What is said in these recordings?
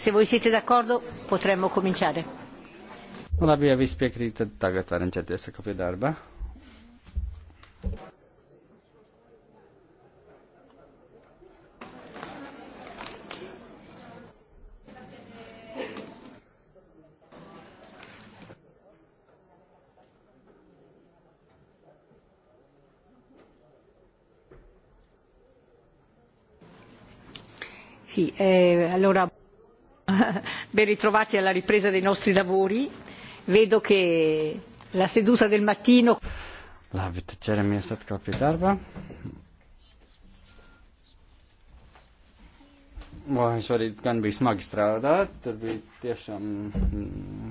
Se voi siete d'accordo, potremmo cominciare. Nu, labi, ja viss piekrīt, tad tagad varam ķerties pie darba. Sì, eh, Ben ritrovati alla ripresa dei nostri lavori. Vedo che la seduta del mattino. Labi, tad ķeramies atkal pie darba. Vai šorīt gan bija smagi strādāt, tur bija tiešām mm,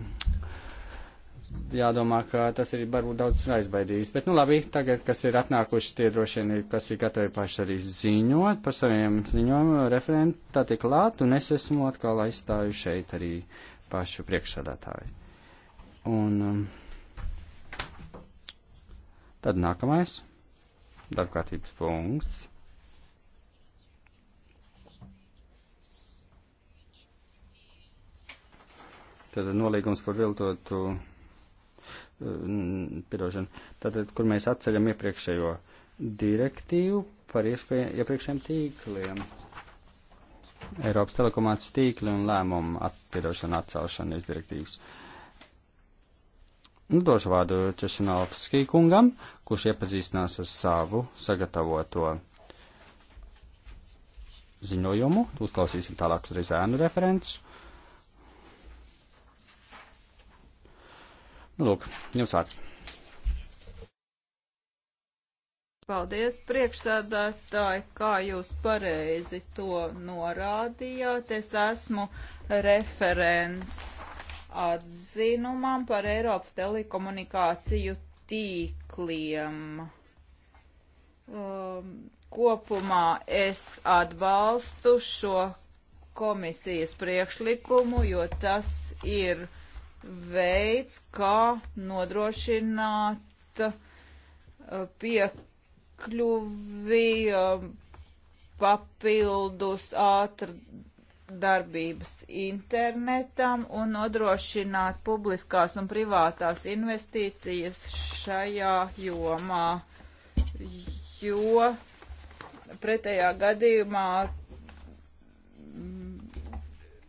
jādomā, ka tas ir varbūt daudz aizbaidījis. Bet, nu labi, tagad, kas ir atnākuši, tie droši vien ir, kas ir gatavi paši arī ziņot par saviem ziņojumu referentu, tā tik klāt, un es esmu atkal aizstāju šeit arī pašu priekšsādātāju. Un um, tad nākamais darbkārtības punkts. Tātad nolīgums par viltotu piedošana, tātad, kur mēs atceļam iepriekšējo direktīvu par iepriekšējiem tīkliem. Eiropas telekomācijas tīkli un lēmumu atpiedošana atcelšana iz direktīvas. Nu, došu vārdu Češinovskij kungam, kurš iepazīstinās ar savu sagatavoto ziņojumu. Uzklausīsim tālāk uzreiz ēnu referents. Nu, lūk, jums vārds. Paldies, priekšsādātāji, kā jūs pareizi to norādījāt. Es esmu referents atzinumam par Eiropas telekomunikāciju tīkliem. Um, kopumā es atbalstu šo komisijas priekšlikumu, jo tas ir uh, veids, kā nodrošināt uh, piekļuvi uh, papildus ātrdarbības internetam un nodrošināt publiskās un privātās investīcijas šajā jomā, jo pretējā gadījumā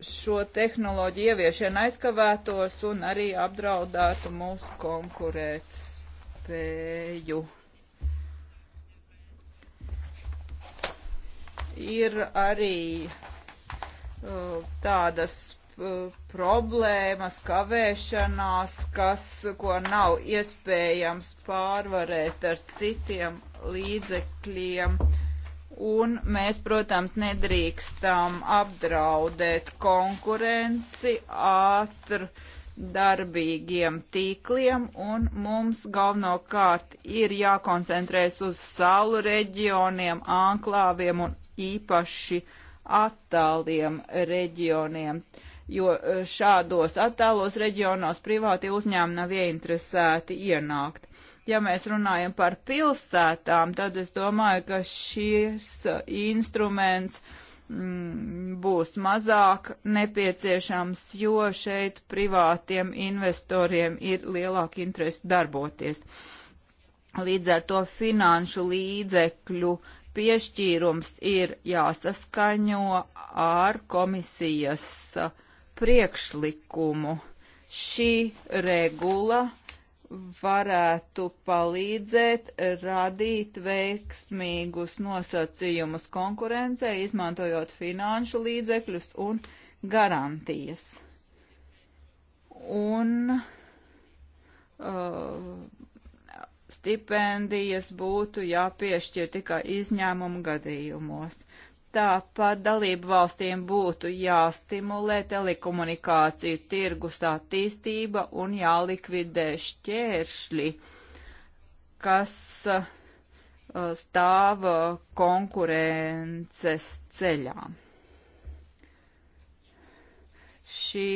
šo tehnoloģiju ieviešana aizkavētos un arī apdraudētu mūsu konkurēt spēju. Ir arī uh, tādas uh, problēmas, kavēšanās, kas, ko nav iespējams pārvarēt ar citiem līdzekļiem. Uh, un mēs, protams, nedrīkstam apdraudēt konkurenci ātri darbīgiem tīkliem, un mums galvenokārt ir jākoncentrēs uz salu reģioniem, anklāviem un īpaši attāliem reģioniem, jo eh, šādos attālos reģionos privāti uzņēmumi nav ieinteresēti ienākt ja mēs runājam par pilsētām, tad es domāju, ka šis instruments mm, būs mazāk nepieciešams, jo šeit privātiem investoriem ir lielāka interese darboties. Līdz ar to finanšu līdzekļu piešķīrums ir jāsaskaņo ar komisijas priekšlikumu. Šī regula varētu palīdzēt radīt veiksmīgus nosacījumus konkurencei, izmantojot finanšu līdzekļus un garantijas. Un uh, stipendijas būtu jāpiešķir tikai izņēmumu gadījumos. Tāpat dalību valstīm būtu jāstimulē telekomunikāciju tirgus attīstība un jālikvidē šķēršļi, kas uh, stāv uh, konkurences ceļā. Šī,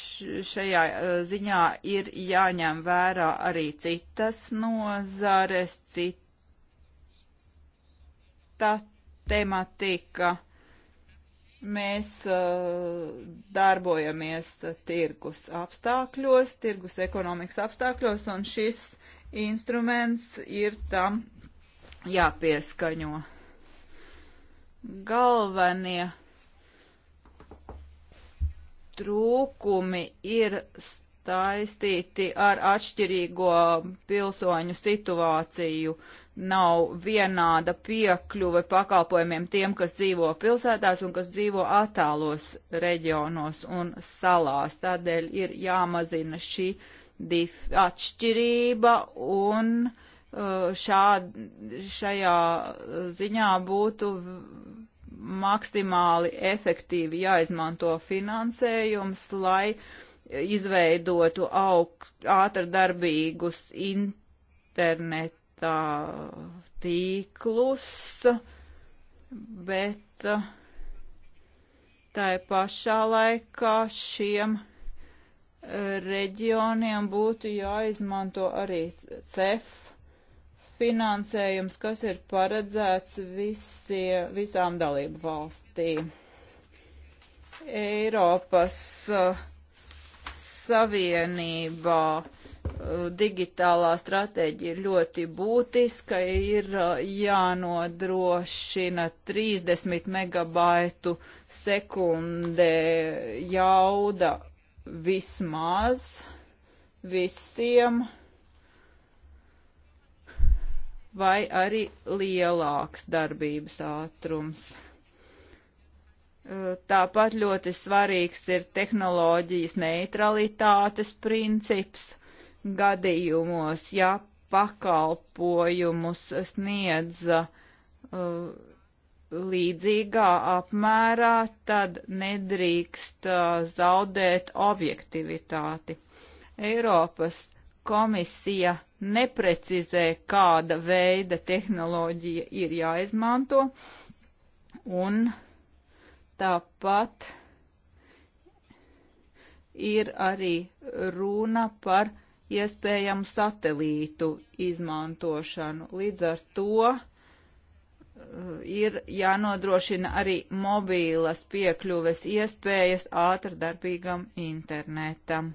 šajā uh, ziņā ir jāņem vērā arī citas nozares, citas tā tematika. Mēs uh, darbojamies tirgus apstākļos, tirgus ekonomikas apstākļos, un šis instruments ir tam jāpieskaņo. Galvenie trūkumi ir saistīti ar atšķirīgo pilsoņu situāciju nav vienāda piekļuve pakalpojumiem tiem, kas dzīvo pilsētās un kas dzīvo attālos reģionos un salās. Tādēļ ir jāmazina šī atšķirība un uh, šā, šajā ziņā būtu maksimāli efektīvi jāizmanto finansējums, lai izveidotu aug, ātrdarbīgus internetu tā tīklus, bet tā pašā laikā šiem e, reģioniem būtu jāizmanto arī CEF finansējums, kas ir paredzēts visie, visām dalību valstīm. Eiropas uh, Savienībā uh, digitālā stratēģija ir ļoti būtiska, ir uh, jānodrošina 30 megabaitu sekundē jauda vismaz visiem vai arī lielāks darbības ātrums. Uh, tāpat ļoti svarīgs ir tehnoloģijas neutralitātes princips gadījumos, ja pakalpojumus sniedza uh, līdzīgā apmērā, tad nedrīkst uh, zaudēt objektivitāti. Eiropas komisija neprecizē, kāda veida tehnoloģija ir jāizmanto, un tāpat ir arī runa par uh, iespējamu satelītu izmantošanu. Līdz ar to eh, ir jānodrošina arī mobīlas piekļuves iespējas ātrdarbīgam internetam.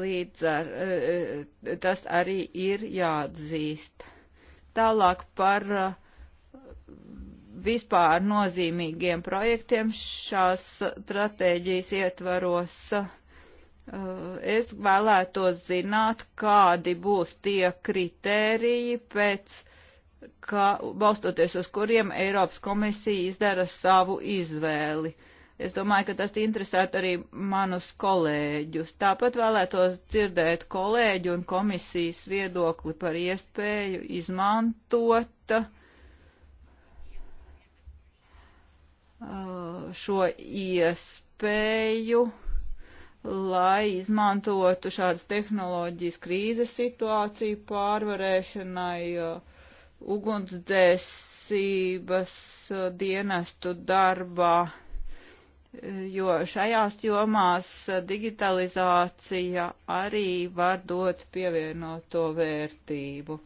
Līdz ar eh, eh, tas arī ir jāatzīst. Tālāk par vispār nozīmīgiem projektiem šās stratēģijas ietvaros Eh, es vēlētos zināt, kādi būs tie kritēriji, pēc kā, balstoties uz kuriem Eiropas komisija izdara savu izvēli. Es domāju, ka tas interesētu arī manus kolēģus. Tāpat vēlētos dzirdēt kolēģu un komisijas viedokli par iespēju izmantot eh, šo iespēju lai izmantotu šādas tehnoloģijas krīzes situāciju pārvarēšanai, uh, ugunsdzēsības uh, dienestu darbā, jo šajās jomās uh, digitalizācija arī var dot pievienoto vērtību.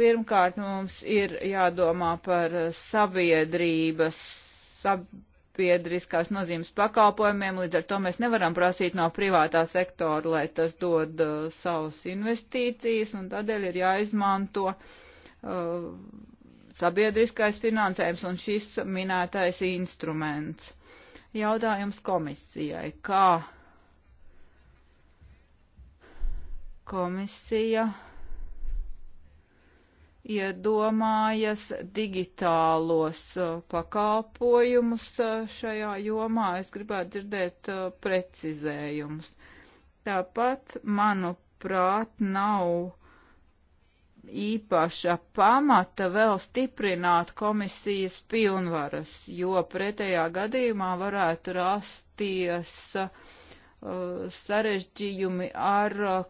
Pirmkārt, mums ir jādomā par sabiedrības, sab sabiedriskās nozīmes pakalpojumiem, līdz ar to mēs nevaram prasīt no privātā sektora, lai tas dod uh, savas investīcijas, un tādēļ ir jāizmanto uh, sabiedriskais finansējums un šis minētais instruments. Jautājums komisijai. Kā komisija? iedomājas digitālos uh, pakalpojumus uh, šajā jomā. Es gribētu dzirdēt uh, precizējumus. Tāpat, manuprāt, nav īpaša pamata vēl stiprināt komisijas pilnvaras, jo pretējā gadījumā varētu rasties uh, sarežģījumi ar uh,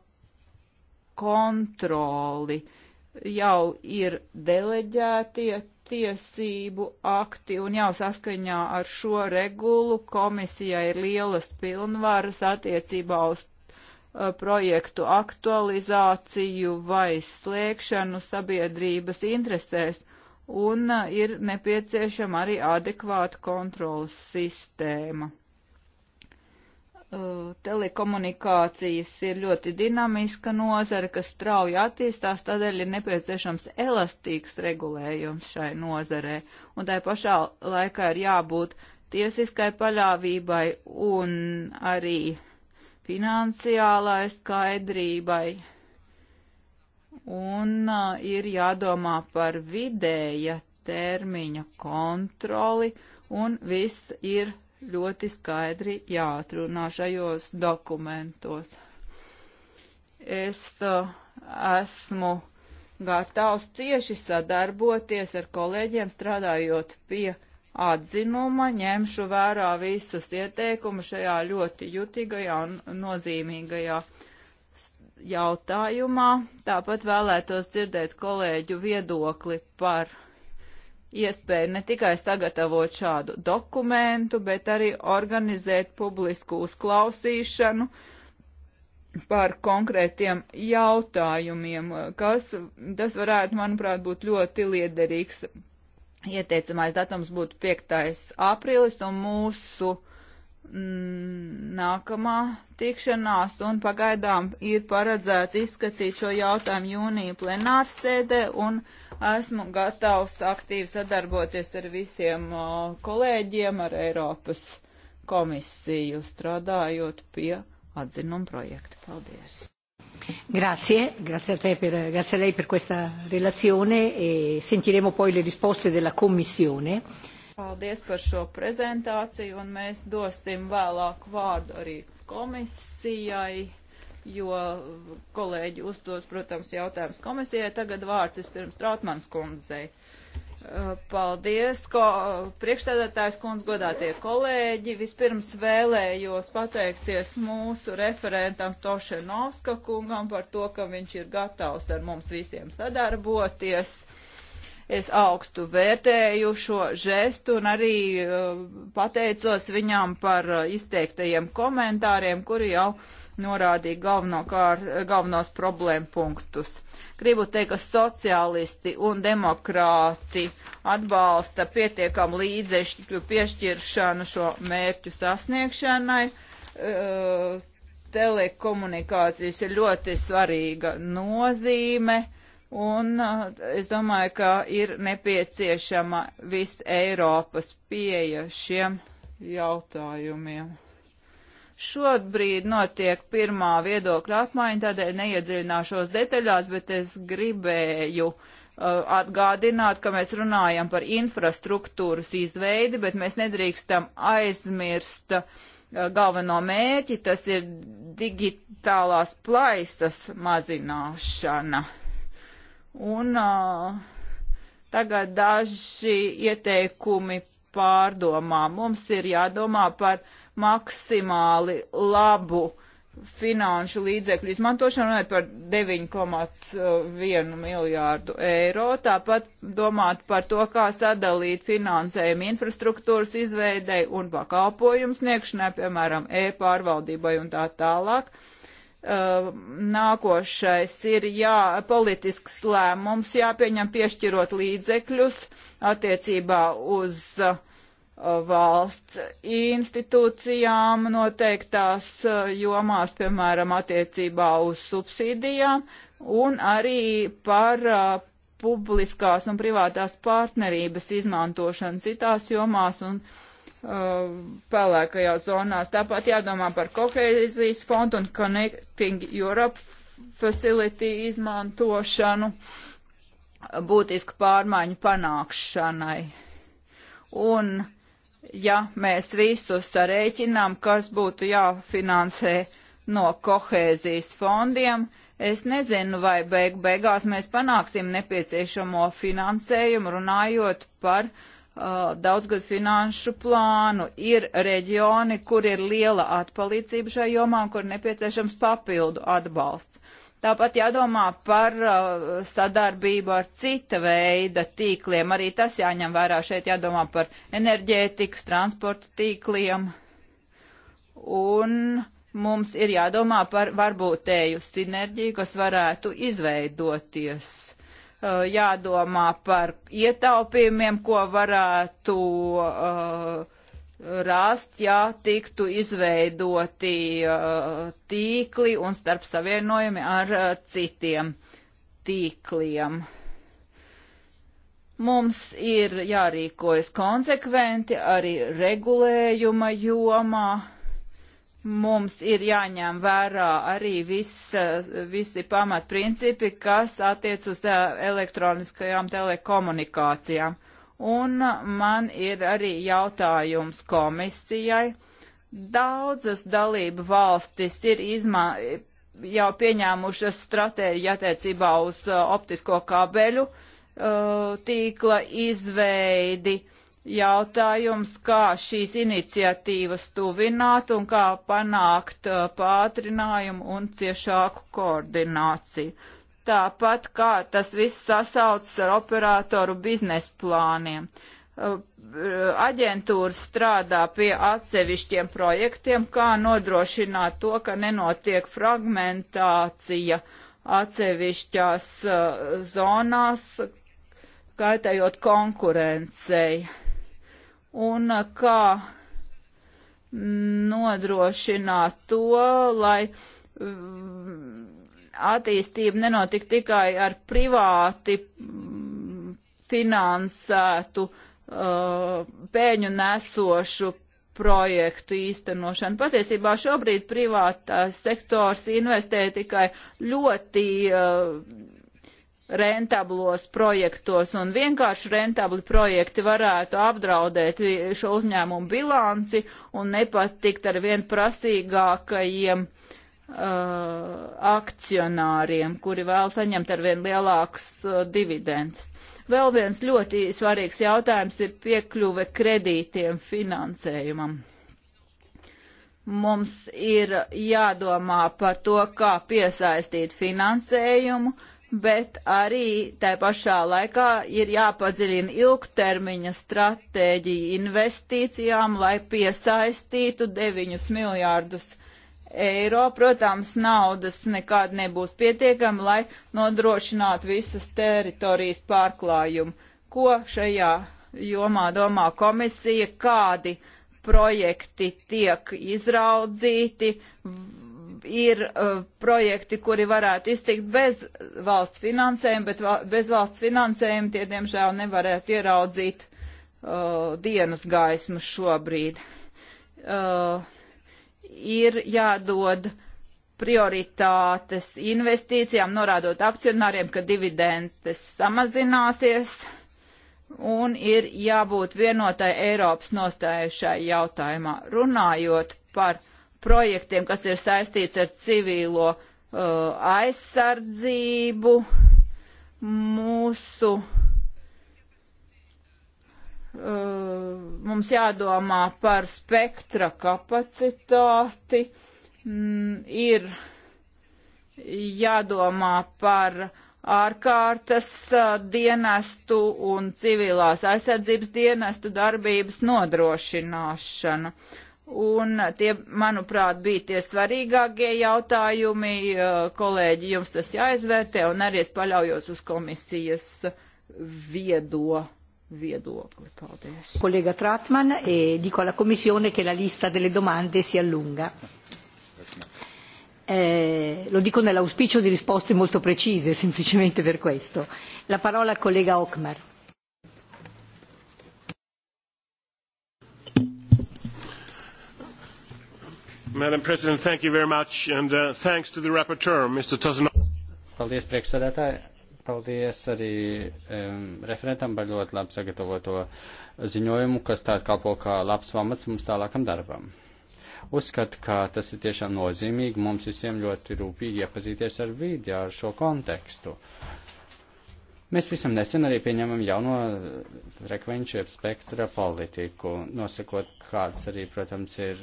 kontroli. Uh, jau ir deleģētie tiesību akti, un jau saskaņā ar šo regulu komisijai ir lielas pilnvaras attiecībā uz uh, projektu aktualizāciju vai slēgšanu sabiedrības interesēs, un uh, ir nepieciešama arī adekvāta kontrolas sistēma. Uh, telekomunikācijas ir ļoti dinamiska nozara, kas strauji attīstās, tādēļ ir nepieciešams elastīgs regulējums šai nozarē. Un tai pašā laikā ir jābūt tiesiskai paļāvībai un arī finansiālai skaidrībai. Un uh, ir jādomā par vidēja termiņa kontroli, un viss ir ļoti skaidri jāatrunā šajos dokumentos. Es uh, esmu gatavs cieši sadarboties ar kolēģiem, strādājot pie atzinuma, ņemšu vērā visus ieteikumus šajā ļoti jutīgajā un nozīmīgajā jautājumā. Tāpat vēlētos dzirdēt kolēģu viedokli par iespēja ne tikai sagatavot šādu dokumentu, bet arī organizēt publisku uzklausīšanu par konkrētiem jautājumiem, kas tas varētu, manuprāt, būt ļoti liederīgs. Ieteicamais datums būtu 5. aprīlis, un mūsu Mm, nākamā tikšanās, un pagaidām ir paredzēts izskatīt šo jautājumu jūnija plenārsēdē, un esmu gatavs aktīvi sadarboties ar visiem o, kolēģiem, ar Eiropas komisiju, strādājot pie atzinuma projekta. Paldies! Grazie, grazie a te per, grazie a lei per questa relazione e sentiremo poi le risposte della Commissione. Paldies par šo prezentāciju, un mēs dosim vēlāk vārdu arī komisijai, jo kolēģi uzdos, protams, jautājums komisijai. Tagad vārds vispirms Trautmans kundzei. Uh, paldies, ko priekšstādātājs kundz godātie kolēģi. Vispirms vēlējos pateikties mūsu referentam Tošenovska kungam par to, ka viņš ir gatavs ar mums visiem sadarboties. Es augstu vērtēju šo žestu un arī uh, pateicos viņām par uh, izteiktajiem komentāriem, kuri jau norādīja galvenokārt, galvenos problēmu punktus. Gribu teikt, ka sociālisti un demokrāti atbalsta pietiekam līdzekļu piešķiršanu šo mērķu sasniegšanai. Uh, telekomunikācijas ir ļoti svarīga nozīme Un es domāju, ka ir nepieciešama viss Eiropas pieeja šiem jautājumiem. Šobrīd notiek pirmā viedokļa apmaiņa, tādēļ neiedziļināšos detaļās, bet es gribēju uh, atgādināt, ka mēs runājam par infrastruktūras izveidi, bet mēs nedrīkstam aizmirst uh, galveno mērķi, tas ir digitālās plaisas mazināšana. Uh, un uh, tagad daži ieteikumi pārdomā. Mums ir jādomā par maksimāli labu finanšu līdzekļu izmantošanu, runājot par 9,1 miljārdu eiro, tāpat domāt par to, kā sadalīt finansējumu infrastruktūras izveidei un pakalpojumu sniegšanai, piemēram, e-pārvaldībai un tā tālāk. Uh, Uh, nākošais ir jā, politisks lēmums jāpieņem piešķirot līdzekļus attiecībā uz uh, valsts institūcijām noteiktās uh, jomās, piemēram, attiecībā uz subsīdijām un arī par uh, publiskās un privātās partnerības izmantošanu citās jomās un jomās uh, pelēkajās zonās. Tāpat jādomā par kohēzijas fondu un Connecting Europe facility izmantošanu būtisku pārmaiņu panākšanai. Un ja mēs visu sarēķinām, kas būtu jāfinansē no kohēzijas fondiem, es nezinu, vai beig beigās mēs panāksim nepieciešamo finansējumu runājot par uh, Uh, daudzgad finanšu plānu. Ir reģioni, kur ir liela atpalīdzība šajā jomā un kur nepieciešams papildu atbalsts. Tāpat jādomā par uh, sadarbību ar cita veida tīkliem. Arī tas jāņem vērā šeit jādomā par enerģētikas, transporta tīkliem. Un mums ir jādomā par varbūtēju sinerģiju, kas varētu izveidoties Uh, jādomā par ietaupījumiem, ko varētu uh, rast, ja tiktu izveidoti uh, tīkli un starp savienojumi ar citiem tīkliem. Mums ir jārīkojas konsekventi arī regulējuma jomā mums ir jāņem vērā arī viss, visi pamatprincipi, kas attiec uz eh, elektroniskajām telekomunikācijām. Un man ir arī jautājums komisijai. Daudzas dalību valstis ir izmā, jau pieņēmušas stratēģiju attiecībā uz eh, optisko kabeļu eh, tīkla izveidi jautājums, kā šīs iniciatīvas tuvināt un kā panākt uh, pātrinājumu un ciešāku koordināciju. Tāpat kā tas viss sasaucas ar operatoru biznesa plāniem. Uh, aģentūras strādā pie atsevišķiem projektiem, kā nodrošināt to, ka nenotiek fragmentācija atsevišķās uh, zonās, kaitējot konkurencei un uh, kā nodrošināt to, lai mm, attīstība nenotik tikai ar privāti mm, finansētu uh, pēļņu nesošu projektu īstenošanu. Patiesībā šobrīd privātās sektors investē tikai ļoti uh, rentablos projektos, un vienkārši rentabli projekti varētu apdraudēt šo uzņēmumu bilanci un nepatikt ar vien prasīgākajiem uh, akcionāriem, kuri vēl saņemt ar vien lielākas uh, dividendes. Vēl viens ļoti svarīgs jautājums ir piekļuve kredītiem finansējumam mums ir jādomā par to, kā piesaistīt finansējumu, bet arī tā pašā laikā ir jāpadziļina ilgtermiņa stratēģija investīcijām, lai piesaistītu 9 miljārdus eiro. Protams, naudas nekad nebūs pietiekami, lai nodrošinātu visas teritorijas pārklājumu. Ko šajā jomā domā komisija, kādi projekti tiek izraudzīti, ir uh, projekti, kuri varētu iztikt bez valsts finansējuma, bet val bez valsts finansējuma tie, diemžēl, nevarētu ieraudzīt uh, dienas gaismu šobrīd. Uh, ir jādod prioritātes investīcijām, norādot akcionāriem, ka dividendes samazināsies un ir jābūt vienotai Eiropas nostājušai jautājumā. Runājot par uh, projektiem, kas ir saistīts ar civīlo uh, aizsardzību, mūsu, uh, mums jādomā par spektra kapacitāti, mm, ir jādomā par ārkārtas uh, dienestu un civilās aizsardzības dienestu darbības nodrošināšanu. Uh, Un tie, manuprāt, bija tie svarīgākie jautājumi. Kolēģi, jums tas jāizvērtē, un arī es paļaujos uz komisijas viedo, viedokli. Paldies. Kolēga Tratman, e dico alla Commissione che la lista delle domande si allunga. Eh, lo dico nell'auspicio di risposte molto precise, semplicemente per questo. La parola al collega Ockmar. Madam President, thank you very much, and uh, thanks to the rapporteur, Mr. Tosanov. Paldies, priekšsēdētāji. Paldies arī um, referentam par ļoti labi sagatavoto ziņojumu, kas tāds kalpo kā labs pamats mums tālākam darbam. Uzskatu, ka tas ir tiešām nozīmīgi mums visiem ļoti rūpīgi iepazīties ar vidi, ar šo kontekstu. Mēs visam nesen arī pieņemam jauno frekvenču spektra politiku, nosakot, kāds arī, protams, ir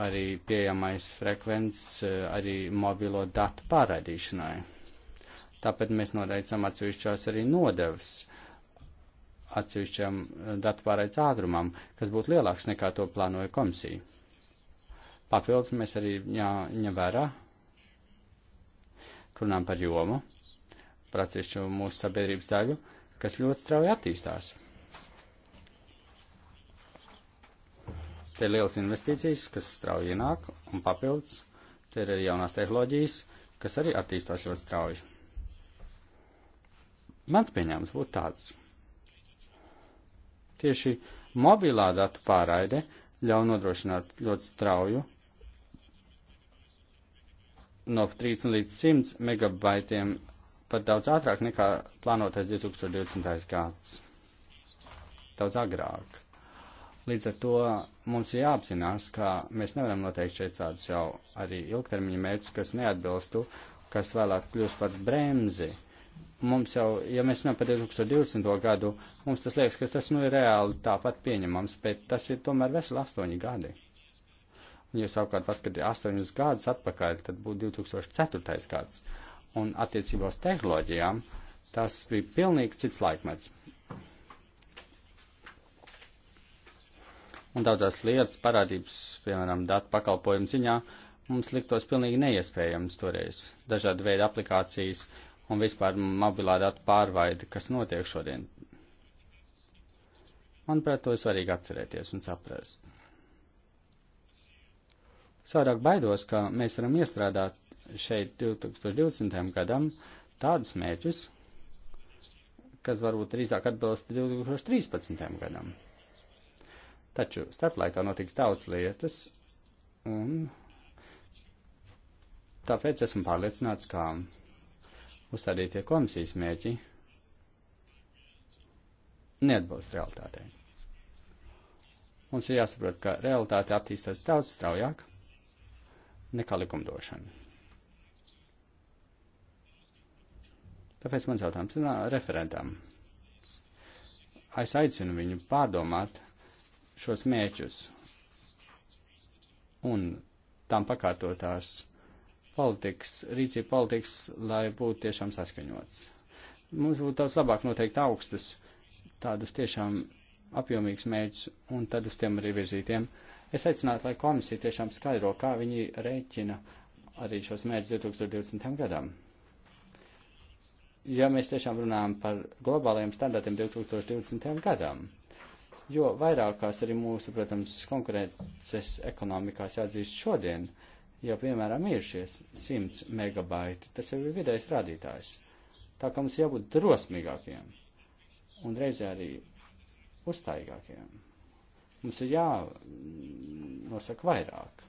arī pieejamais frekvents eh, arī mobilo datu pārraidīšanai. Tāpēc mēs noteicam atsevišķās arī nodevas atsevišķam eh, datu pārraides ātrumam, kas būtu lielāks nekā to plānoja komisija. Papildus mēs arī ņem vērā, runām par jomu, par atsevišķu mūsu sabiedrības daļu, kas ļoti strauji attīstās. Te ir lielas investīcijas, kas strauji ienāk un papildus. Te ir arī jaunās tehnoloģijas, kas arī attīstās ļoti strauji. Mans pieņēmums būtu tāds. Tieši mobilā datu pārraide ļauj nodrošināt ļoti strauju no 30 līdz 100 megabaitiem pat daudz ātrāk nekā plānotais 2020. gads. Daudz agrāk. Līdz ar to mums ir jāapzinās, ka mēs nevaram noteikt šeit tādus jau arī ilgtermiņa mērķus, kas neatbilstu, kas vēlāk kļūst par bremzi. Mums jau, ja mēs runājam par 2020. gadu, mums tas liekas, ka tas nu ir reāli tāpat pieņemams, bet tas ir tomēr veseli astoņi gadi. Un, ja savukārt paskatīt astoņus gadus atpakaļ, tad būtu 2004. gads. Un attiecībā uz tehnoloģijām tas bija pilnīgi cits laikmets un daudzās lietas parādības, piemēram, datu pakalpojumu ziņā, mums liktos pilnīgi neiespējams toreiz. Dažādi veidi aplikācijas un vispār mobilā datu pārvaide, kas notiek šodien. Manuprāt, to ir svarīgi atcerēties un saprast. Sādāk baidos, ka mēs varam iestrādāt šeit 2020. gadam tādus mērķus, kas varbūt drīzāk atbilst 2013. gadam. Taču starplaikā notiks daudz lietas, un tāpēc esmu pārliecināts, ka uzstādītie komisijas mērķi neatbilst realitātei. Mums ir jāsaprot, ka realitāte attīstās daudz straujāk nekā likumdošana. Tāpēc mans jautājums ir referentam. Es aicinu viņu pārdomāt šos mēķus un tam pakārtotās politikas, rīcība politikas, lai būtu tiešām saskaņots. Mums būtu daudz labāk noteikt augstus, tādus tiešām apjomīgus mēģus un tad uz tiem arī virzītiem. Es aicinātu, lai komisija tiešām skaidro, kā viņi rēķina arī šos mērķus 2020. gadam. Ja mēs tiešām runājam par globālajiem standartiem 2020. gadam, jo vairākās arī mūsu, protams, konkurences ekonomikās jāatzīst šodien, jau, piemēram, ir šies 100 megabaiti, tas ir vidējs rādītājs. Tā kā mums jābūt drosmīgākiem un reizē arī uzstājīgākiem. Mums ir jānosaka vairāk.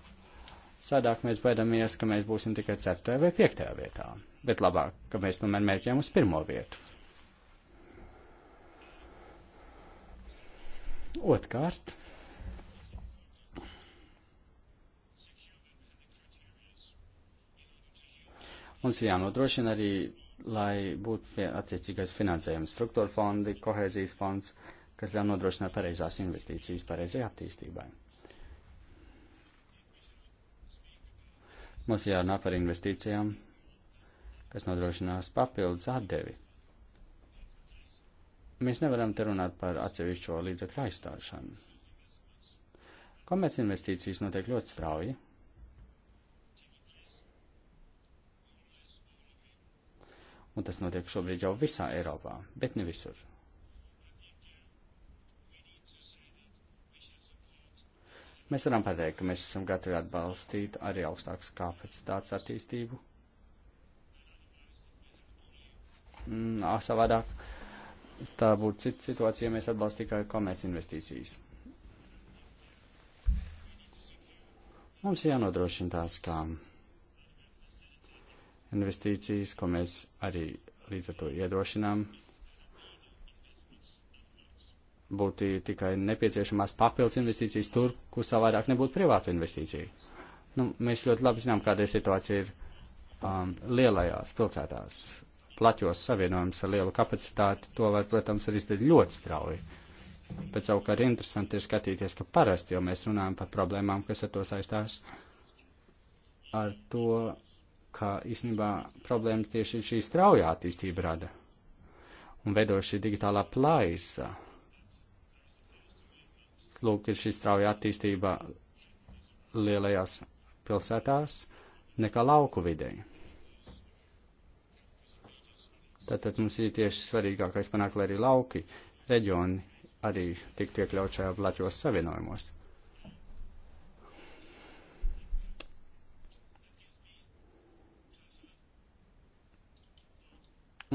Sādāk mēs baidamies, ka mēs būsim tikai 4. vai 5. vietā, bet labāk, ka mēs tomēr mērķējam uz pirmo vietu. Otkārt, mums ir jānodrošina arī, lai būtu attiecīgais finansējums struktūra fondi, kohēzijas fonds, kas ļauj nodrošināt pareizās investīcijas pareizai attīstībai. Mums jārunā par investīcijām, kas nodrošinās papildus atdevi Mēs nevaram te runāt par atsevišķo līdzekļu aizstāšanu. Komerc investīcijas notiek ļoti strauji. Un tas notiek šobrīd jau visā Eiropā, bet ne visur. Mēs varam pateikt, ka mēs esam gatavi atbalstīt arī augstākas kapacitātes attīstību. Mm, savādāk tā būtu cita situācija, ja mēs atbalstītu tikai komercinvestīcijas. Mums jānodrošina tās kā investīcijas, ko mēs arī līdz ar to iedrošinām, būtu tikai nepieciešamās papildus investīcijas tur, kur savādāk nebūtu privātu investīciju. Nu, mēs ļoti labi zinām, kāda ir situācija ir um, lielajās pilsētās, plaķos savienojums ar lielu kapacitāti, to var, protams, arī izdarīt ļoti strauji. Bet savukārt interesanti ir skatīties, ka parasti jau mēs runājam par problēmām, kas ar to saistās, ar to, ka īstenībā problēmas tieši šī straujā attīstība rada un veido šī digitālā plaisa. Lūk, ir šī strauja attīstība lielajās pilsētās nekā lauku videi. Tātad mums ir tieši svarīgākais panākt, lai arī lauki, reģioni arī tiktu iekļaut šajā plaķos savienojumos.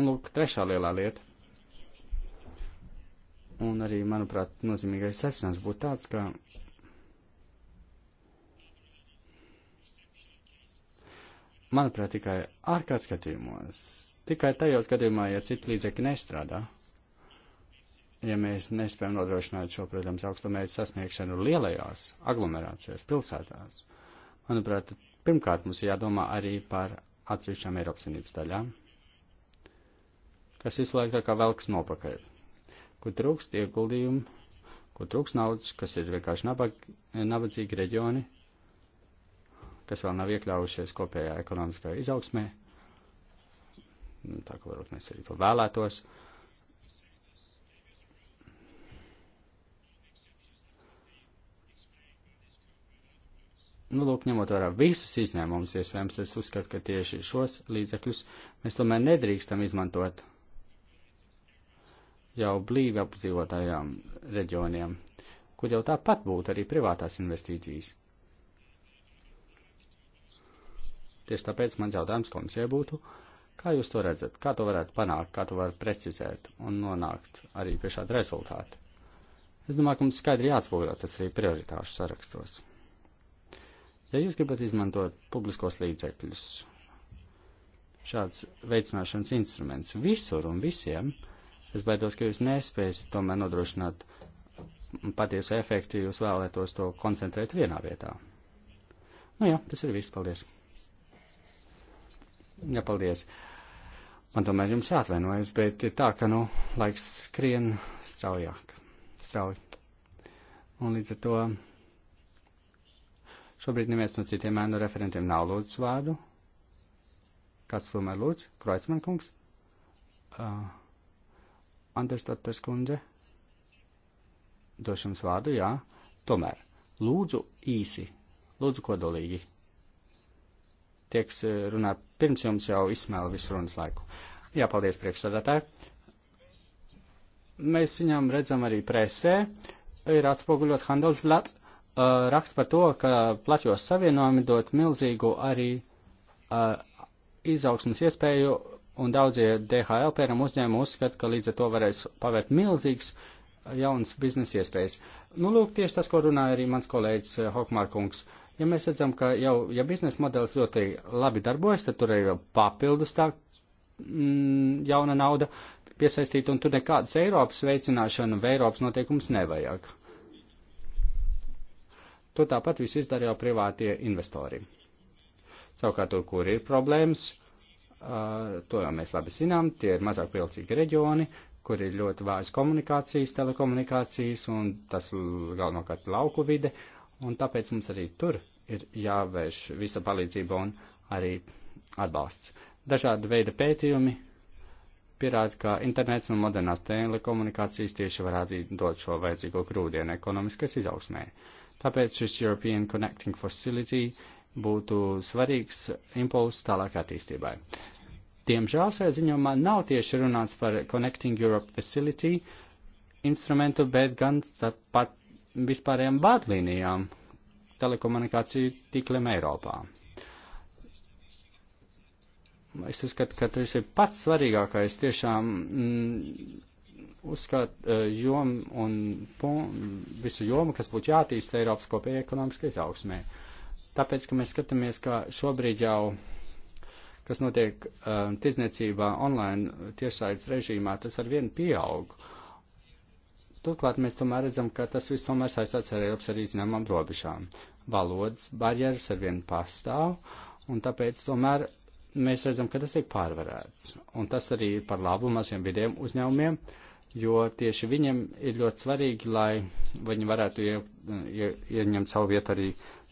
Un lūk, trešā lielā lieta. Un arī, manuprāt, nozīmīgais secinājums būtu tāds, ka manuprāt, tikai ārkārtas skatījumos Tikai tajos gadījumā, ja citi līdzekļi nestrādā, ja mēs nespējam nodrošināt šo, protams, augstu mērķu sasniegšanu lielajās aglomerācijās, pilsētās, manuprāt, pirmkārt mums jādomā arī par atsevišķām Eiropas Savienības daļām, kas visu laiku tā kā velks nopakaļ, kur trūkst ieguldījumu, kur trūkst naudas, kas ir vienkārši nabag, nabadzīgi reģioni, kas vēl nav iekļaujušies kopējā ekonomiskā izaugsmē tā kā varbūt mēs arī to vēlētos. Nu, lūk, ņemot vērā visus izņēmumus, iespējams, es uzskatu, ka tieši šos līdzekļus mēs tomēr nedrīkstam izmantot jau blīvi apdzīvotājām reģioniem, kur jau tāpat būtu arī privātās investīcijas. Tieši tāpēc mans jautājums komisijai būtu, uh, Kā jūs to redzat? Kā to varētu panākt, kā to var precizēt un nonākt arī pie šāda rezultāta? Es domāju, ka mums skaidri jāatspoguļo tas arī prioritāšu sarakstos. Ja jūs gribat izmantot publiskos līdzekļus, šāds veicināšanas instruments visur un visiem, es baidos, ka jūs nespēsiet tomēr nodrošināt patiesu efektu, ja jūs vēlētos to koncentrēt vienā vietā. Nu jā, tas ir viss. Paldies! Nepaldies. Man tomēr jums jāatvainojas, bet ir tā, ka, nu, laiks skrien straujāk, strauji. Un līdz ar to šobrīd neviens no citiem ēnu referentiem nav lūdzis vārdu. Kāds tomēr lūdz? Kroicman kungs? Uh, Anders Tatters kundze? Došu jums vārdu, jā. Tomēr, lūdzu īsi, lūdzu kodolīgi tie, kas eh, runā pirms jums, jau izsmēla visu runas laiku. Jā, paldies priekšsādātāji. Mēs viņam redzam arī presē, ir atspoguļots Handelsblats, uh, eh, raksts par to, ka plaķos savienojumi dot milzīgu arī uh, izaugsmas iespēju, un daudzie DHL pēram uzņēmumu uzskata, ka līdz ar to varēs pavērt milzīgs jauns biznesa iespējas. Nu, lūk, tieši tas, ko runāja arī mans kolēģis Hokmārkungs. Uh, Ja mēs redzam, ka jau ja biznesa modelis ļoti labi darbojas, tad tur ir vēl papildus tā mm, jauna nauda piesaistīta, un tur nekādas Eiropas veicināšana vai Eiropas noteikums nevajag. To tāpat viss izdara jau privātie investori. Savukārt, tur, kur ir problēmas, uh, to jau mēs labi zinām, tie ir mazāk pilcīgi reģioni, kur ir ļoti vājas komunikācijas, telekomunikācijas, un tas galvenokārt lauku vide. Uh, Un tāpēc mums arī tur ir jāvērš visa palīdzība un arī atbalsts. Dažāda veida pētījumi pierāda, ka internets un modernās telekomunikācijas tieši varētu dot šo vajadzīgo grūdienu ekonomiskas izaugsmē. Tāpēc šis European Connecting Facility būtu svarīgs impulss tālāk attīstībai. Diemžēl šajā ziņojumā nav tieši runāts par Connecting Europe Facility instrumentu, bet gan pat vispārējām vadlīnijām telekomunikāciju tīkliem Eiropā. Es uzskatu, ka tas ir pats svarīgākais tiešām mm, uzskat e, jomu un pun, visu jomu, kas būtu jātīsta Eiropas kopējai ekonomiskai izaugsmē. Tāpēc, ka mēs skatāmies, ka šobrīd jau, kas notiek uh, tirzniecībā online tiešsaites režīmā, tas ar vienu pieaug. Uh, turklāt mēs tomēr redzam, ka tas viss tomēr saistās ar Eiropas arī zināmām robežām. Valodas barjeras ar vienu pastāv, un tāpēc tomēr mēs redzam, ka tas tiek pārvarēts. Un tas arī ir par labu maziem vidiem uzņēmumiem, jo tieši viņiem ir ļoti svarīgi, lai viņi varētu ie, ie, ieņemt savu vietu arī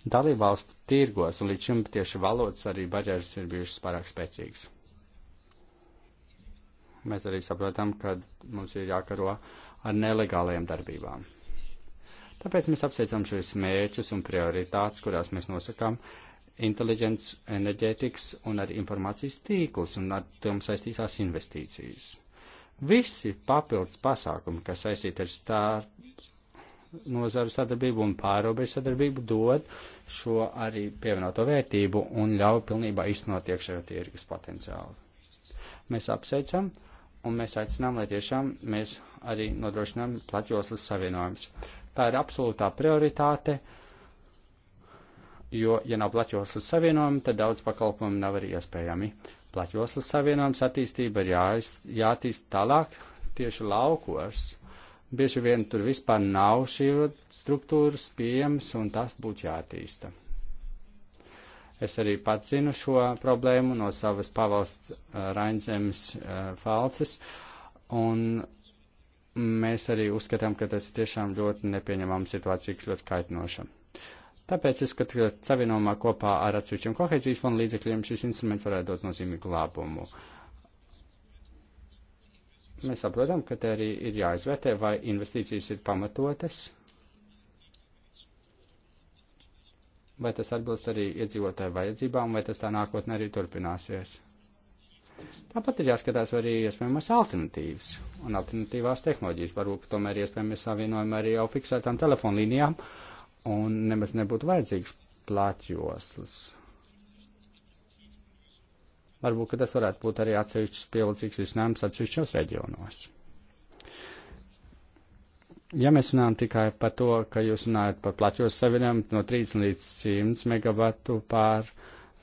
dalībvalstu tirgos, un līdz šim tieši valodas arī barjeras ir bijušas pārāk spēcīgas. Mēs arī saprotam, ka mums ir jākaro uh, ar nelegālajām darbībām. Tāpēc mēs apsveicam šos mērķus un prioritātes, kurās mēs nosakām inteliģents, enerģētikas un arī informācijas tīklus un ar tiem saistītās investīcijas. Visi papildus pasākumi, kas saistīti ar stār nozaru sadarbību un pārobežu sadarbību, dod šo arī pievienoto vērtību un ļauj pilnībā iznot iekšējo tirgus potenciālu. Mēs apsveicam uh, un mēs aicinām, lai tiešām mēs arī nodrošinām platjoslas savienojums. Tā ir absolūtā prioritāte, jo, ja nav platjoslas savienojuma, tad daudz pakalpojumu nav arī iespējami. Platjoslas savienojums attīstība ir jāiz, jātīst tālāk tieši laukos. Bieži vien tur vispār nav šī struktūras pieejams, un tas būtu jātīsta. Es arī pats zinu šo problēmu no savas pavalsts uh, Rainzemes uh, falces, un mēs arī uzskatām, ka tas ir tiešām ļoti nepieņemama situācija, kas ļoti kaitinoša. Tāpēc es skatu, ka savienojumā kopā ar atsevišķiem kohēzijas fonda līdzekļiem šis instruments varētu dot nozīmīgu labumu. Mēs saprotam, ka te arī ir jāizvērtē, vai investīcijas ir pamatotas vai tas atbilst arī iedzīvotāju vajadzībām, vai tas tā nākotnē arī turpināsies. Tāpat ir jāskatās arī iespējamas alternatīvas un alternatīvās tehnoloģijas. Varbūt tomēr iespējams savienojumi arī jau fiksētām telefonlīnijām un nemaz nebūtu vajadzīgs plātjoslas. Varbūt, ka tas varētu būt arī atsevišķs pievilcīgs risinājums atsevišķos reģionos ja mēs runājam tikai par to, ka jūs runājat par plaķos saviņām no 30 līdz 100 megavatu pār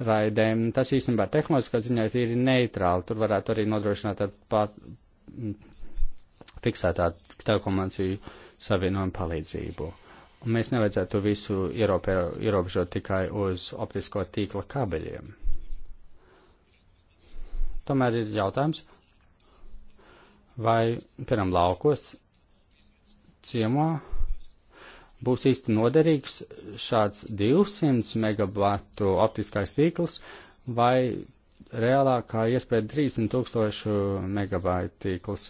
raidēm, tas īstenībā tehnoloģiskā ziņā ir neitrāli. Tur varētu arī nodrošināt ar pār, fiksētā telekomunikāciju savienojumu palīdzību. Un mēs nevajadzētu visu ierobežot tikai uz optisko tīkla kabeļiem. Tomēr ir jautājums, vai, piemēram, laukos ciemā būs īsti noderīgs šāds 200 megabatu optiskais tīkls vai reālākā iespēja 30 tūkstošu megabaitu tīkls.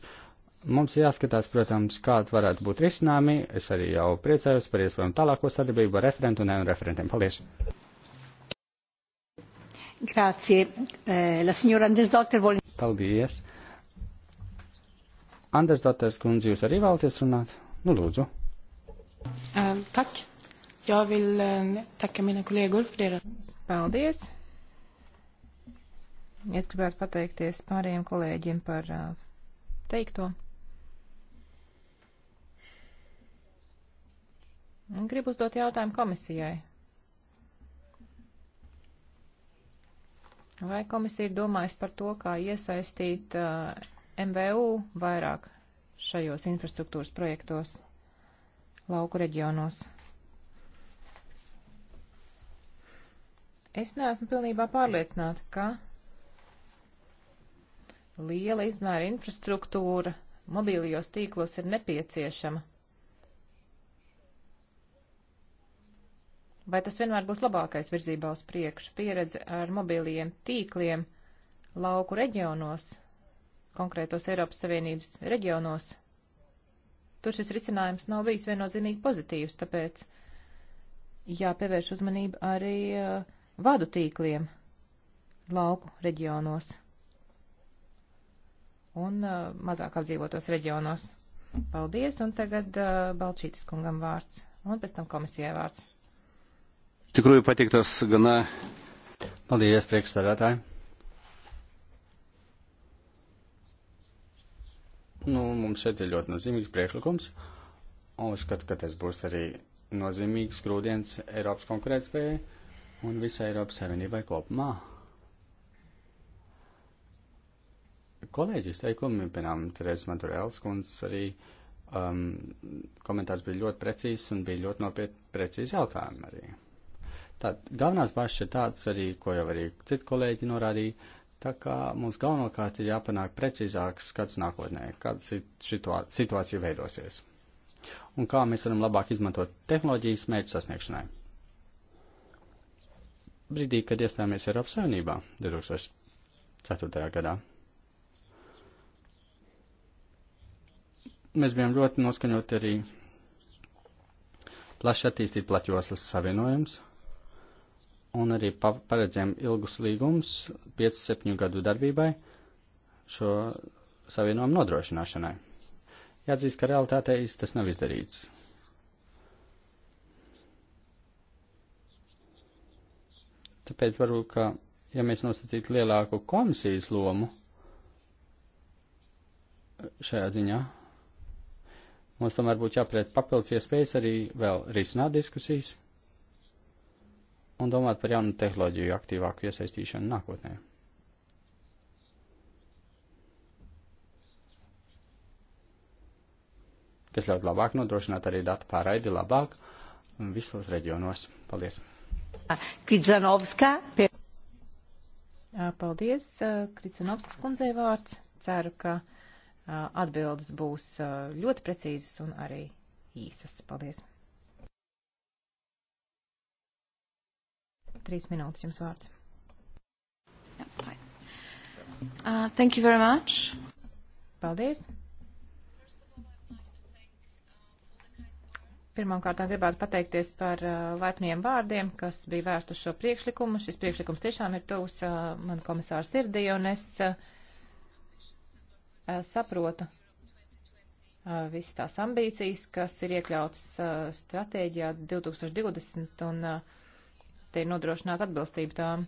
Mums jāskatās, protams, kāda varētu būt risinājumi. Es arī jau priecājos par iespējamu tālāko sadarbību ar referentu un referentiem. Paldies! Grazie. Eh, la signora Andesdotter vuole. Paldies. Andesdotters kundze, jūs arī vēlaties runāt? Nu, lūdzu. Uh, eh, tak. Jā, vēl uh, eh, taka mina kolēgur Frēra. Paldies. Es gribētu pateikties pārējiem kolēģiem par uh, teikto. Gribu uzdot jautājumu komisijai. Vai komisija ir domājusi par to, kā iesaistīt uh, MVU vairāk šajos infrastruktūras projektos lauku reģionos. Es neesmu pilnībā pārliecināta, ka liela izmēra infrastruktūra mobīlijos tīklos ir nepieciešama. Vai tas vienmēr būs labākais virzībā uz priekšu? Pieredze ar mobīlijiem tīkliem lauku reģionos konkrētos Eiropas Savienības reģionos, tur šis risinājums nav bijis viennozīmīgi pozitīvs, tāpēc jāpievērš uzmanība arī uh, vadu tīkliem lauku reģionos un uh, mazāk apdzīvotos reģionos. Paldies, un tagad uh, Balčītis kungam vārds, un pēc tam komisijai vārds. Tikrai pateiktas gana. Paldies, priekšsēdētāji. Nu, mums šeit ir ļoti nozīmīgs priekšlikums, un uzskatu, ka tas būs arī nozīmīgs grūdienis Eiropas konkurētspējai un visai Eiropas Savienībai kopumā. Kolēģis teikumi, piemēram, Terēzes Madurēls kundz arī um, komentārs bija ļoti precīzs un bija ļoti nopietni precīzi jautājumi arī. Tātad galvenās bažas ir tāds arī, ko jau arī citi kolēģi norādīja, Tā kā mums galvenokārt ir jāpanāk precīzāks skats nākotnē, kāda situā situācija veidosies un kā mēs varam labāk izmantot tehnoloģijas mērķu sasniegšanai. Brīdī, kad iestājāmies Eiropas Savienībā 2004. gadā, mēs bijām ļoti noskaņoti arī plaši attīstīt plaķoslas savienojums un arī paredzējām ilgus līgumus 5-7 gadu darbībai šo savienojumu nodrošināšanai. Jāatzīst, ka realitātei tas nav izdarīts. Tāpēc varbūt, ka, ja mēs nostatītu lielāku komisijas lomu šajā ziņā, mums tomēr būtu jāpēc papildus iespējas arī vēl risināt diskusijas un domāt par jaunu tehnoloģiju aktīvāku iesaistīšanu nākotnē. kas ļaut labāk nodrošināt arī datu pārraidi labāk visos reģionos. Paldies! Kridzanovska. Pie... Paldies, Kridzanovskas kundzei vārds. Ceru, ka atbildes būs ļoti precīzas un arī īsas. Paldies! Trīs minūtes jums vārds. Uh, thank you very much. Paldies. Pirmkārt, gribētu pateikties par uh, laipniem vārdiem, kas bija vērst uz šo priekšlikumu. Šis priekšlikums tiešām ir tuvs uh, man komisāra sirdī, un es uh, uh saprotu uh, visas tās ambīcijas, kas ir iekļautas uh, stratēģijā 2020. Un, uh, proti nodrošināt atbilstību tām.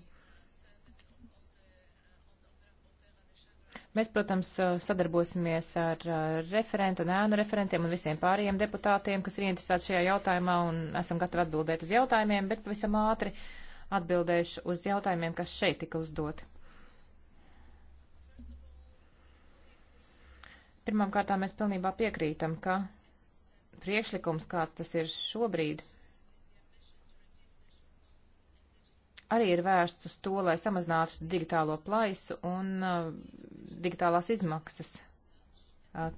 Mēs, protams, sadarbosimies ar referentu un ēnu referentiem un visiem pārējiem deputātiem, kas ir interesēti šajā jautājumā un esam gatavi atbildēt uz jautājumiem, bet pavisam ātri atbildēšu uz jautājumiem, kas šeit tika uzdoti. Pirmkārt, mēs pilnībā piekrītam, ka priekšlikums, kāds tas ir šobrīd, arī ir vērsts uz to, lai samazinātu digitālo plaisu un uh, digitālās izmaksas. Uh,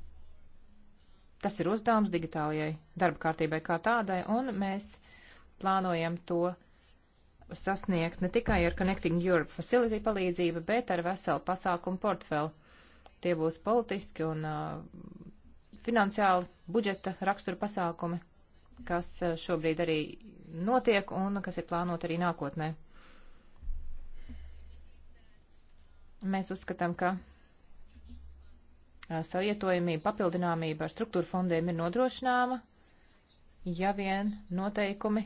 tas ir uzdevums digitālajai darba kārtībai kā tādai, un mēs plānojam to sasniegt ne tikai ar Connecting Europe Facility palīdzību, bet ar veselu pasākumu portfeli. Tie būs politiski un uh, finansiāli budžeta rakstura pasākumi, kas uh, šobrīd arī notiek un kas ir plānot arī nākotnē. Mēs uzskatām, ka savietojamība, papildināmība ar struktūra fondiem ir nodrošināma, ja vien noteikumi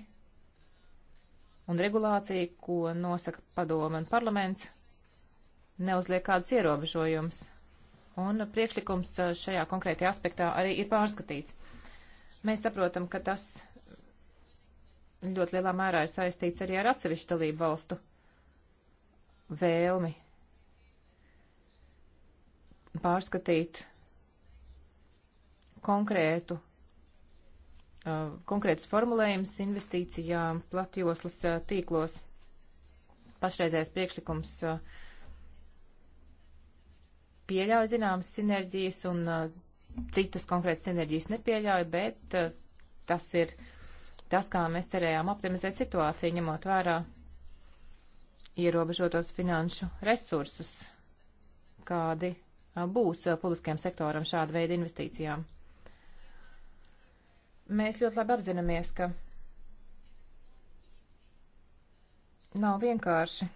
un regulācija, ko nosaka padoma un parlaments, neuzliek kādus ierobežojumus. Un priekšlikums šajā konkrētajā aspektā arī ir pārskatīts. Mēs saprotam, ka tas ļoti lielā mērā ir saistīts arī ar atsevišķu dalību valstu vēlmi pārskatīt konkrētu, uh, konkrētus formulējumus investīcijām platjoslas uh, tīklos. Pašreizējais priekšlikums uh, pieļauj zināmas sinerģijas un uh, citas konkrētas sinerģijas nepieļauj, bet uh, tas ir tas, kā mēs cerējām optimizēt situāciju, ņemot vērā ierobežotos finanšu resursus, kādi būs publiskajam sektoram šāda veida investīcijām. Mēs ļoti labi apzināmies, ka nav vienkārši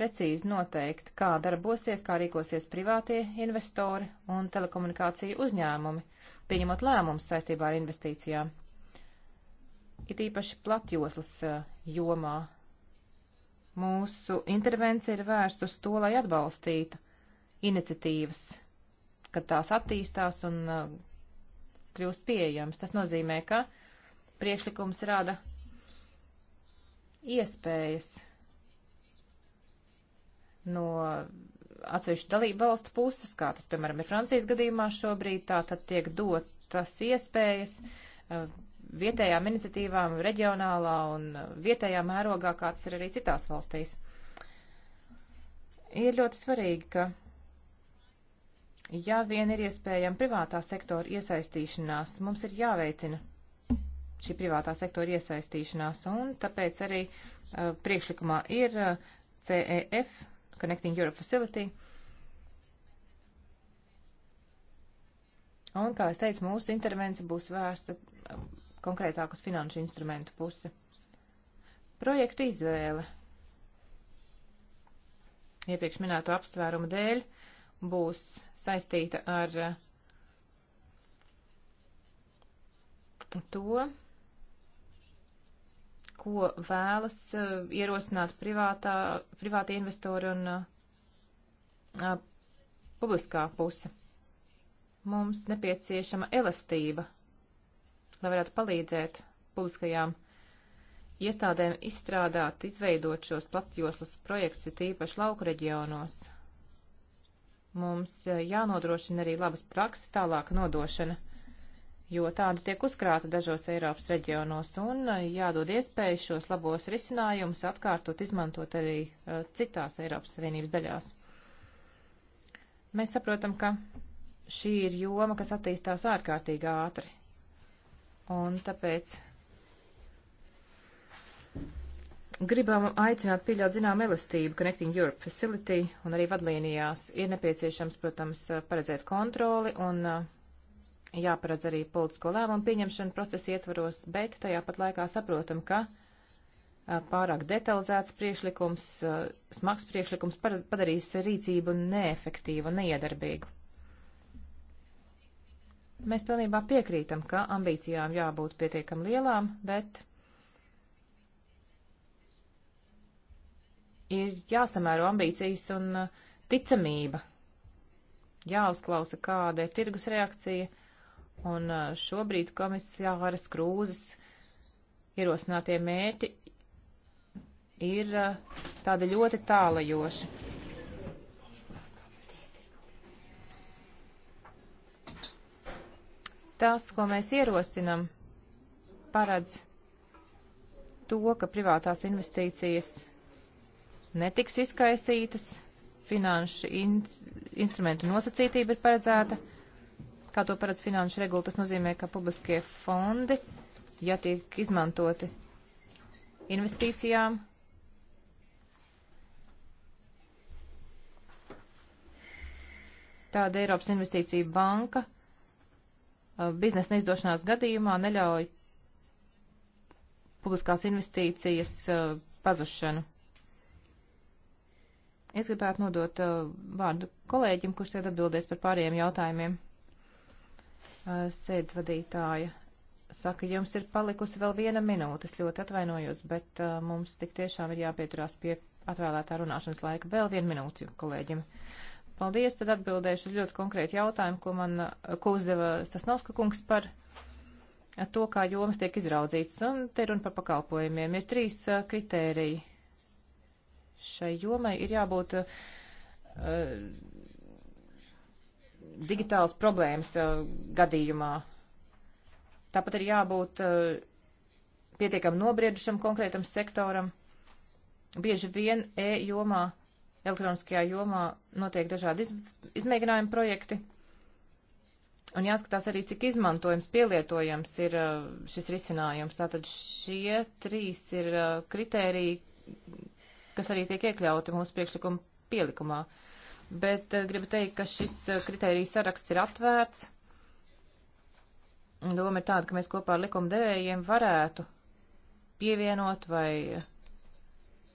precīzi noteikt, kā darbosies, kā rīkosies privātie investori un telekomunikāciju uzņēmumi, pieņemot lēmumus saistībā ar investīcijām. It īpaši platjoslas jomā Mūsu intervencija ir vērsta uz to, lai atbalstītu iniciatīvas, kad tās attīstās un uh, kļūst pieejams. Tas nozīmē, ka priekšlikums rada iespējas no atsevišķu dalību valstu puses, kā tas, piemēram, ir Francijas gadījumā šobrīd, tā tad tiek dotas iespējas uh, vietējām iniciatīvām, reģionālā un vietējā mērogā, kā tas ir arī citās valstīs. Ir ļoti svarīgi, ka ja vien ir iespējama privātā sektora iesaistīšanās, mums ir jāveicina šī privātā sektora iesaistīšanās, un tāpēc arī uh, priekšlikumā ir uh, CEF, Connecting Europe Facility, uh, Un, kā es teicu, mūsu intervence būs vērsta konkrētāk uz finanšu instrumentu pusi. Projektu izvēle iepriekš minēto apstvērumu dēļ būs saistīta ar eh, to, ko vēlas eh, ierosināt privātā, privāti investori un uh, publiskā puse. Mums nepieciešama elastība lai varētu palīdzēt publiskajām iestādēm izstrādāt, izveidot šos platjoslas projektus, ir tīpaši lauku reģionos. Mums eh, jānodrošina arī labas prakses tālāka nodošana, jo tāda tiek uzkrāta dažos Eiropas reģionos un eh, jādod iespēju šos labos risinājumus atkārtot, izmantot arī eh, citās Eiropas Savienības daļās. Mēs saprotam, ka šī ir joma, kas attīstās ārkārtīgi ātri Un tāpēc gribam aicināt pieļaut zinām elastību Connecting Europe Facility un arī vadlīnijās. Ir nepieciešams, protams, paredzēt kontroli un uh, jāparedz arī politisko lēmumu pieņemšanu procesu ietvaros, bet tajā pat laikā saprotam, ka uh, pārāk detalizēts priekšlikums, uh, smags priekšlikums padarīs rīcību neefektīvu, neiedarbīgu. Mēs pilnībā piekrītam, ka ambīcijām jābūt pietiekam lielām, bet ir jāsamēro ambīcijas un uh, ticamība. Jāuzklausa, kāda ir tirgus reakcija, un uh, šobrīd komisāras krūzes ierosinātie mērķi ir uh, tādi ļoti tālajoši. Tas, ko mēs ierosinam, paredz to, ka privātās investīcijas netiks izkaisītas, finanšu in instrumentu nosacītība ir paredzēta. Kā to paredz finanšu regula, tas nozīmē, ka publiskie fondi, ja tiek izmantoti investīcijām, tāda Eiropas investīcija banka Uh, biznesa neizdošanās gadījumā neļauj publiskās investīcijas uh, pazušanu. Es gribētu nodot uh, vārdu kolēģim, kurš tagad atbildēs par pārējiem jautājumiem. Sēdz vadītāja saka, jums ir palikusi vēl viena minūte. Es ļoti atvainojos, bet mums tik tiešām ir jāpieturās pie atvēlētā runāšanas laika. Vēl vienu minūti kolēģim. Uh, Paldies, tad atbildēšu uz ļoti konkrētu jautājumu, ko man, ko uzdeva Stasnovska kungs par to, kā jomas tiek izraudzītas. Un te runa par pakalpojumiem. Ir trīs uh, kritēriji. Šai jomai ir jābūt uh, digitālas problēmas uh, gadījumā. Tāpat ir jābūt uh, pietiekam nobriedušam konkrētam sektoram. Bieži vien e-jomā Elektroniskajā jomā notiek dažādi iz, izmēģinājumi projekti. Un jāskatās arī, cik izmantojams, pielietojams ir uh, šis risinājums. Tātad šie trīs ir uh, kritēriji, kas arī tiek iekļauti mūsu priekšlikuma pielikumā. Bet uh, gribu teikt, ka šis kritērija saraksts ir atvērts. Doma ir tāda, ka mēs kopā ar likumdevējiem varētu pievienot vai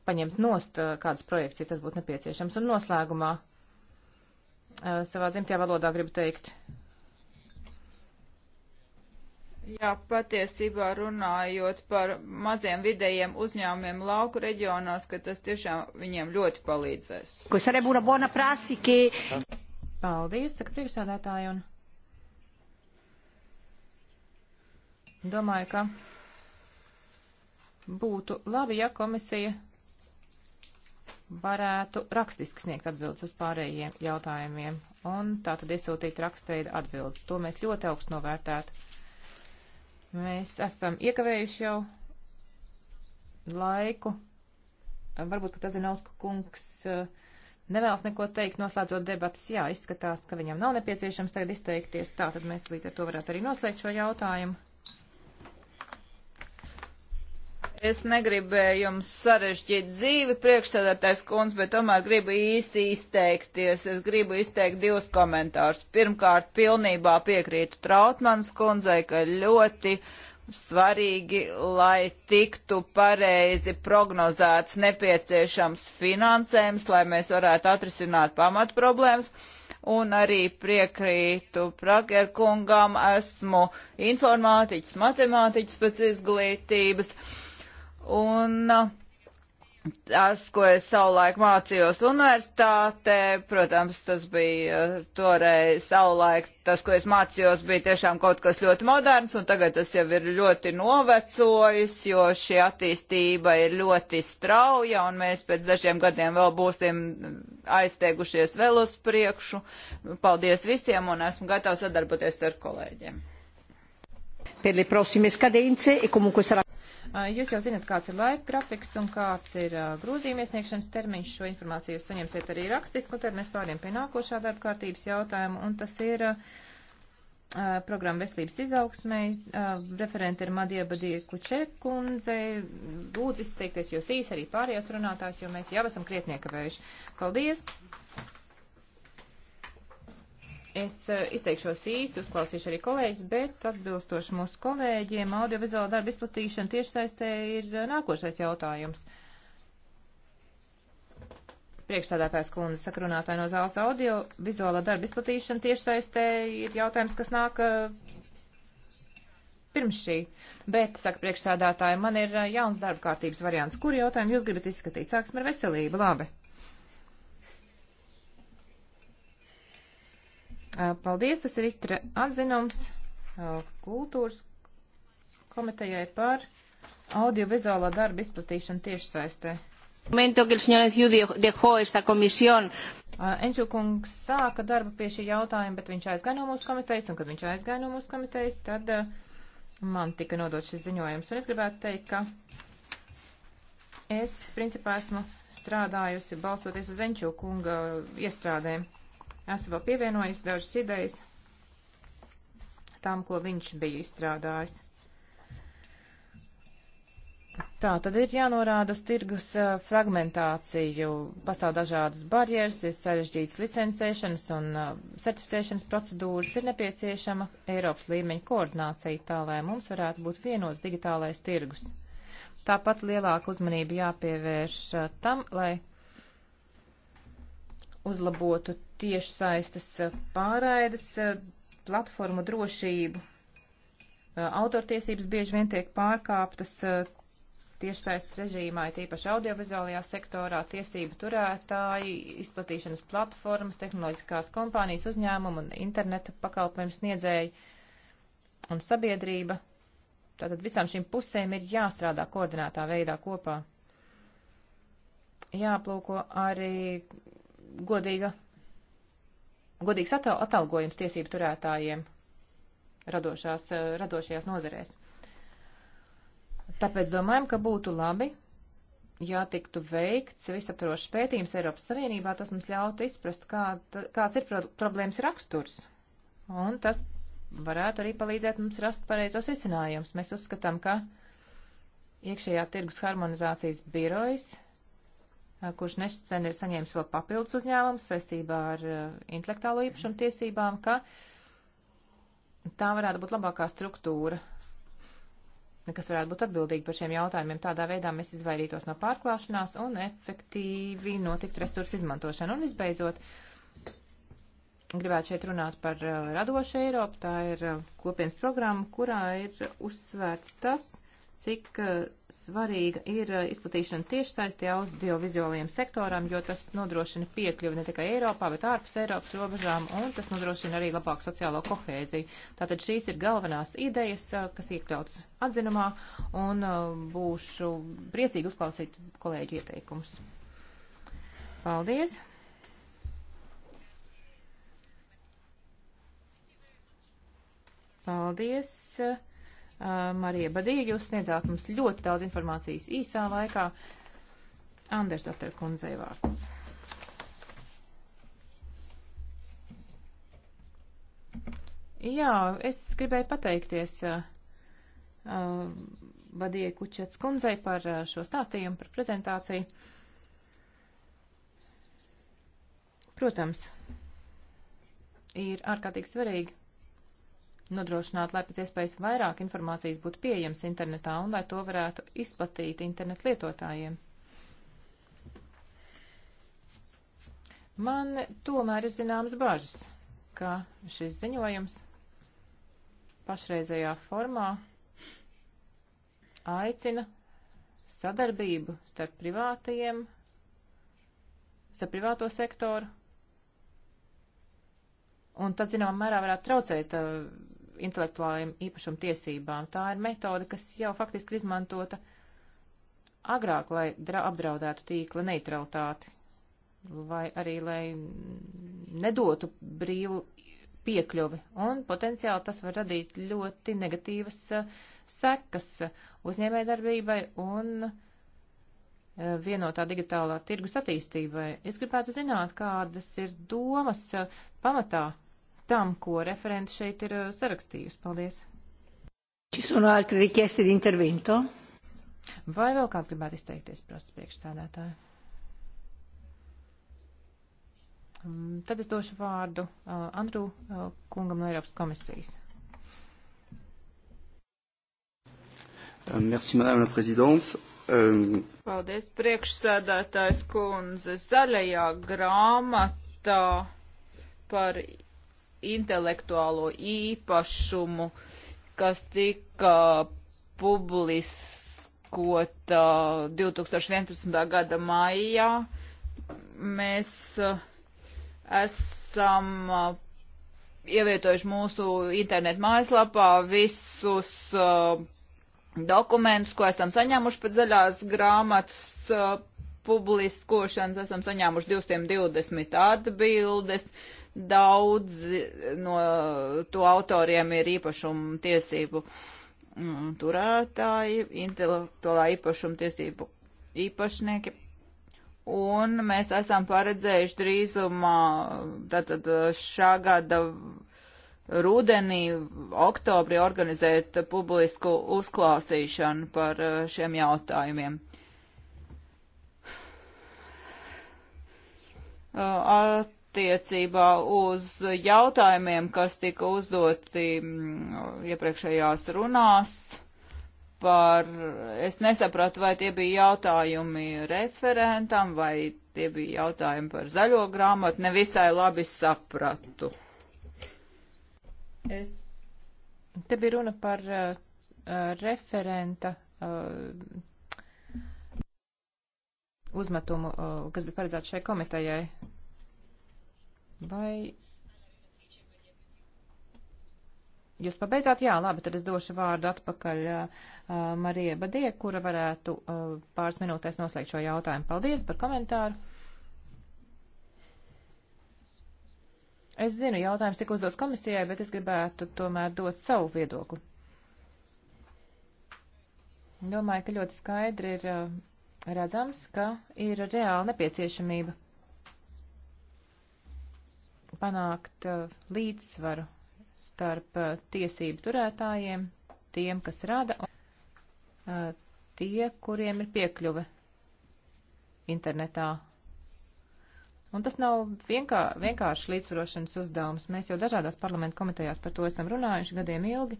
paņemt nost kādas projekts, ja tas būtu nepieciešams. Un noslēgumā savā dzimtajā valodā gribu teikt. Jā, patiesībā runājot par maziem vidējiem uzņēmumiem lauku reģionos, ka tas tiešām viņiem ļoti palīdzēs. Paldies, saka priekšsādātāji, un domāju, ka būtu labi, ja komisija varētu rakstiski sniegt atbildes uz pārējiem jautājumiem un tā tad iesūtīt rakstveida atbildes. To mēs ļoti augstu novērtētu. Mēs esam iekavējuši jau laiku. Varbūt, ka Tazinovska kungs eh, nevēlas neko teikt, noslēdzot debatas. Jā, izskatās, ka viņam nav nepieciešams tagad izteikties. Tā tad mēs līdz ar to varētu arī noslēgt šo jautājumu. Es negribēju jums sarežģīt dzīvi, priekšsēdētājs kundz, bet tomēr gribu īsi izteikties. Es gribu izteikt divus komentārus. Pirmkārt, pilnībā piekrītu Trautmanas kundzei, ka ļoti svarīgi, lai tiktu pareizi prognozēts nepieciešams finansējums, lai mēs varētu atrisināt pamatproblēmas. Un arī priekrītu Pragerkungam, esmu informātiķis, matemātiķis pēc izglītības. Uh, Un tas, ko es savulaik mācījos universitātē, protams, tas bija eh, toreiz savulaik, tas, ko es mācījos, bija tiešām kaut kas ļoti moderns, un tagad tas jau ir ļoti novecojis, jo šī attīstība ir ļoti strauja, un mēs pēc dažiem gadiem vēl būsim aiztiegušies vēl uz priekšu. Paldies visiem, un esmu gatavs sadarboties ar kolēģiem. Per le prossime scadenze e comunque sarà. Jūs jau zinat, kāds ir laika grafiks un kāds ir grozījuma iesniegšanas termiņš. Šo informāciju jūs saņemsiet arī rakstiski, un tad mēs pāriem pie nākošā darba kārtības jautājuma, un tas ir uh, programma veselības izaugsmei. Uh, referente ir Madija Badija Kučekundze. Lūdzu, izteikties jūs īsi arī pārējās runātājs, jo mēs jau esam krietniekavējuši. Paldies! Es eh, izteikšos īsi, uzklausīšu arī kolēģis, bet atbilstoši mūsu kolēģiem, audiovizuāla darba izplatīšana tiešsaistē ir eh, nākošais jautājums. Priekšsādātājs kundze sakrunātāja no zāles audiovizuāla darba izplatīšana tiešsaistē ir jautājums, kas nāk eh, pirms šī. Bet, saka priekšsādātāja, man ir jauns darba kārtības variants. Kur jautājumu jūs gribat izskatīt? Sāksim ar veselību. Labi. Paldies, tas ir itra atzinums kultūras komitejai par audiovizuālā darba izplatīšanu tiešsaistē. Enču kungs sāka darbu pie šī jautājuma, bet viņš aizgāja no mūsu komitejas, un kad viņš aizgāja no mūsu komitejas, tad man tika nodot šis ziņojums. Un es gribētu teikt, ka es principā esmu strādājusi balstoties uz Enču kunga iestrādēm. Esmu vēl pievienojis dažas idejas tām, ko viņš bija izstrādājis. Tā tad ir jānorāda uz tirgus eh, fragmentāciju. Pastāv dažādas barjeras, ir sarežģītas licencēšanas un eh, certificēšanas procedūras, ir nepieciešama Eiropas līmeņa koordinācija tā, lai mums varētu būt vienots digitālais tirgus. Tāpat lielāka uzmanība jāpievērš eh, tam, lai uzlabotu tiešsaistes eh, pārraides eh, platformu drošību. Eh, autortiesības bieži vien tiek pārkāptas tiešsaistes režīmā, ir tīpaši audiovizuālajā sektorā, tiesību turētāji, izplatīšanas platformas, tehnoloģiskās kompānijas uzņēmumu un interneta pakalpojumu sniedzēji un sabiedrība. Tātad visām šīm pusēm ir jāstrādā koordinētā veidā kopā. Jāplūko arī godīga, godīgs atalgojums tiesību turētājiem radošās, eh, radošajās nozerēs. Tāpēc domājam, ka būtu labi, ja tiktu veikts visaptvarošs pētījums Eiropas Savienībā, tas mums ļautu izprast, kā, kāds ir pro problēmas raksturs. Un tas varētu arī palīdzēt mums rast pareizos risinājumus. Mēs uzskatām, ka iekšējā tirgus harmonizācijas birojas Eh, kurš nesen ir saņēmis vēl papildus uzņēmums saistībā ar eh, intelektuālo īpašumu tiesībām, ka tā varētu būt labākā struktūra, kas varētu būt atbildīga par šiem jautājumiem. Tādā veidā mēs izvairītos no pārklāšanās un efektīvi notiktu resursu izmantošana. Un visbeidzot, gribētu šeit runāt par eh, radošu Eiropu. Tā ir kopienas programma, kurā ir uzsvērts tas, cik uh, svarīga ir uh, izplatīšana tiešsaistē audiovizuālajiem sektoram, jo tas nodrošina piekļuvi ne tikai Eiropā, bet ārpus Eiropas robežām, un tas nodrošina arī labāku sociālo kohēziju. Tātad šīs ir galvenās idejas, uh, kas iekļauts atzinumā, un būšu priecīgi uzklausīt kolēģu ieteikumus. Paldies! Paldies! Uh... Marija um, Badīja, jūs sniedzāt mums ļoti daudz informācijas īsā laikā. Anders Dotter kundzei vārds. Jā, es gribēju pateikties uh, Badie Kučets kundzei par uh, šo stāstījumu, par prezentāciju. Protams, ir ārkārtīgi svarīgi nodrošināt, lai pēc iespējas vairāk informācijas būtu pieejams internetā un lai to varētu izplatīt internetu lietotājiem. Man tomēr ir zināmas bažas, ka šis ziņojums pašreizējā formā aicina sadarbību starp privātajiem, starp privāto sektoru Un tas, zināmā mērā, varētu traucēt uh, intelektuālajiem īpašuma tiesībām. Tā ir metode, kas jau faktiski ir izmantota agrāk, lai apdraudētu tīkla neutralitāti vai arī lai nedotu brīvu piekļuvi. Un potenciāli tas var radīt ļoti negatīvas eh, sekas uzņēmējdarbībai un eh, vienotā digitālā tirgus attīstībai. Es gribētu zināt, kādas ir domas eh, pamatā tam, ko referents šeit ir uh, sarakstījusi. Paldies! Ci sono altre richieste di intervento? Vai vēl kāds gribētu izteikties, prasa priekšsādātāji? Mm, tad es došu vārdu uh, Andru uh, kungam no Eiropas komisijas. Uh, merci, madame la présidente. Um... Paldies, priekšsēdētājs kundze. Zaļajā grāmatā par intelektuālo īpašumu, kas tika publiskota 2011. gada maijā. Mēs esam ievietojuši mūsu internetu mājaslapā visus uh, dokumentus, ko esam saņēmuši pēc zaļās grāmatas uh, publiskošanas. Esam saņēmuši 220 atbildes, daudz no to autoriem ir īpašumu tiesību mm, turētāji, intelektuālā īpašumu tiesību īpašnieki. Un mēs esam paredzējuši drīzumā, tātad šā gada rudenī, oktobrī organizēt publisku uzklāstīšanu par eh, šiem jautājumiem. At eh, attiecībā uz jautājumiem, kas tika uzdoti mm, iepriekšējās runās par, es nesapratu, vai tie bija jautājumi referentam, vai tie bija jautājumi par zaļo grāmatu, nevisai labi sapratu. Es... Te bija runa par uh, uh referenta uh, uzmetumu, uh, kas bija paredzēts šai komitejai. Vai Jūs pabeidzāt? Jā, labi, tad es došu vārdu atpakaļ uh, uh Marijai Badie, kura varētu uh, pāris minūtēs noslēgt šo jautājumu. Paldies par komentāru. Es zinu, jautājums tika uzdots komisijai, bet es gribētu tomēr dot savu viedokli. Domāju, ka ļoti skaidri ir uh, redzams, ka ir reāla nepieciešamība panākt uh, līdzsvaru starp uh, tiesību turētājiem, tiem, kas rada, un uh, tie, kuriem ir piekļuve internetā. Un tas nav vienkā, vienkārši līdzsvarošanas uzdevums. Mēs jau dažādās parlamentu komitejās par to esam runājuši gadiem ilgi.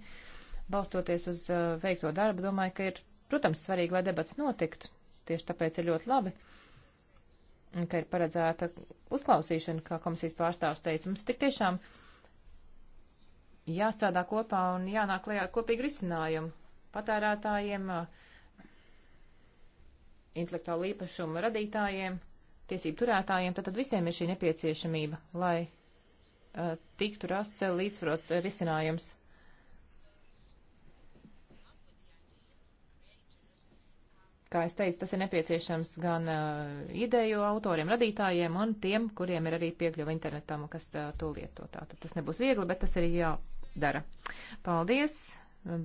Balstoties uz uh, veikto darbu, domāju, ka ir, protams, svarīgi, lai debats notiktu. Tieši tāpēc ir ļoti labi, uh, ka ir paredzēta uzklausīšana, kā komisijas pārstāvs teica. Mums tik tiešām jāstrādā kopā un jānāk lejā kopīgi risinājumu patērētājiem, intelektuālu īpašumu radītājiem, tiesību turētājiem, tad, tad visiem ir šī nepieciešamība, lai uh, tiktu rasts līdzsvarots risinājums. kā es teicu, tas ir nepieciešams gan uh, ideju autoriem, radītājiem un tiem, kuriem ir arī piekļuva internetam, kas uh, to lieto. Tātad tas nebūs viegli, bet tas arī jādara. Paldies,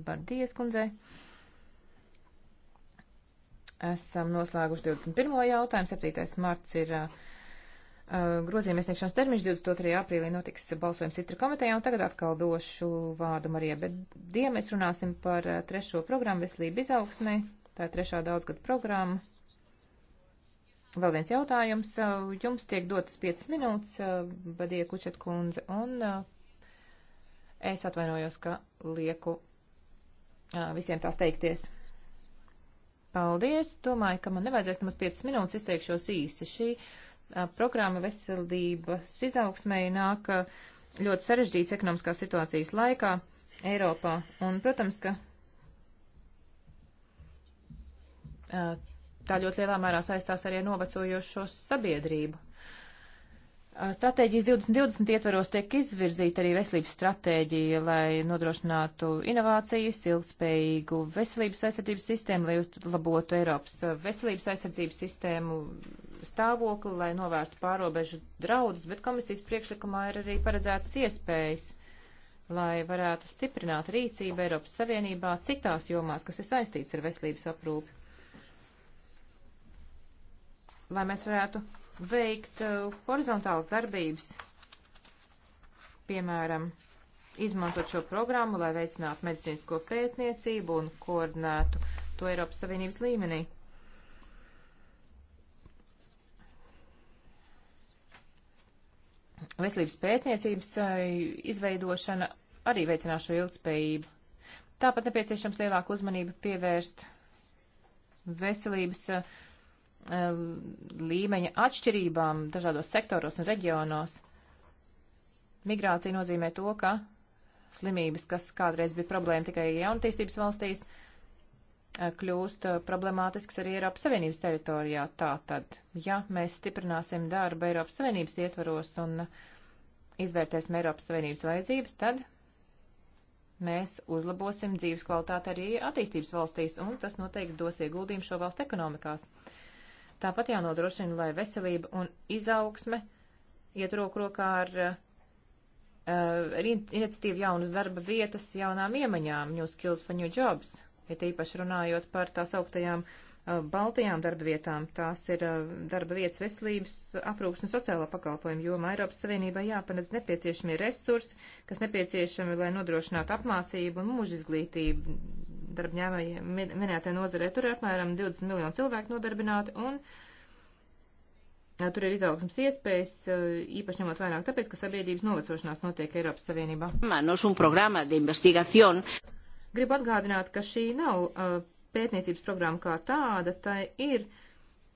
paldies, kundzei. Esam noslēguši 21. jautājumu. 7. marts ir uh, grozījuma iesniegšanas termiņš. 22. aprīlī notiks balsojums Citra komitejā. Un tagad atkal došu vārdu Marijai Bediem. Mēs runāsim par trešo programmu veselību izaugsmē. Tā ir trešā daudzgada programma. Vēl viens jautājums. Jums tiek dotas 5 minūtes, eh, Badie Kučet kundze, un eh, es atvainojos, ka lieku eh, visiem tās teikties. Paldies! Domāju, ka man nevajadzēs nemaz 5 minūtes izteikšos īsi. Šī programma veselības izaugsmē nāk ļoti sarežģīts ekonomiskās situācijas laikā Eiropā, un, protams, ka Eh, tā ļoti lielā mērā saistās arī ar novecojošo sabiedrību. Eh, stratēģijas 2020 ietveros tiek izvirzīta arī veselības stratēģija, lai nodrošinātu inovācijas, ilgspējīgu veselības aizsardzības sistēmu, lai uzlabotu Eiropas eh, veselības aizsardzības sistēmu stāvokli, lai novērstu pārobežu draudus, bet komisijas priekšlikumā ir arī paredzētas iespējas lai varētu stiprināt rīcību Eiropas Savienībā citās jomās, kas ir saistīts ar veselības aprūpi lai mēs varētu veikt uh, horizontālas darbības, piemēram, izmantot šo programmu, lai veicinātu medicīnisko pētniecību un koordinētu to Eiropas Savienības līmenī. Veselības pētniecības uh, izveidošana arī veicinās šo ilgspējību. Tāpat nepieciešams lielāku uzmanību pievērst veselības uh, Um, līmeņa atšķirībām dažādos sektoros un reģionos. Migrācija nozīmē to, ka slimības, kas kādreiz bija problēma tikai jaunatīstības valstīs, uh, kļūst uh, problemātisks arī Eiropas Savienības teritorijā. Tātad, ja mēs stiprināsim darbu Eiropas Savienības ietvaros un izvērtēsim Eiropas Savienības vajadzības, tad mēs uzlabosim dzīves kvalitāti arī attīstības valstīs, un tas noteikti dos ieguldījumu šo valstu ekonomikās. Uh, Tāpat jānodrošina, lai veselība un izaugsme iet roku rokā ar uh, iniciatīvu jaunas darba vietas jaunām iemaņām, new skills for new jobs, ja tīpaši runājot par tās augtajām uh, eh, baltajām darba vietām. Tās ir uh, darba vietas veselības aprūpas un sociālā pakalpojuma jomā Eiropas Savienībā jāpanedz nepieciešamie resursi, kas nepieciešami, lai nodrošinātu apmācību un mūža izglītību darbņēmējiem minētajā nozarē. Tur ir apmēram 20 miljonu cilvēku nodarbināti un tur ir izaugsmas iespējas, īpaši ņemot vairāk tāpēc, ka sabiedrības novecošanās notiek Eiropas Savienībā. Manos un programma de investigación. Gribu atgādināt, ka šī nav uh, pētniecības programma kā tāda, tai ir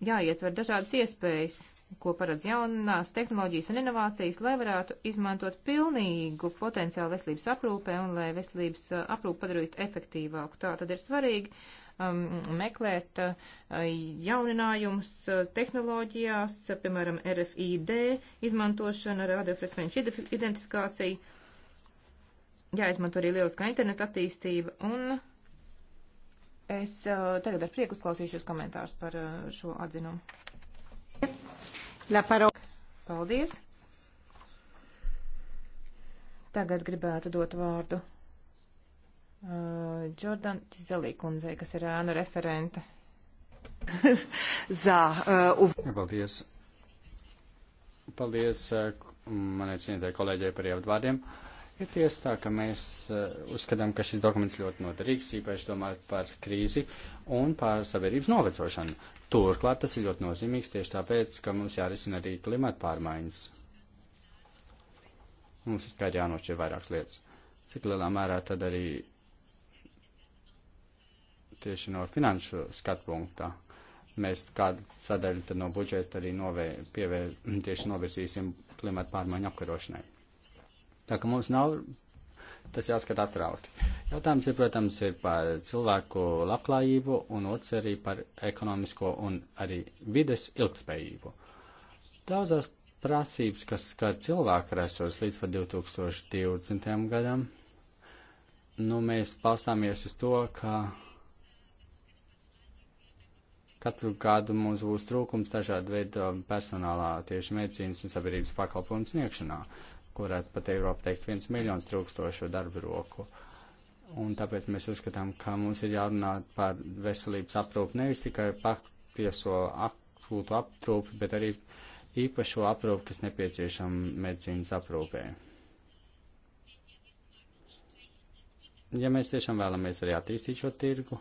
jāietver dažādas iespējas ko paredz jaunās tehnoloģijas un inovācijas, lai varētu izmantot pilnīgu potenciālu veselības aprūpē un lai veselības uh, aprūpu padarītu efektīvāku. Tā tad ir svarīgi um, meklēt uh, jauninājumus uh, tehnoloģijās, uh, piemēram, RFID izmantošana, radiofrekvenču identifikācija, jāizmanto arī lieliskā interneta attīstība un es uh, tagad ar prieku klausīšos komentārus par uh, šo atzinumu. Paldies! Tagad gribētu dot vārdu uh, Jordan Čizelī kundzei, kas ir ēnu referente. Zā, uh, uv... Paldies! Paldies uh, manai cienītāji kolēģei par ievadu vārdiem. Ir tiesa tā, ka mēs uh, uzskatām, ka šis dokuments ļoti noderīgs, īpaši domājot par krīzi un par sabiedrības novecošanu. Turklāt tas ir ļoti nozīmīgs tieši tāpēc, ka mums jārisina arī klimata pārmaiņas. Mums ir skaidri jānošķir vairākas lietas. Cik lielā mērā tad arī tieši no finanšu skatpunkta mēs kādu sadaļu tad no budžeta arī novē, pievēr, tieši novirzīsim klimata pārmaiņu apkarošanai. Tā ka mums nav tas jāskat atrauti. Jautājums ir, protams, ir par cilvēku labklājību un otrs arī par ekonomisko un arī vides ilgspējību. Daudzās prasības, kas skar cilvēku resursus līdz pat 2020. gadam, nu, mēs palstāmies uz to, ka katru gadu mums būs trūkums dažādu veidu personālā tieši medicīnas un sabiedrības pakalpojumu sniegšanā. Uh, kurā pat Eiropa teikt viens miljons trūkstošo darbu roku. Un tāpēc mēs uzskatām, ka mums ir jārunā par veselības aprūpu nevis tikai patieso akūtu aprūpi, bet arī īpašo aprūpi, kas nepieciešama medicīnas aprūpē. Ja mēs tiešām vēlamies arī attīstīt šo tirgu,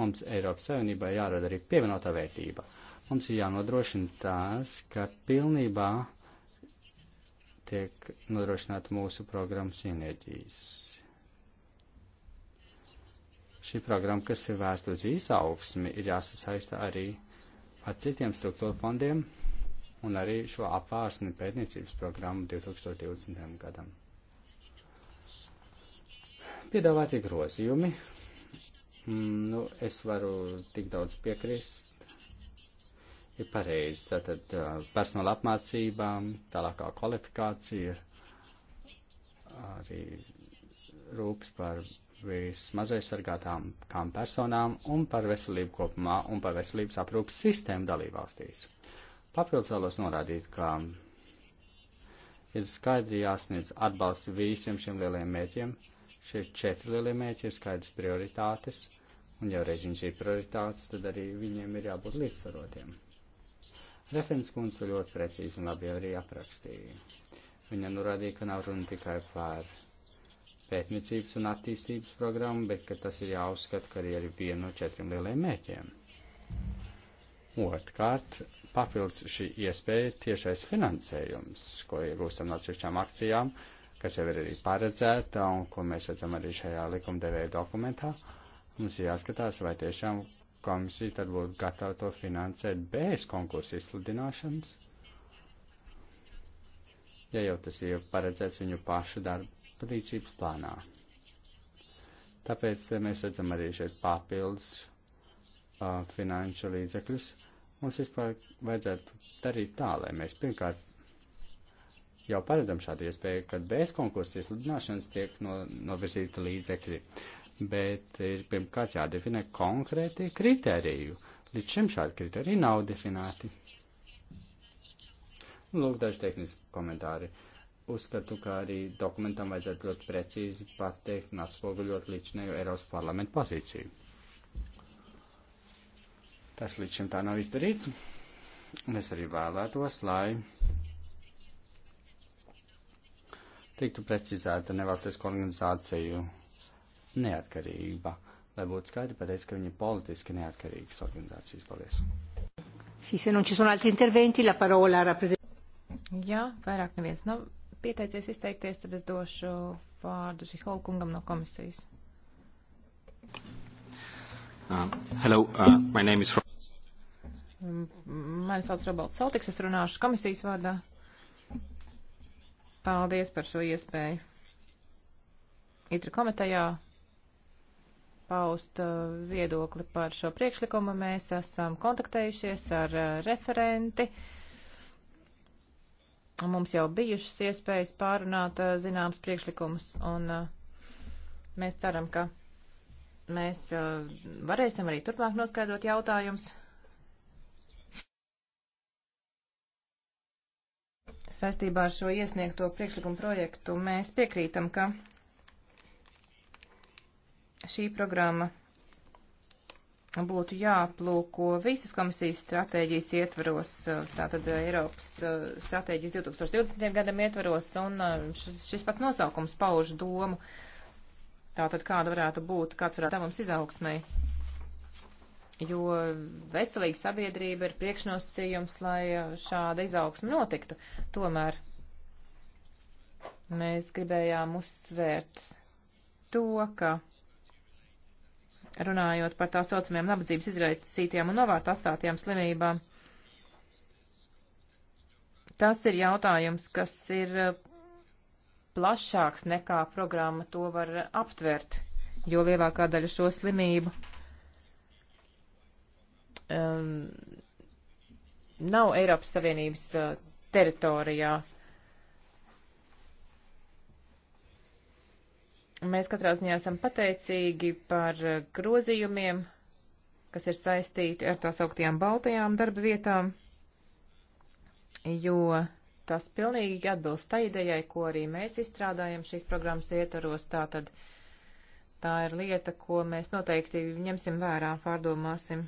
mums Eiropas Savienībā jārada arī pievienotā vērtība. Mums ir jānodrošina tās, ka pilnībā uh, tiek nodrošināta mūsu programmas sinerģijas. Šī programma, kas ir vēsta uz izaugsmi, ir jāsasaista arī ar citiem struktūra fondiem un arī šo apvārsni pētniecības programmu 2020. gadam. Piedāvāti grozījumi. Mm, nu, es varu tik daudz piekrist ir pareizi. Tātad personāla apmācībām, tālākā kvalifikācija, arī rūps par vismazai sargātām kām personām un par veselību kopumā un par veselības aprūpas sistēmu dalībvalstīs. Papildus vēlos norādīt, ka ir skaidri jāsniedz atbalsts visiem šiem lieliem mēķiem. Šie četri lielie mēķi ir skaidrs prioritātes, un jau reiz viņš ir prioritātes, tad arī viņiem ir jābūt līdzsvarotiem. Referents kundze ļoti precīzi un labi arī aprakstīja. Viņa norādīja, ka nav runa tikai par pētniecības un attīstības programmu, bet ka tas ir jāuzskata, ka arī ir viena no četriem lieliem mērķiem. Otkārt, papildus šī iespēja tiešais finansējums, ko iegūstam no atsevišķām akcijām, kas jau ir arī paredzēta un ko mēs redzam arī šajā likumdevēja dokumentā. Mums ir jāskatās, vai tiešām komisija tad būtu gatava to finansēt bez konkursa izsludināšanas, ja jau tas ir paredzēts viņu pašu darba rīcības plānā. Tāpēc eh, mēs redzam arī šeit papildus uh, finanšu līdzekļus. Mums vispār vajadzētu darīt tā, lai mēs pirmkārt jau paredzam šādu iespēju, ka bez konkursa izsludināšanas tiek no, novirzīti līdzekļi. Uh, bet ir pirmkārt jādefinē konkrētie kriteriju. Līdz šim šādi kriteriji nav definēti. Lūk, daži tehniski komentāri. Uzskatu, ka arī dokumentam vajadzētu ļoti precīzi pateikt un atspoguļot līdzinējo Eiropas parlamentu pozīciju. Tas līdz šim tā nav izdarīts. Un es arī vēlētos, lai tiktu precizēta nevalstisko organizāciju neatkarība, lai būtu skaidri pateikt, ka viņi ir politiski neatkarīgas organizācijas. Paldies! Sì, se non ci sono altri interventi, la parola rappresenta. Jā, vairāk neviens nav pieteicies izteikties, tad es došu vārdu Žiholkungam no komisijas. Uh, hello, uh, my name is Rob. Mm, mani sauc Robalds Saltiks, es runāšu komisijas vārdā. Paldies par šo iespēju. Itri komitejā paust uh, viedokli par šo priekšlikumu. Mēs esam kontaktējušies ar uh, referenti. Mums jau bijušas iespējas pārunāt uh, zināms priekšlikumus, un mēs ceram, ka mēs varēsim arī turpmāk noskaidrot jautājumus. Saistībā ar šo iesniegto priekšlikumu projektu mēs piekrītam, ka šī programma būtu jāplūko visas komisijas stratēģijas ietvaros, tātad eh, Eiropas eh, stratēģijas 2020. gadam ietvaros, un eh, šis, šis pats nosaukums pauž domu, tātad kāda varētu būt, kāds varētu devums izaugsmai. Jo veselīga sabiedrība ir priekšnosacījums, lai šāda izaugsme notiktu. Tomēr mēs gribējām uzsvērt to, ka runājot par tā saucamiem nabadzības izraisītiem un novārtu atstātiem slimībām. Tas ir jautājums, kas ir eh, plašāks nekā programma to var aptvert, jo lielākā daļa šo slimību um, nav Eiropas Savienības uh, teritorijā. Mēs katrā ziņā esam pateicīgi par eh, grozījumiem, kas ir saistīti ar tās augtajām baltajām darba vietām, jo tas pilnīgi atbilst tā idejai, ko arī mēs izstrādājam šīs programmas ietvaros. Tātad tā ir lieta, ko mēs noteikti ņemsim vērā, pārdomāsim.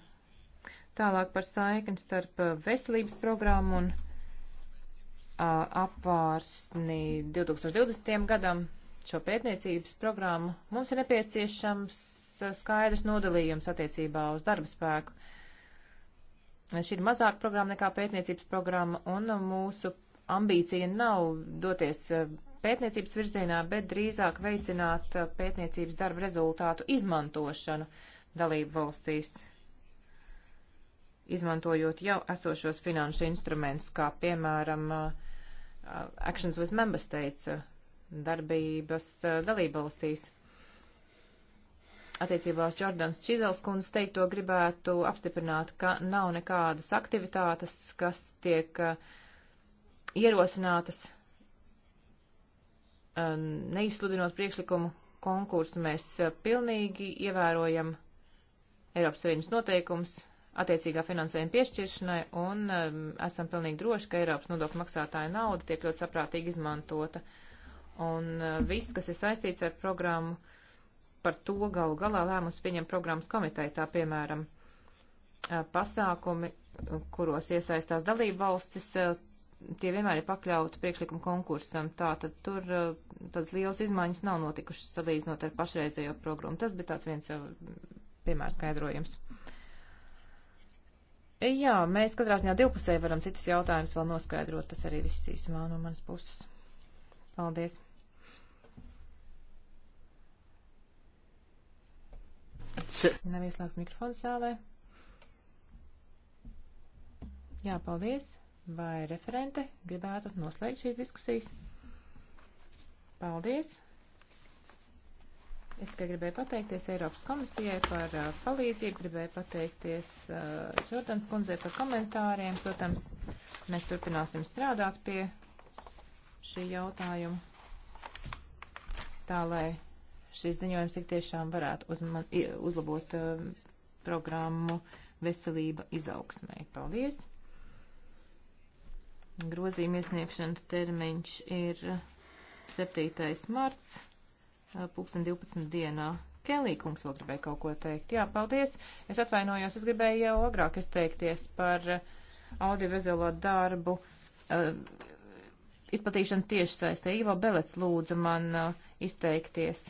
Tālāk par saikni starp eh, veselības programmu un eh, apvārsni 2020. gadam šo pētniecības programmu, mums ir nepieciešams uh, skaidrs nodalījums attiecībā uz darba spēku. Šī ir mazāka programma nekā pētniecības programma, un uh, mūsu ambīcija nav doties uh, pētniecības virzienā, bet drīzāk veicināt pētniecības darba rezultātu izmantošanu dalību valstīs, izmantojot jau esošos finanšu instrumentus, kā piemēram Actions with Member States darbības eh, dalībvalstīs. Attiecībā uz Jordans Čizels kundze teikto gribētu apstiprināt, ka nav nekādas aktivitātes, kas tiek eh, ierosinātas, eh, neizsludinot priekšlikumu konkursu. Mēs pilnīgi ievērojam Eiropas Savienības noteikums attiecīgā finansējuma piešķiršanai un esam pilnīgi droši, ka Eiropas nodokļu maksātāja nauda tiek ļoti saprātīgi izmantota. Uh, Un uh, viss, kas ir saistīts ar programmu, par to galu galā lēmums pieņem programmas komiteja, tā piemēram, uh, pasākumi, kuros iesaistās dalību valstis, uh, tie vienmēr ir pakļauti priekšlikuma konkursam, tā tad tur tādas lielas izmaiņas nav notikušas salīdzinot ar pašreizējo programmu. Tas bija tāds viens jau piemērs skaidrojums. Jā, mēs katrā ziņā divpusēji varam citus jautājumus vēl noskaidrot, tas arī viss īsumā no manas puses. Paldies! Nav ieslēgts mikrofons zālē. Jā, paldies. Vai referente gribētu noslēgt šīs diskusijas? Paldies. Es tikai gribēju pateikties Eiropas komisijai par uh, palīdzību, gribēju pateikties uh, Čortans kundzei par komentāriem. Protams, mēs turpināsim strādāt pie šī jautājuma tā, lai šis ziņojums tik tiešām varētu uzman, uzlabot uh, programmu veselība izaugsmai. Paldies! Grozījuma iesniegšanas termiņš ir 7. marts, 2012. Uh, dienā. Kelī kungs vēl gribēja kaut ko teikt. Jā, paldies. Es atvainojos, es gribēju jau agrāk izteikties par uh, audiovizuālo darbu. Uh, izplatīšana tieši saistē. Ivo Belets lūdza man uh, izteikties.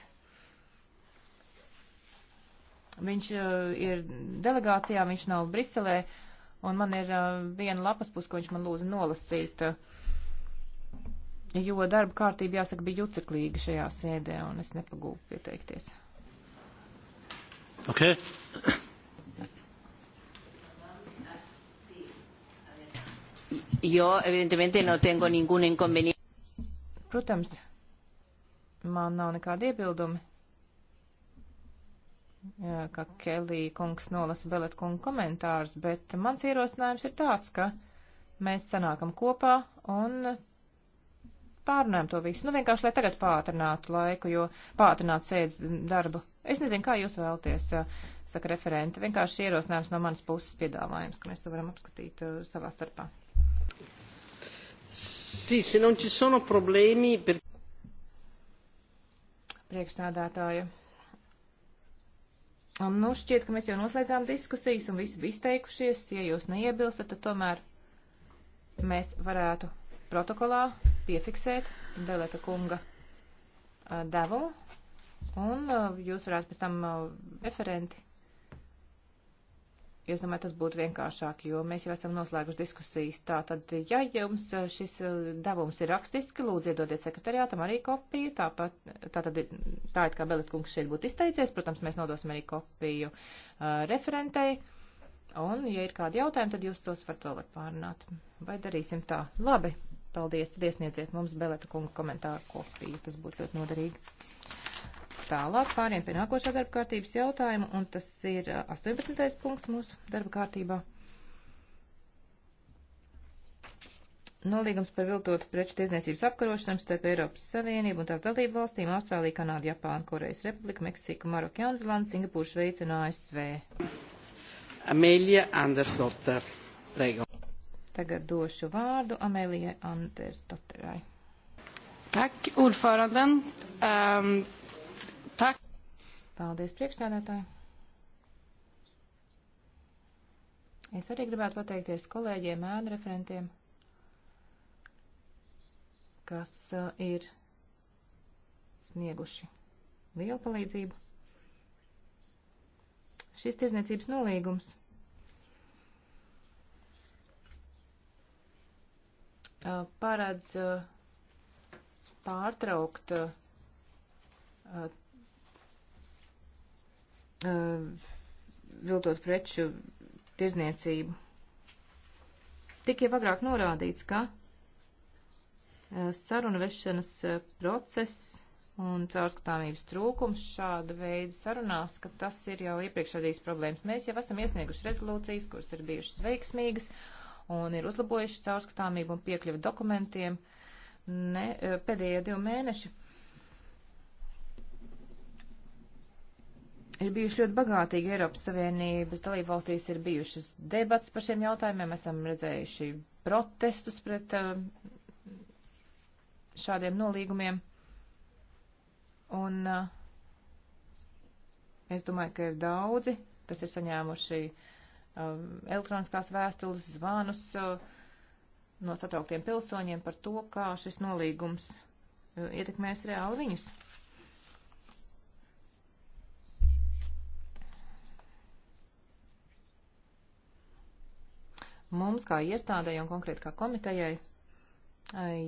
Viņš uh, ir delegācijā, viņš nav Briselē, un man ir uh, viena lapas pus, ko viņš man lūdza nolasīt, jo darba kārtība, jāsaka, bija juceklīga šajā sēdē, un es nepagūpu pieteikties. Okay. Yo, evidentemente, no tengo ningún inconveniente. Protams, man nav nekāda iebildumi ka Kelī kungs nolasa Belet kunga komentārus, bet mans ierosinājums ir tāds, ka mēs sanākam kopā un pārunājam to visu. Nu, vienkārši, lai tagad pātrinātu laiku, jo pātrināt sēdz darbu. Es nezinu, kā jūs vēlties, saka referenti. Vienkārši ierosinājums no manas puses piedāvājums, ka mēs to varam apskatīt uh, savā starpā. Sì, se non ci sono problemi per... Priekšnādātāju. Un, nu, šķiet, ka mēs jau noslēdzām diskusijas un visi bija izteikušies. Ja jūs neiebilstat, tad tomēr mēs varētu protokolā piefiksēt Beleta kunga devumu, un jūs varētu pēc tam referenti Es domāju, tas būtu vienkāršāk, jo mēs jau esam noslēguši diskusijas. Tātad, ja jums uh, šis uh, devums ir rakstiski, lūdzu iedodiet sekretariātam arī kopiju. Tāpat, tātad, tā it kā Belitkungs šeit būtu izteicies, protams, mēs nodosim arī kopiju uh, referentei. Un, ja ir kādi jautājumi, tad jūs tos varat vēl var pārunāt. Vai darīsim tā? Labi, paldies, tad iesniedziet mums Belita kunga komentāru kopiju. Tas būtu ļoti noderīgi. Tālāk pāriem pie nākošā darba kārtības jautājuma, un tas ir 18. punkts mūsu darba kārtībā. Nolīgums par viltotu preču tiesniecības apkarošanu starp Eiropas Savienību un tās dalību valstīm - Austrālija, Kanāda, Japāna, Korejas Republika, Meksika, Maroka, Jaunzēlanda, Singapūra, Šveica un ASV. Amēlija Andersdotter. Tagad došu vārdu Amēlijai Andersdotterai. Tak, ordföranden. Um, Tak. Paldies, priekšstādātāji. Es arī gribētu pateikties kolēģiem, ēnu referentiem, kas uh, ir snieguši lielu palīdzību. Šis tirzniecības nolīgums uh, paredz uh, pārtraukt uh, Uh, viltot preču tirzniecību. Tik jau agrāk norādīts, ka uh, sarunu vešanas uh, process un caurskatāmības trūkums šāda veida sarunās, ka tas ir jau iepriekšādīs problēmas. Mēs jau esam iesnieguši rezolūcijas, kuras ir bijušas veiksmīgas un ir uzlabojušas caurskatāmību un piekļuvi dokumentiem ne, pēdējie divi mēneši ir bijuši ļoti bagātīgi Eiropas Savienības dalībvalstīs, ir bijušas debats par šiem jautājumiem, esam redzējuši protestus pret eh, šādiem nolīgumiem. Un eh, es domāju, ka ir daudzi, kas ir saņēmuši eh, elektroniskās vēstules, zvanus no satrauktiem pilsoņiem par to, kā šis nolīgums ietekmēs reāli viņus. mums kā iestādēji un konkrēti kā komitejai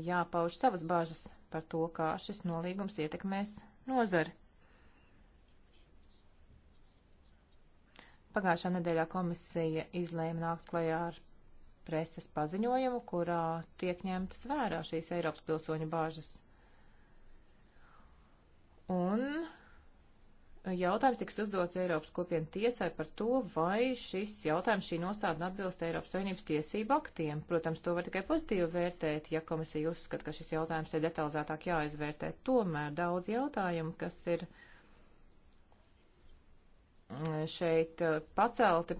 jāpauž savas bažas par to, kā šis nolīgums ietekmēs nozari. Pagājušā nedēļā komisija izlēma nākt klajā ar preses paziņojumu, kurā tiek ņemtas vērā šīs Eiropas pilsoņu bāžas. Un jautājums tiks uzdots Eiropas kopienu tiesai par to, vai šis jautājums, šī nostādna atbilst Eiropas Savienības tiesību aktiem. Protams, to var tikai pozitīvi vērtēt, ja komisija uzskata, ka šis jautājums ir detalizētāk jāizvērtē. Tomēr daudz jautājumu, kas ir šeit uh, pacelti,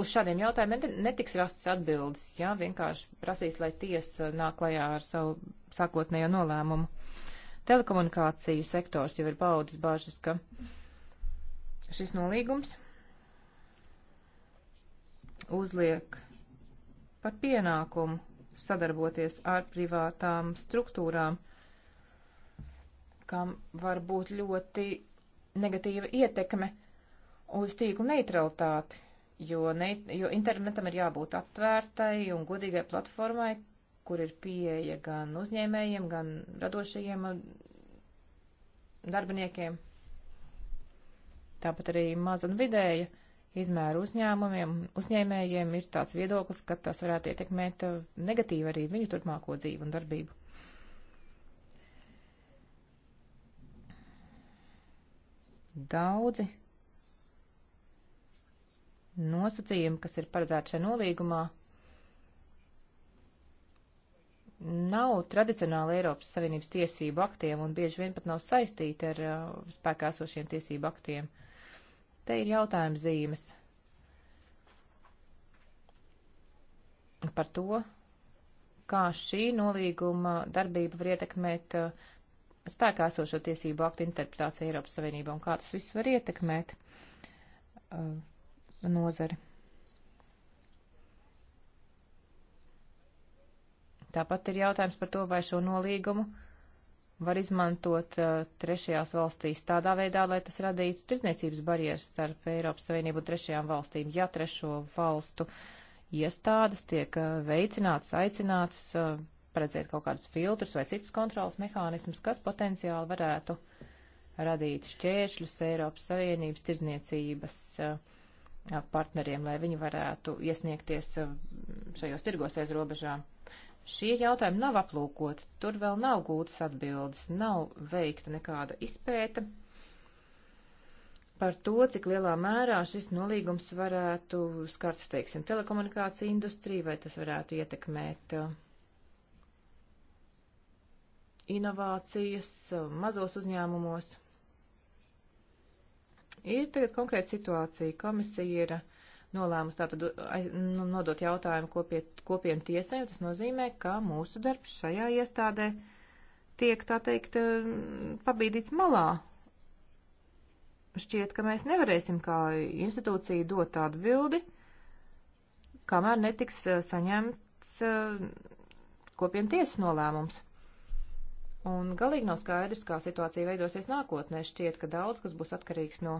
uz šādiem jautājumiem netiks rastas atbildes, ja vienkārši prasīs, lai tiesa nāk klajā ar savu sākotnējo nolēmumu. Telekomunikāciju sektors jau ir paudis bažas, ka šis nolīgums uzliek par pienākumu sadarboties ar privātām struktūrām, kam var būt ļoti negatīva ietekme uz tīklu neutralitāti, jo, ne, jo internetam ir jābūt atvērtai un godīgai platformai, kur ir pieeja gan uzņēmējiem, gan radošajiem uh, darbiniekiem. Tāpat arī maz un vidēja izmēru uzņēmumiem, uzņēmējiem ir tāds viedoklis, ka tas varētu ietekmēt uh, negatīvi arī viņu turpmāko dzīvi un darbību. Daudzi nosacījumi, kas ir paredzēti šajā nolīgumā, nav tradicionāli Eiropas Savienības tiesību aktiem un bieži vien pat nav saistīti ar uh, spēkā esošiem tiesību aktiem. Te ir jautājums zīmes par to, kā šī nolīguma darbība var ietekmēt uh, spēkā esošo tiesību aktu interpretāciju Eiropas Savienībā un kā tas viss var ietekmēt uh, nozari. Tāpat ir jautājums par to, vai šo nolīgumu var izmantot uh, trešajās valstīs tādā veidā, lai tas radītu tirzniecības barjeras starp Eiropas Savienību un trešajām valstīm, ja trešo valstu iestādes tiek uh, veicinātas, aicinātas uh, paredzēt kaut kādus filtrus vai citus kontrolas mehānismus, kas potenciāli varētu radīt šķēršļus Eiropas Savienības tirzniecības uh, partneriem, lai viņi varētu iesniegties uh, šajos tirgos aiz robežām. Šie jautājumi nav aplūkoti, tur vēl nav gūtas atbildes, nav veikta nekāda izpēta par to, cik lielā mērā šis nolīgums varētu skart, teiksim, telekomunikāciju industriju, vai tas varētu ietekmēt uh, inovācijas uh, mazos uzņēmumos. Ir tagad konkrēta situācija. Komisija ir uh, nolēmus tātad nu, nodot jautājumu kopiet, kopienu tiesai. Tas nozīmē, ka mūsu darbs šajā iestādē tiek, tā teikt, eh, pabīdīts malā. Šķiet, ka mēs nevarēsim kā institūcija dot atbildi, kamēr netiks eh, saņemts eh, kopienu tiesas nolēmums. Un galīgi nav no skaidrs, kā situācija veidosies nākotnē. Šķiet, ka daudz kas būs atkarīgs no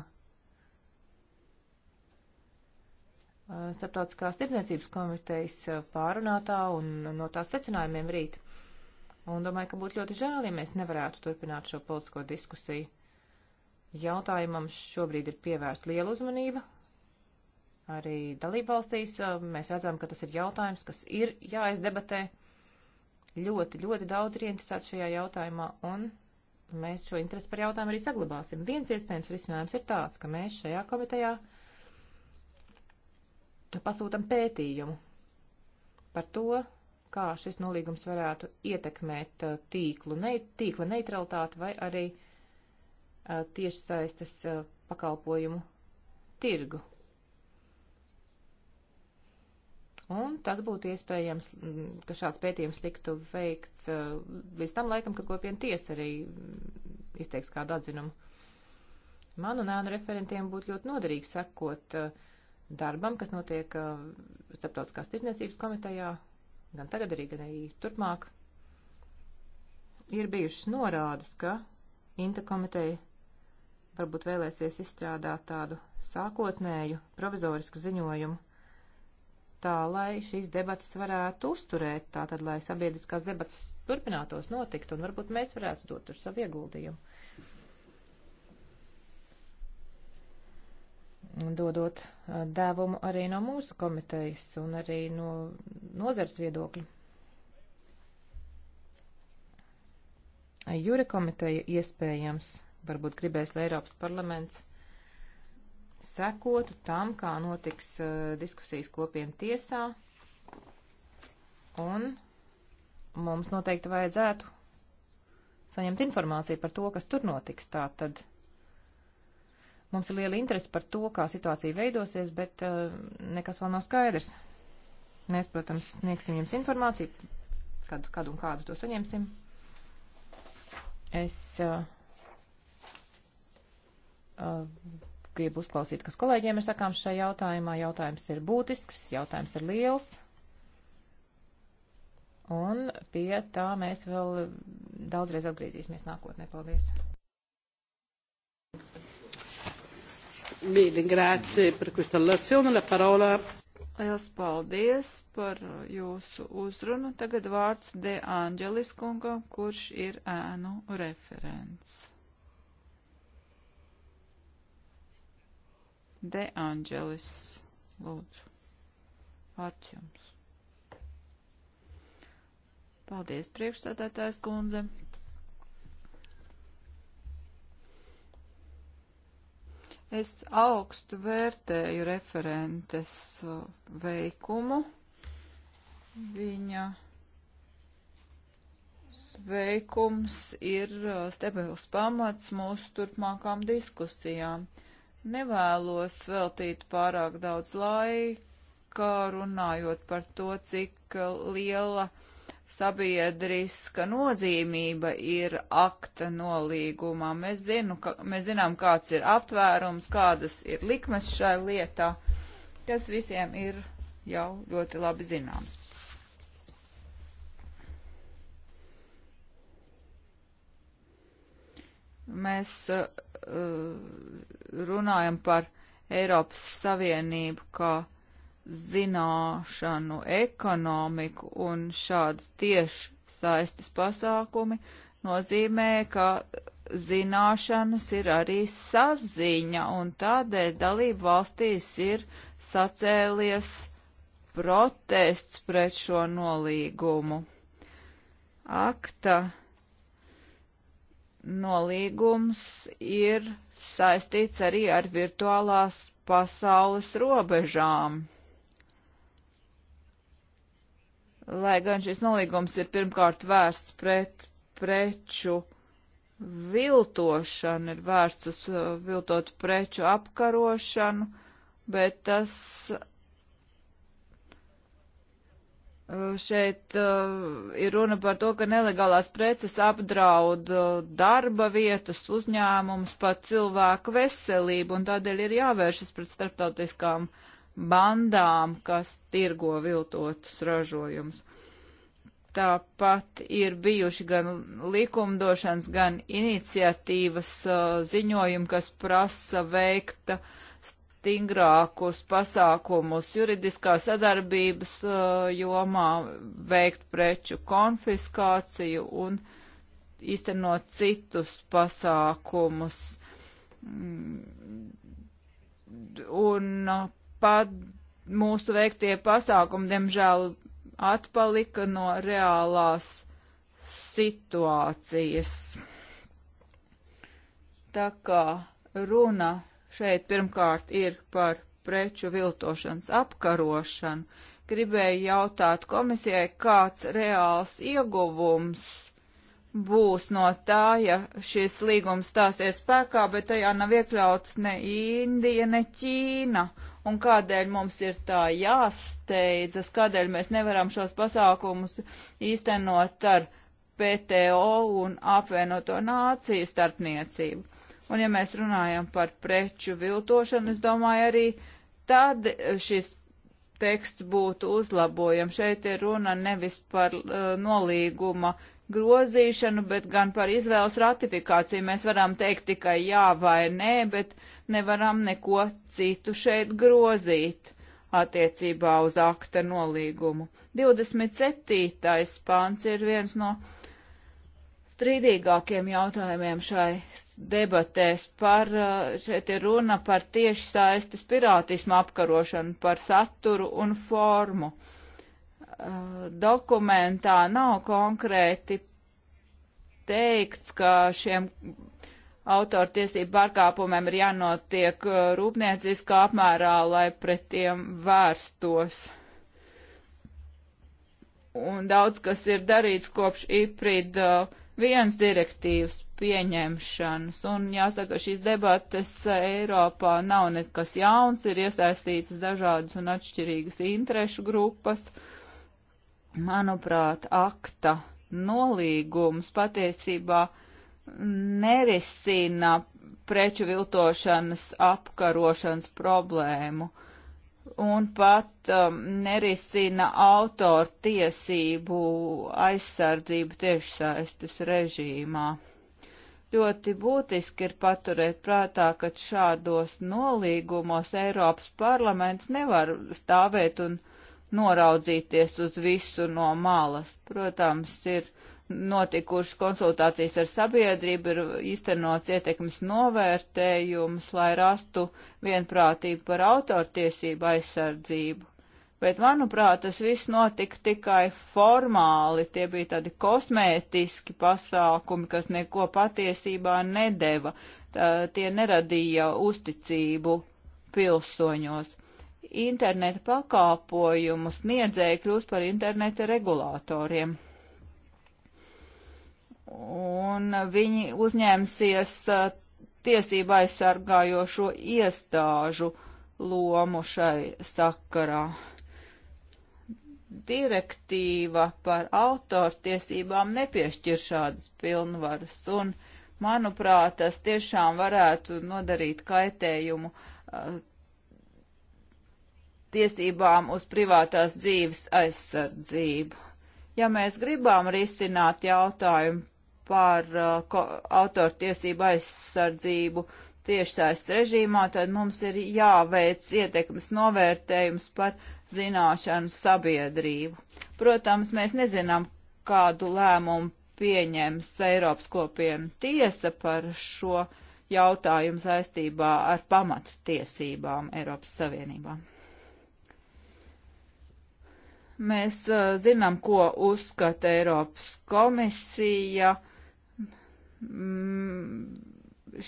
Eh, Starptautiskās tirdzniecības komitejas eh, pārunātā un no tās secinājumiem rīt. Un domāju, ka būtu ļoti žēl, ja mēs nevarētu turpināt šo politisko diskusiju. Jautājumam šobrīd ir pievērsta liela uzmanība. Arī dalībvalstīs eh, mēs redzam, ka tas ir jautājums, kas ir jāizdebatē. Ļoti, ļoti daudz ir interesēts šajā jautājumā, un mēs šo interesi par jautājumu arī saglabāsim. Viens iespējams risinājums ir tāds, ka mēs šajā komitejā pasūtam pētījumu par to, kā šis nolīgums varētu ietekmēt uh, tīklu, ne, tīkla neutralitāti vai arī uh, tieši saistas uh, pakalpojumu tirgu. Un tas būtu iespējams, mm, ka šāds pētījums tiktu veikts līdz tam laikam, kad kopiena tiesa arī mm, izteiks kādu atzinumu. Man un ēnu referentiem būtu ļoti noderīgi sekot uh, darbam, kas notiek uh, Starptautiskās tirzniecības komitejā, gan tagad arī, gan arī turpmāk, ir bijušas norādes, ka Inta komiteja varbūt vēlēsies izstrādāt tādu sākotnēju provizorisku ziņojumu, tā lai šīs debatas varētu uzturēt, tā tad, lai sabiedriskās debatas turpinātos notikt, un varbūt mēs varētu dot tur savu ieguldījumu. dodot dēvumu arī no mūsu komitejas un arī no nozars viedokļa. Jūra komiteja iespējams varbūt gribēs, lai Eiropas parlaments sekotu tam, kā notiks uh, diskusijas kopienu tiesā, un mums noteikti vajadzētu saņemt informāciju par to, kas tur notiks. Tā tad Mums ir liela interese par to, kā situācija veidosies, bet uh, nekas vēl nav skaidrs. Mēs, protams, sniegsim jums informāciju, kad, kad un kādu to saņemsim. Es uh, uh, gribu uzklausīt, kas kolēģiem ir sakāms šajā jautājumā. Jautājums ir būtisks, jautājums ir liels. Un pie tā mēs vēl daudzreiz atgriezīsimies nākotnē. Paldies! Bene, grazie per questa relazione. La parola. Liels paldies par jūsu uzrunu. Tagad vārds De Angelis kungam, kurš ir ēnu referents. De Angelis, lūdzu. Vārds jums. Paldies, priekšstādātājs kundze. Es augstu vērtēju referentes uh, veikumu. Viņa veikums ir uh, stabils pamats mūsu turpmākām diskusijām. Nevēlos veltīt pārāk daudz laika, runājot par to, cik uh, liela sabiedriska nozīmība ir akta nolīgumā. Mēs, zinu, ka, mēs zinām, kāds ir aptvērums, kādas ir likmes šai lietā. Tas visiem ir jau ļoti labi zināms. Mēs uh, runājam par Eiropas Savienību kā uh, zināšanu ekonomiku un šādas tieši saistas pasākumi nozīmē, ka zināšanas ir arī saziņa, un tādēļ dalību valstīs ir sacēlies protests pret šo nolīgumu. Akta nolīgums ir saistīts arī ar virtuālās pasaules robežām. lai gan šis nolīgums ir pirmkārt vērsts pret preču viltošanu, ir vērsts uz uh, viltotu preču apkarošanu, bet tas uh, šeit uh, ir runa par to, ka nelegālās preces apdraud darba vietas, uzņēmums, pat cilvēku veselību, un tādēļ ir jāvēršas pret starptautiskām uh, bandām, kas tirgo viltotus ražojumus. Tāpat ir bijuši gan likumdošanas, gan iniciatīvas uh, ziņojumi, kas prasa veikt stingrākus pasākumus juridiskā sadarbības uh, jomā, veikt preču konfiskāciju un īstenot citus pasākumus. Mm. Un uh, pat mūsu veiktie pasākumi, diemžēl, atpalika no reālās situācijas. Tā kā runa šeit pirmkārt ir par preču viltošanas apkarošanu, gribēju jautāt komisijai, kāds reāls ieguvums būs no tā, ja šis līgums stāsies spēkā, bet tajā nav iekļauts ne Indija, ne Ķīna. Uh, un kādēļ mums ir tā jāsteidzas, kādēļ mēs nevaram šos pasākumus īstenot ar PTO un apvienoto nāciju starpniecību. Un ja mēs runājam par preču viltošanu, es domāju arī tad šis teksts būtu uzlabojams. Šeit ir runa nevis par uh, nolīguma grozīšanu, bet gan par izvēles ratifikāciju. Mēs varam teikt tikai jā vai nē, bet nevaram neko citu šeit grozīt attiecībā uz akta nolīgumu. 27. pāns ir viens no strīdīgākiem jautājumiem šai debatēs par, šeit ir runa par tieši saistas pirātismu apkarošanu, par saturu un formu dokumentā nav konkrēti teikts, ka šiem autortiesību pārkāpumiem ir jānotiek uh, rūpnieciskā apmērā, lai pret tiem vērstos. Un daudz kas ir darīts kopš IPRID uh, viens direktīvas pieņemšanas. Un jāsaka, šīs debates uh, Eiropā nav nekas jauns, ir iesaistītas dažādas un atšķirīgas interešu grupas. Uh, Manuprāt, akta nolīgums patiesībā nerisina preču viltošanas apkarošanas problēmu un pat um, nerisina autoru tiesību aizsardzību tiešsaistes režīmā. Ļoti būtiski ir paturēt prātā, ka šādos nolīgumos Eiropas parlaments nevar stāvēt un noraudzīties uz visu no malas. Protams, ir notikušas konsultācijas ar sabiedrību, ir iztenots ietekmes novērtējums, lai rastu vienprātību par autortiesību aizsardzību. Bet, manuprāt, tas viss notika tikai formāli, tie bija tādi kosmētiski pasākumi, kas neko patiesībā nedeva, Tā, tie neradīja uzticību pilsoņos interneta pakāpojumu sniedzēji kļūst par interneta regulātoriem. Un viņi uzņēmsies tiesību aizsargājošo iestāžu lomu šai sakarā. Direktīva par autortiesībām nepiešķir šādas pilnvaras, un, manuprāt, tas tiešām varētu nodarīt kaitējumu uh, tiesībām uz privātās dzīves aizsardzību. Ja mēs gribam risināt jautājumu par uh, autortiesību aizsardzību tiešsaistes režīmā, tad mums ir jāveic ietekmes novērtējums par zināšanu sabiedrību. Protams, mēs nezinām, kādu lēmumu pieņems Eiropas kopienu tiesa par šo jautājumu saistībā ar pamattiesībām Eiropas Savienībām. Mēs uh, zinām, ko uzskata Eiropas komisija. Mm,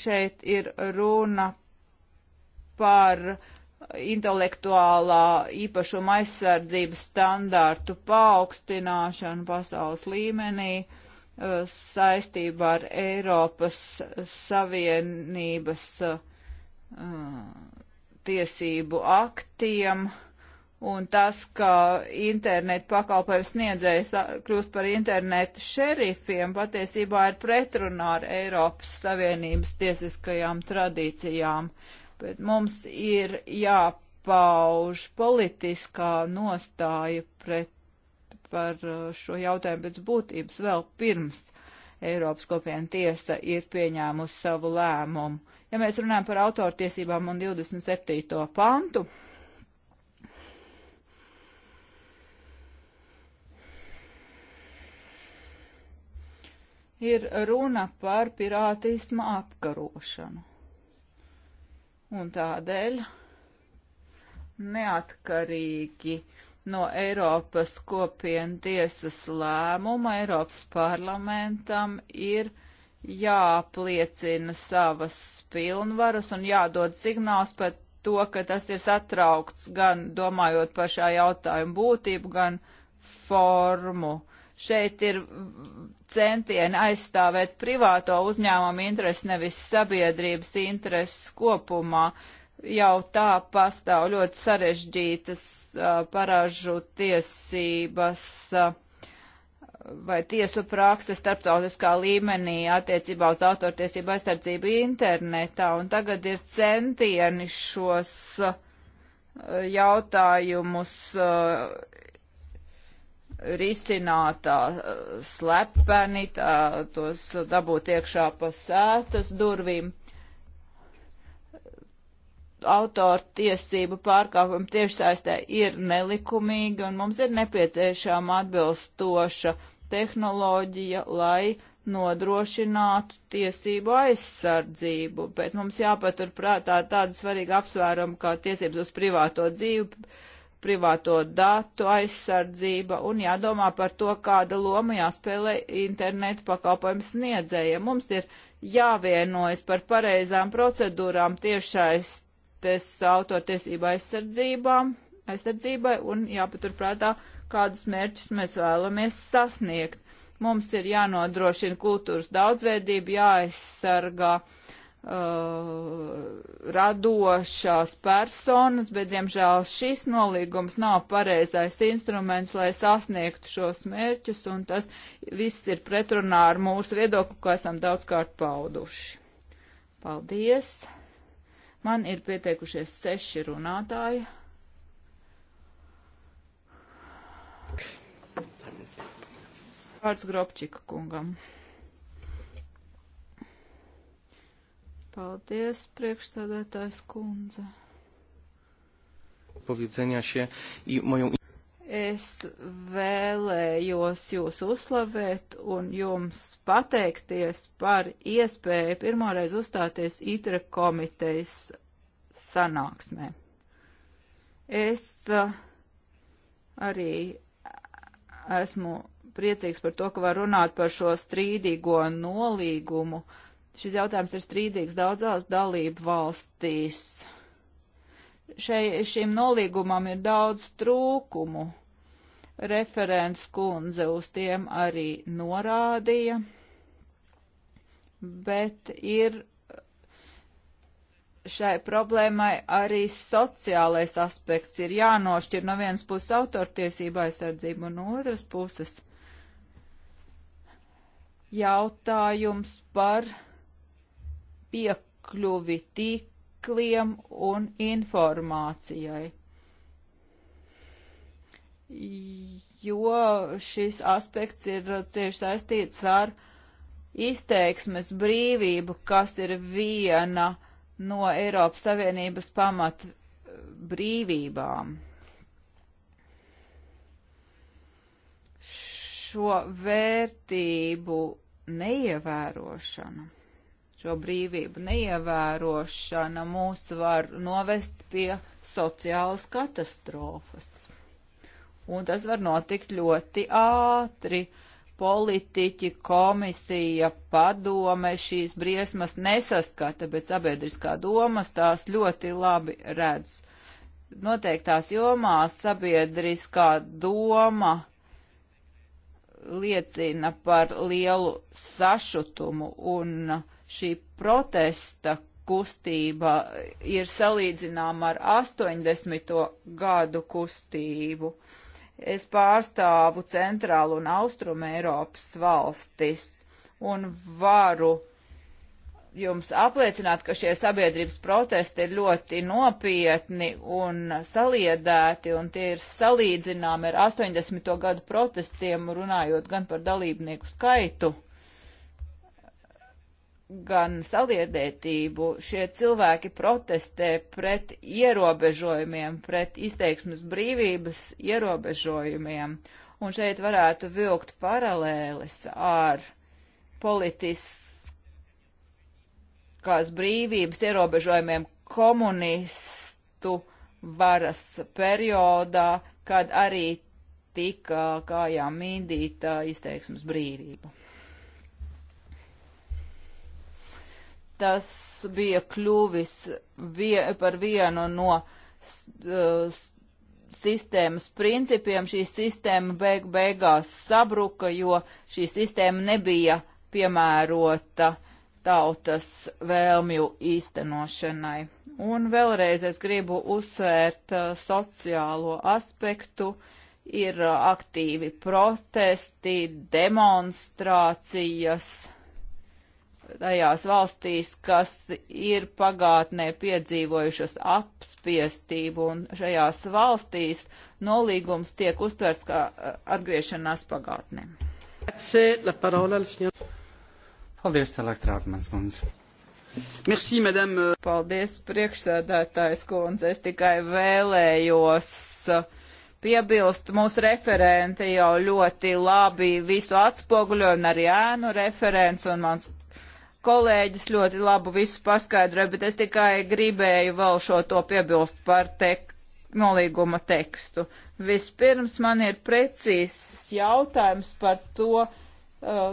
šeit ir runa par intelektuālā īpašuma aizsardzības standārtu paaugstināšanu pasaules līmenī eh, saistībā ar Eiropas Savienības uh, tiesību aktiem. Uh, un tas, ka internetu pakalpojumu sniedzējs kļūst par internetu šerifiem, patiesībā ir pretrunā ar Eiropas Savienības tiesiskajām tradīcijām. Bet mums ir jāpauž politiskā nostāja pret, par uh, šo jautājumu pēc būtības vēl pirms Eiropas kopiena tiesa ir pieņēmusi savu lēmumu. Ja mēs runājam par autortiesībām un 27. pantu, ir runa par pirātismu apkarošanu. Un tādēļ neatkarīgi no Eiropas kopienu tiesas lēmuma Eiropas parlamentam ir jāapliecina savas pilnvaras un jādod signāls par to, ka tas ir satraukts gan domājot par šā jautājuma būtību, gan formu. Šeit ir centieni aizstāvēt privāto uzņēmumu intereses, nevis sabiedrības intereses kopumā. Jau tā pastāv ļoti sarežģītas uh, paražu tiesības. Uh, vai tiesu prakses starptautiskā līmenī attiecībā uz autortiesību aizsardzību internetā, un tagad ir centieni šos jautājumus risinātā slepeni, tā, tos dabūt iekšā pa sētas durvīm autora tiesību pārkāpumi tiešsaistē ir nelikumīgi, un mums ir nepieciešama atbilstoša tehnoloģija, lai nodrošinātu tiesību aizsardzību, bet mums jāpaturprātā tāda svarīga apsvēruma kā tiesības uz privāto dzīvi, privāto datu aizsardzība un jādomā par to, kāda loma jāspēlē internetu pakalpojumu sniedzējiem. Mums ir jāvienojas par pareizām procedūrām tiešais tes autortiesība aizsardzībām, aizsardzībai un jāpaturprātā, kādus mērķus mēs vēlamies sasniegt. Mums ir jānodrošina kultūras daudzveidība, jāaizsargā uh, Uh, radošās personas, bet, diemžēl, šis nolīgums nav pareizais instruments, lai sasniegtu šos mērķus, un tas viss ir pretrunā ar mūsu viedokli, ko esam daudzkārt pauduši. Paldies! Man ir pieteikušies seši runātāji. Vārds Gropčika kungam. Paldies, priekšsēdētājs kundze. Poviedzenia šie i moju. Es vēlējos jūs uzslavēt un jums pateikties par iespēju pirmoreiz uzstāties ITRE komitejas sanāksmē. Es uh, arī esmu priecīgs par to, ka var runāt par šo strīdīgo nolīgumu uh, Šis jautājums ir strīdīgs daudzās dalību valstīs. Šai, šim nolīgumam ir daudz trūkumu. Referents kundze uz tiem arī norādīja, bet ir šai problēmai arī sociālais aspekts ir jānošķir no vienas puses autortiesība aizsardzība un no otras puses jautājums par piekļuvi tīkliem un informācijai. Jo šis aspekts ir cieši saistīts ar izteiksmes brīvību, kas ir viena no Eiropas Savienības pamat brīvībām. Šo vērtību neievērošanu šo brīvību neievērošana mūs var novest pie sociālas katastrofas. Un tas var notikt ļoti ātri. Politiķi, komisija, padome šīs briesmas nesaskata, bet sabiedriskā domas tās ļoti labi redz. Noteiktās jomās sabiedriskā doma liecina par lielu sašutumu un šī protesta kustība ir salīdzināma ar 80. gadu kustību. Es pārstāvu centrālu un austrumu Eiropas valstis un varu jums apliecināt, ka šie sabiedrības protesti ir ļoti nopietni un saliedēti, un tie ir salīdzināmi ar 80. gadu protestiem, runājot gan par dalībnieku skaitu, gan saliedētību. Šie cilvēki protestē pret ierobežojumiem, pret izteiksmes brīvības ierobežojumiem, un šeit varētu vilkt paralēles ar politisku politiskās brīvības ierobežojumiem komunistu varas periodā, kad arī tika kājām mīdīta izteiksmes brīvība. Tas bija kļuvis vie, par vienu no uh, sistēmas principiem. Šī sistēma beig beigās sabruka, jo šī sistēma nebija piemērota uh, tautas vēlmju īstenošanai. Un vēlreiz es gribu uzsvērt uh, sociālo aspektu. Ir uh, aktīvi protesti, demonstrācijas tajās valstīs, kas ir pagātnē piedzīvojušas apspiestību, un šajās valstīs nolīgums tiek uztverts kā uh, atgriešanās pagātnē. Paldies, tālāk Trātmans kundze. Merci, madame. Paldies, priekšsēdētājs kundze. Es tikai vēlējos uh, piebilst, mūsu referente jau ļoti labi visu atspoguļo un arī ēnu referents un mans kolēģis ļoti labu visu paskaidroja, bet es tikai gribēju vēl šo to piebilst par tek nolīguma tekstu. Vispirms man ir precīzs jautājums par to, uh,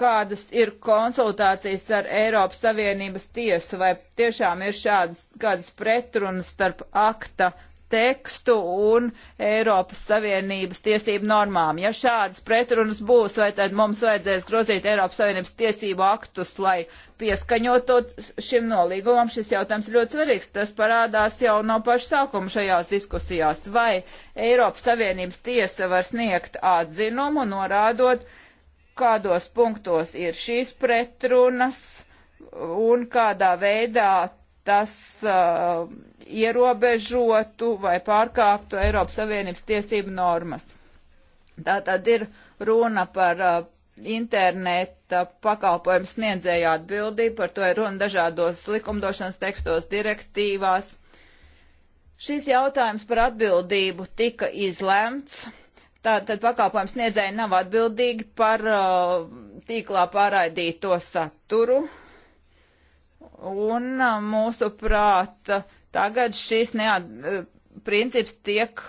kādas ir konsultācijas ar Eiropas Savienības tiesu, vai tiešām ir šādas kādas pretrunas starp akta tekstu un Eiropas Savienības tiesību normām. Ja šādas pretrunas būs, vai tad mums vajadzēs grozīt Eiropas Savienības tiesību aktus, lai pieskaņotot šim nolīgumam, šis jautājums ļoti svarīgs. Tas parādās jau no paša sākuma šajās diskusijās. Vai Eiropas Savienības tiesa var sniegt atzinumu, norādot, uh, kādos punktos ir šīs pretrunas un kādā veidā tas uh, ierobežotu vai pārkāptu Eiropas Savienības tiesību normas. Tā tad ir runa par uh, interneta pakalpojumu sniedzēju atbildību, par to ir runa dažādos likumdošanas tekstos, direktīvās. Šis jautājums par atbildību tika izlemts Tātad pakalpojums sniedzēji nav atbildīgi par uh, tīklā pārraidīto saturu. Un uh, mūsu prāt, tagad šis neat, uh, princips tiek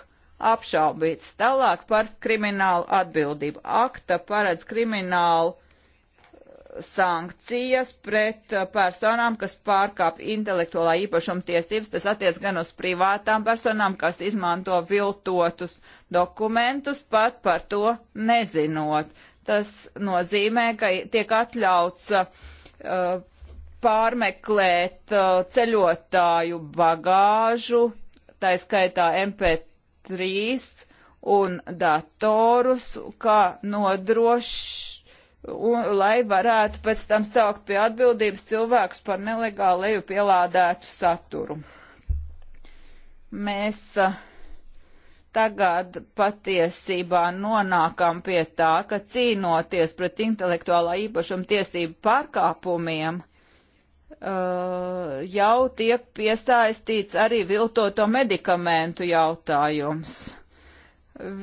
apšaubīts. Tālāk par kriminālu atbildību. Akta paredz kriminālu sankcijas pret uh, personām, kas pārkāp intelektuālā īpašuma tiesības. Tas attiec gan uz privātām personām, kas izmanto viltotus dokumentus, pat par to nezinot. Tas nozīmē, ka tiek atļauts uh, pārmeklēt uh, ceļotāju bagāžu, tā skaitā MP3 un datorus, kā nodrošināt un, lai varētu pēc tam stākt pie atbildības cilvēkus par nelegāli leju pielādētu saturu. Mēs a, tagad patiesībā nonākam pie tā, ka cīnoties pret intelektuālā īpašuma tiesību pārkāpumiem, a, jau tiek piesaistīts arī viltoto medikamentu jautājums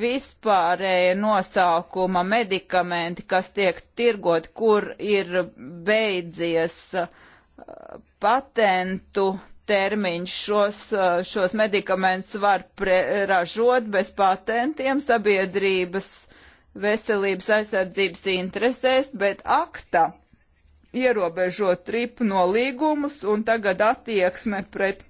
vispārēja nosaukuma medikamenti, kas tiek tirgoti, kur ir beidzies uh, patentu termiņš. Šos, uh, šos medikamentus var ražot bez patentiem sabiedrības veselības aizsardzības interesēs, bet akta ierobežo trip no līgumus un tagad attieksme pret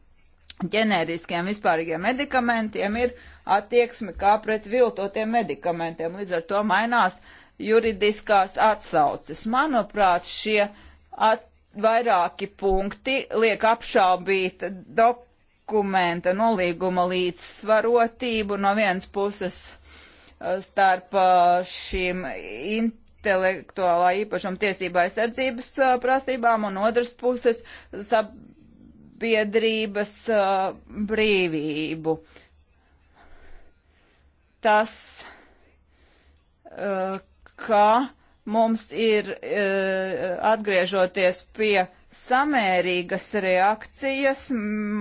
ģenēriskiem vispārīgiem medikamentiem ir attieksme kā pret viltotiem medikamentiem. Līdz ar to mainās juridiskās atsauces. Manuprāt, šie at vairāki punkti liek apšaubīt dokumenta nolīguma līdzsvarotību no vienas puses uh, starp uh, šīm intelektuālā īpašuma tiesībā aizsardzības uh, prasībām un otras puses sab sabiedrības uh, brīvību. Tas, uh, ka mums ir, uh, atgriežoties pie samērīgas reakcijas,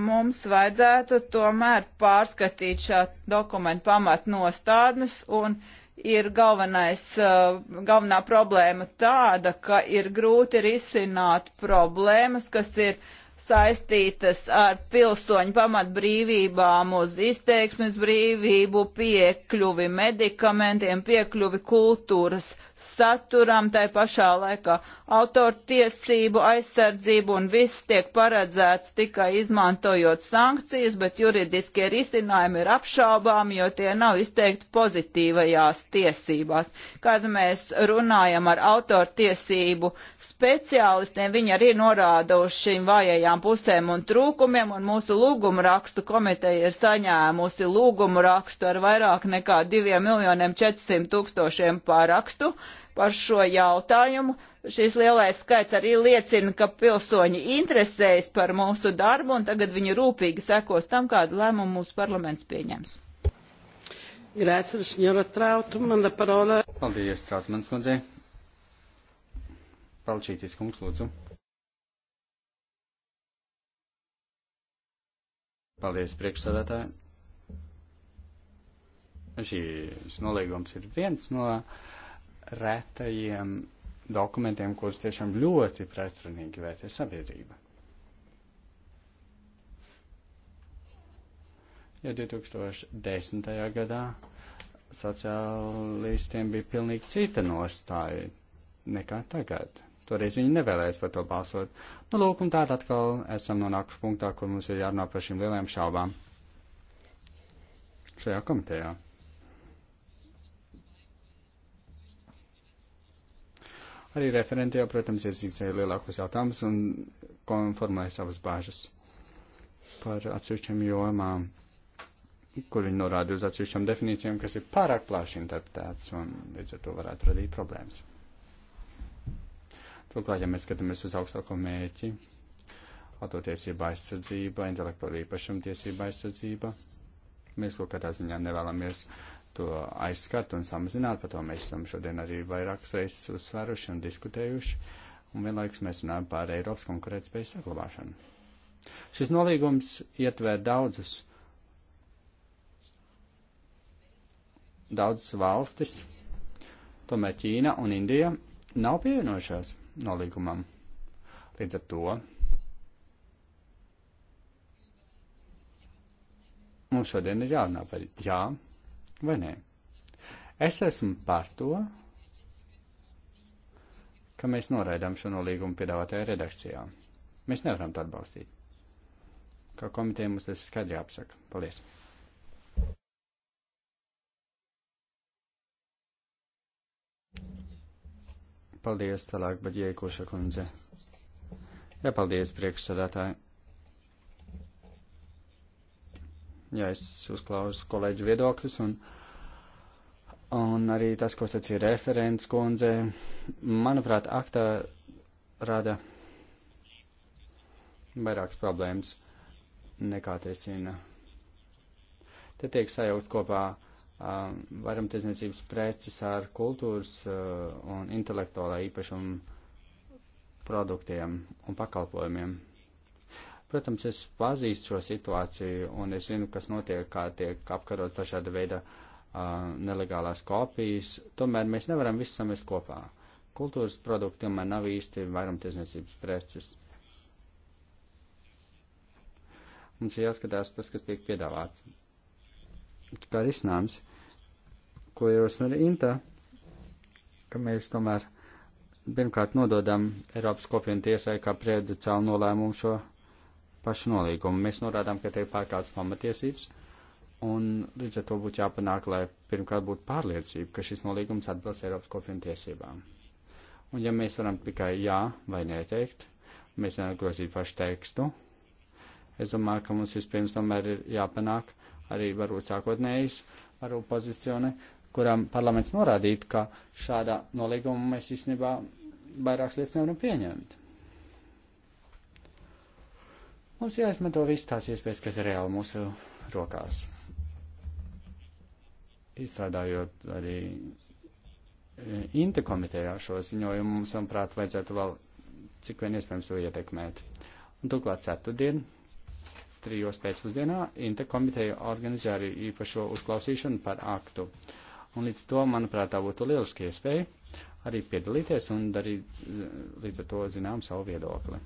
mums vajadzētu tomēr pārskatīt šā dokumentu pamatnostādnes un ir galvenais, galvenā problēma tāda, ka ir grūti risināt problēmas, kas ir uh, saistītas ar pilsoņu pamatbrīvībām uz izteiksmes brīvību, piekļuvi medikamentiem, piekļuvi kultūras saturam, tai pašā laikā autortiesību aizsardzību un viss tiek paredzēts tikai izmantojot sankcijas, bet juridiskie risinājumi ir apšaubām, jo tie nav izteikti pozitīvajās tiesībās. Kad mēs runājam ar autortiesību speciālistiem, viņi arī norāda uz šīm vajajām pusēm un trūkumiem, un mūsu lūgumu rakstu komiteja ir saņēmusi lūgumu rakstu ar vairāk nekā 2 miljoniem 400 tūkstošiem pārakstu par šo jautājumu. Šis lielais skaits arī liecina, ka pilsoņi interesējas par mūsu darbu, un tagad viņi rūpīgi sekos tam, kādu lēmumu mūsu parlaments pieņems. Grācis, signora Trautman, la parola. Paldies, Trautmans, kundzei. Palčītis, kungs, lūdzu. Paldies, priekšsādātāji. Šīs nolīgums ir viens no uh, retajiem dokumentiem, kurus tiešām ļoti pretrunīgi vērtē sabiedrība. Ja 2010. gadā sociālistiem bija pilnīgi cita nostāja nekā tagad. Toreiz viņi nevēlēs par to balsot. Nu, lūk, un tādā atkal esam nonākuši punktā, kur mums ir jārunā par šīm lielajām šaubām šajā komitejā. Arī referenti jau, protams, iezīmēja lielākos jautājumus un konformēja savas bāžas par atsevišķām jomām, kur viņi norāda uz atsevišķām definīcijām, kas ir pārāk plāši interpretētas un līdz ar to varētu radīt problēmas. Turklāt, ja mēs skatāmies uz augstāko mērķi, autortiesība aizsardzība, intelektuāla īpašuma tiesība aizsardzība, mēs kaut kādā ziņā nevēlamies to aizskart un samazināt. Par to mēs esam šodien arī vairākas reizes uzsvēruši un diskutējuši. Un vienlaikus mēs runājam par Eiropas konkurētspējas saglabāšanu. Šis nolīgums ietver daudzus, daudzas valstis, tomēr Ķīna un Indija nav pievienojušās nolīgumam. Līdz ar to mums šodien ir jārunā par jā, vai nē? Es esmu par to, ka mēs noraidām šo nolīgumu piedāvātajā redakcijā. Mēs nevaram to atbalstīt. Kā komiteja mums tas skaidri jāapsaka. Paldies! Paldies, tālāk, Baģiekoša kundze. Jā, paldies, priekšsādātāji. ja es uzklausu kolēģu viedokļus, un, un arī tas, ko sacīja referents kundze, manuprāt, aktā rada vairākas problēmas nekā tiesina. Te tiek sajaukt kopā um, varamtiesniecības preces ar kultūras uh, un intelektuālā īpašuma produktiem un pakalpojumiem. Protams, es pazīstu šo situāciju un es zinu, kas notiek, kā tiek apkarot dažāda veida uh, nelegālās kopijas. Tomēr mēs nevaram visu samest kopā. Kultūras produkti tomēr nav īsti vairumtirdzniecības preces. Mums ir jāskatās tas, kas tiek piedāvāts. Kā risinājums, ko jūs arī Inta, ka mēs tomēr pirmkārt nododam Eiropas kopienu tiesai kā priedicālu nolēmumu šo pašu nolīgumu. Mēs norādām, ka tiek pārkāptas pamatiesības, un līdz ar to būtu jāpanāk, lai pirmkārt būtu pārliecība, ka šis nolīgums atbilst Eiropas kopienu tiesībām. Un ja mēs varam tikai jā vai nē teikt, mēs varam grozīt pašu tekstu. Es domāju, ka mums vispirms tomēr ir jāpanāk arī varbūt sākotnējas, varbūt pozicione, kuram parlaments norādīt, ka šādā nolīguma mēs īstenībā vairākas lietas nevaram pieņemt. Mums jāizmanto visas tās iespējas, kas ir reāli mūsu rokās. Izstrādājot arī e, interkomitejā šo ziņojumu, mums, manuprāt, vajadzētu vēl cik vien iespējams to ietekmēt. Un turklāt ceturtdien, trijos pēcpusdienā, interkomiteja organizē arī īpašo uzklausīšanu par aktu. Un līdz to, manuprāt, tā būtu lieliski iespēja arī piedalīties un darīt e, līdz ar to zinām savu viedokli.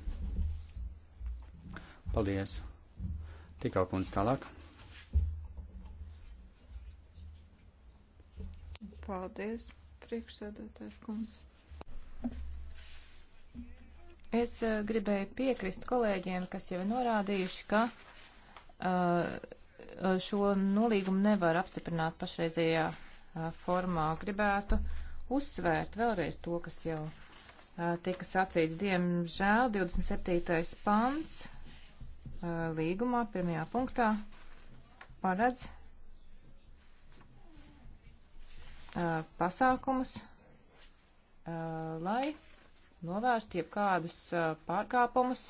Paldies. Tikā kundze tālāk. Paldies, priekšsēdētājs kundze. Es uh, gribēju piekrist kolēģiem, kas jau ir norādījuši, ka uh, šo nolīgumu nevar apstiprināt pašreizējā uh, formā. Gribētu uzsvērt vēlreiz to, kas jau tika sacīts. Diemžēl 27. pants Uh, līgumā, pirmajā punktā, paredz uh, pasākumus, uh, lai novērstu jebkādus pārkāpumus.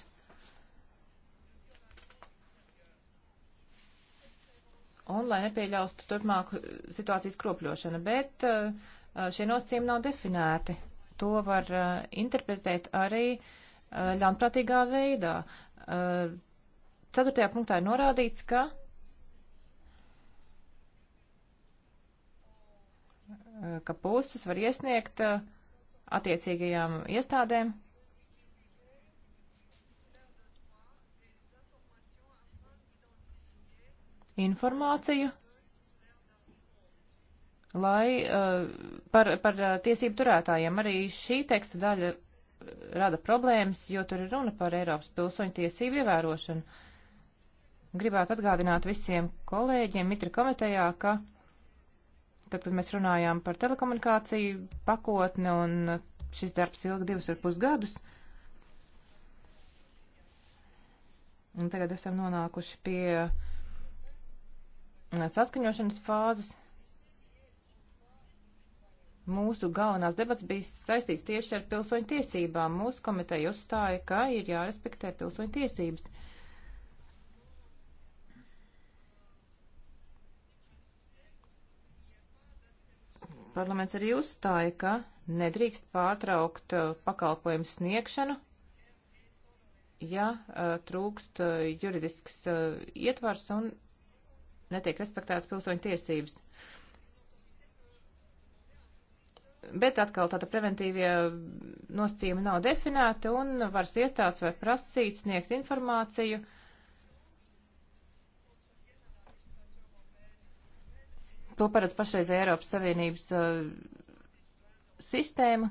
Un lai nepieļaustu turpmāku situācijas kropļošanu, bet šie nosacījumi nav definēti. To var interpretēt arī ļaunprātīgā veidā Ceturtajā punktā ir norādīts, ka ka puses var iesniegt uh, attiecīgajām iestādēm. informāciju lai, uh, par, par uh, tiesību turētājiem. Arī šī teksta daļa rada problēmas, jo tur ir runa par Eiropas pilsoņu tiesību ievērošanu. Gribētu atgādināt visiem kolēģiem Mitra komitejā, ka tad, kad mēs runājām par telekomunikāciju pakotni un šis darbs ilga divus ar pusgadus, un tagad esam nonākuši pie saskaņošanas fāzes mūsu galvenās debats bija saistīts tieši ar pilsoņu tiesībām. Mūsu komiteja uzstāja, ka ir jārespektē pilsoņu tiesības. parlaments arī uzstāja, ka nedrīkst pārtraukt uh, pakalpojumu sniegšanu, ja uh, trūkst uh, juridisks ietvars un netiek respektētas pilsoņu tiesības. Bet atkal tāda preventīvie nosacījumi nav definēti un varas iestādes var prasīt sniegt informāciju uh, to paredz pašreiz Eiropas Savienības uh, sistēma,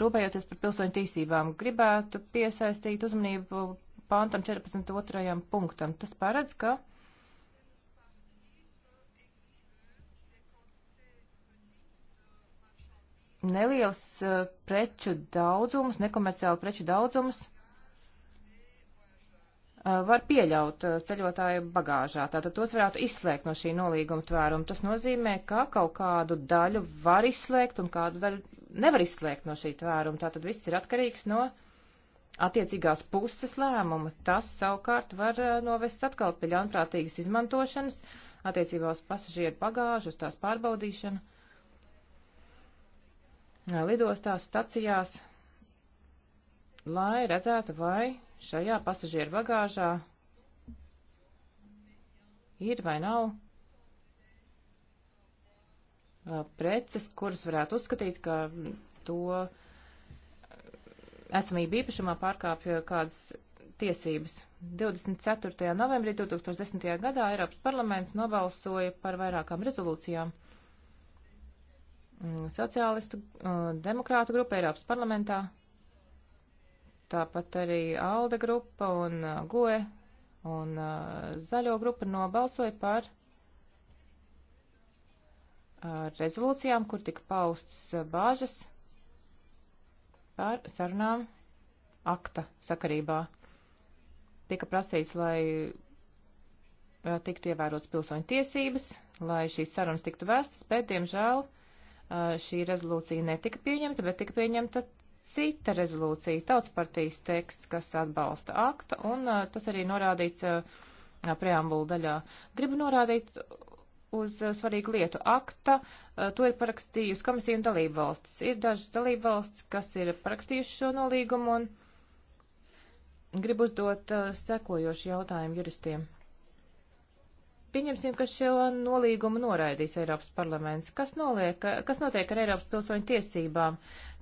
rūpējoties par pilsoņu tīsībām. Gribētu piesaistīt uzmanību pāntam 14.2. punktam. Tas paredz, ka neliels uh, preču daudzums, nekomerciālu preču daudzums Uh, var pieļaut uh, ceļotāju bagāžā. Tātad tos varētu izslēgt no šī nolīguma tvēruma. Tas nozīmē, ka kaut kādu daļu var izslēgt un kādu daļu nevar izslēgt no šī tvēruma. Tātad viss ir atkarīgs no attiecīgās puses lēmuma. Tas savukārt var uh, novest atkal pie ļaunprātīgas izmantošanas attiecībā uz pasažieru bagāžu, uz tās pārbaudīšanu lidostās, stacijās, lai redzētu, vai šajā pasažieru bagāžā ir vai nav preces, kuras varētu uzskatīt, ka to esamība īpašumā pārkāpja kādas tiesības. 24. novembrī 2010. gadā Eiropas parlaments nobalsoja par vairākām rezolūcijām. Mm, sociālistu demokrātu grupa Eiropas parlamentā Tāpat arī Alda grupa un uh, Goe un uh, Zaļo grupa nobalsoja par uh, rezolūcijām, kur tika paustas bāžas par sarunām akta sakarībā. Tika prasīts, lai tiktu ievērots pilsoņu tiesības, lai šīs sarunas tiktu vēstas, bet, diemžēl, šī rezolūcija netika pieņemta, bet tika pieņemta cita rezolūcija, tautspartijas teksts, kas atbalsta akta, un uh, tas arī norādīts uh, preambulu daļā. Gribu norādīt uz uh, svarīgu lietu. Akta uh, to ir parakstījusi komisija un dalība valstis. Ir dažas dalība valstis, kas ir parakstījuši šo nolīgumu, un gribu uzdot uh, sekojošu jautājumu juristiem. Pieņemsim, ka šo nolīgumu noraidīs Eiropas parlaments. Kas, noliek, kas notiek ar Eiropas pilsoņu tiesībām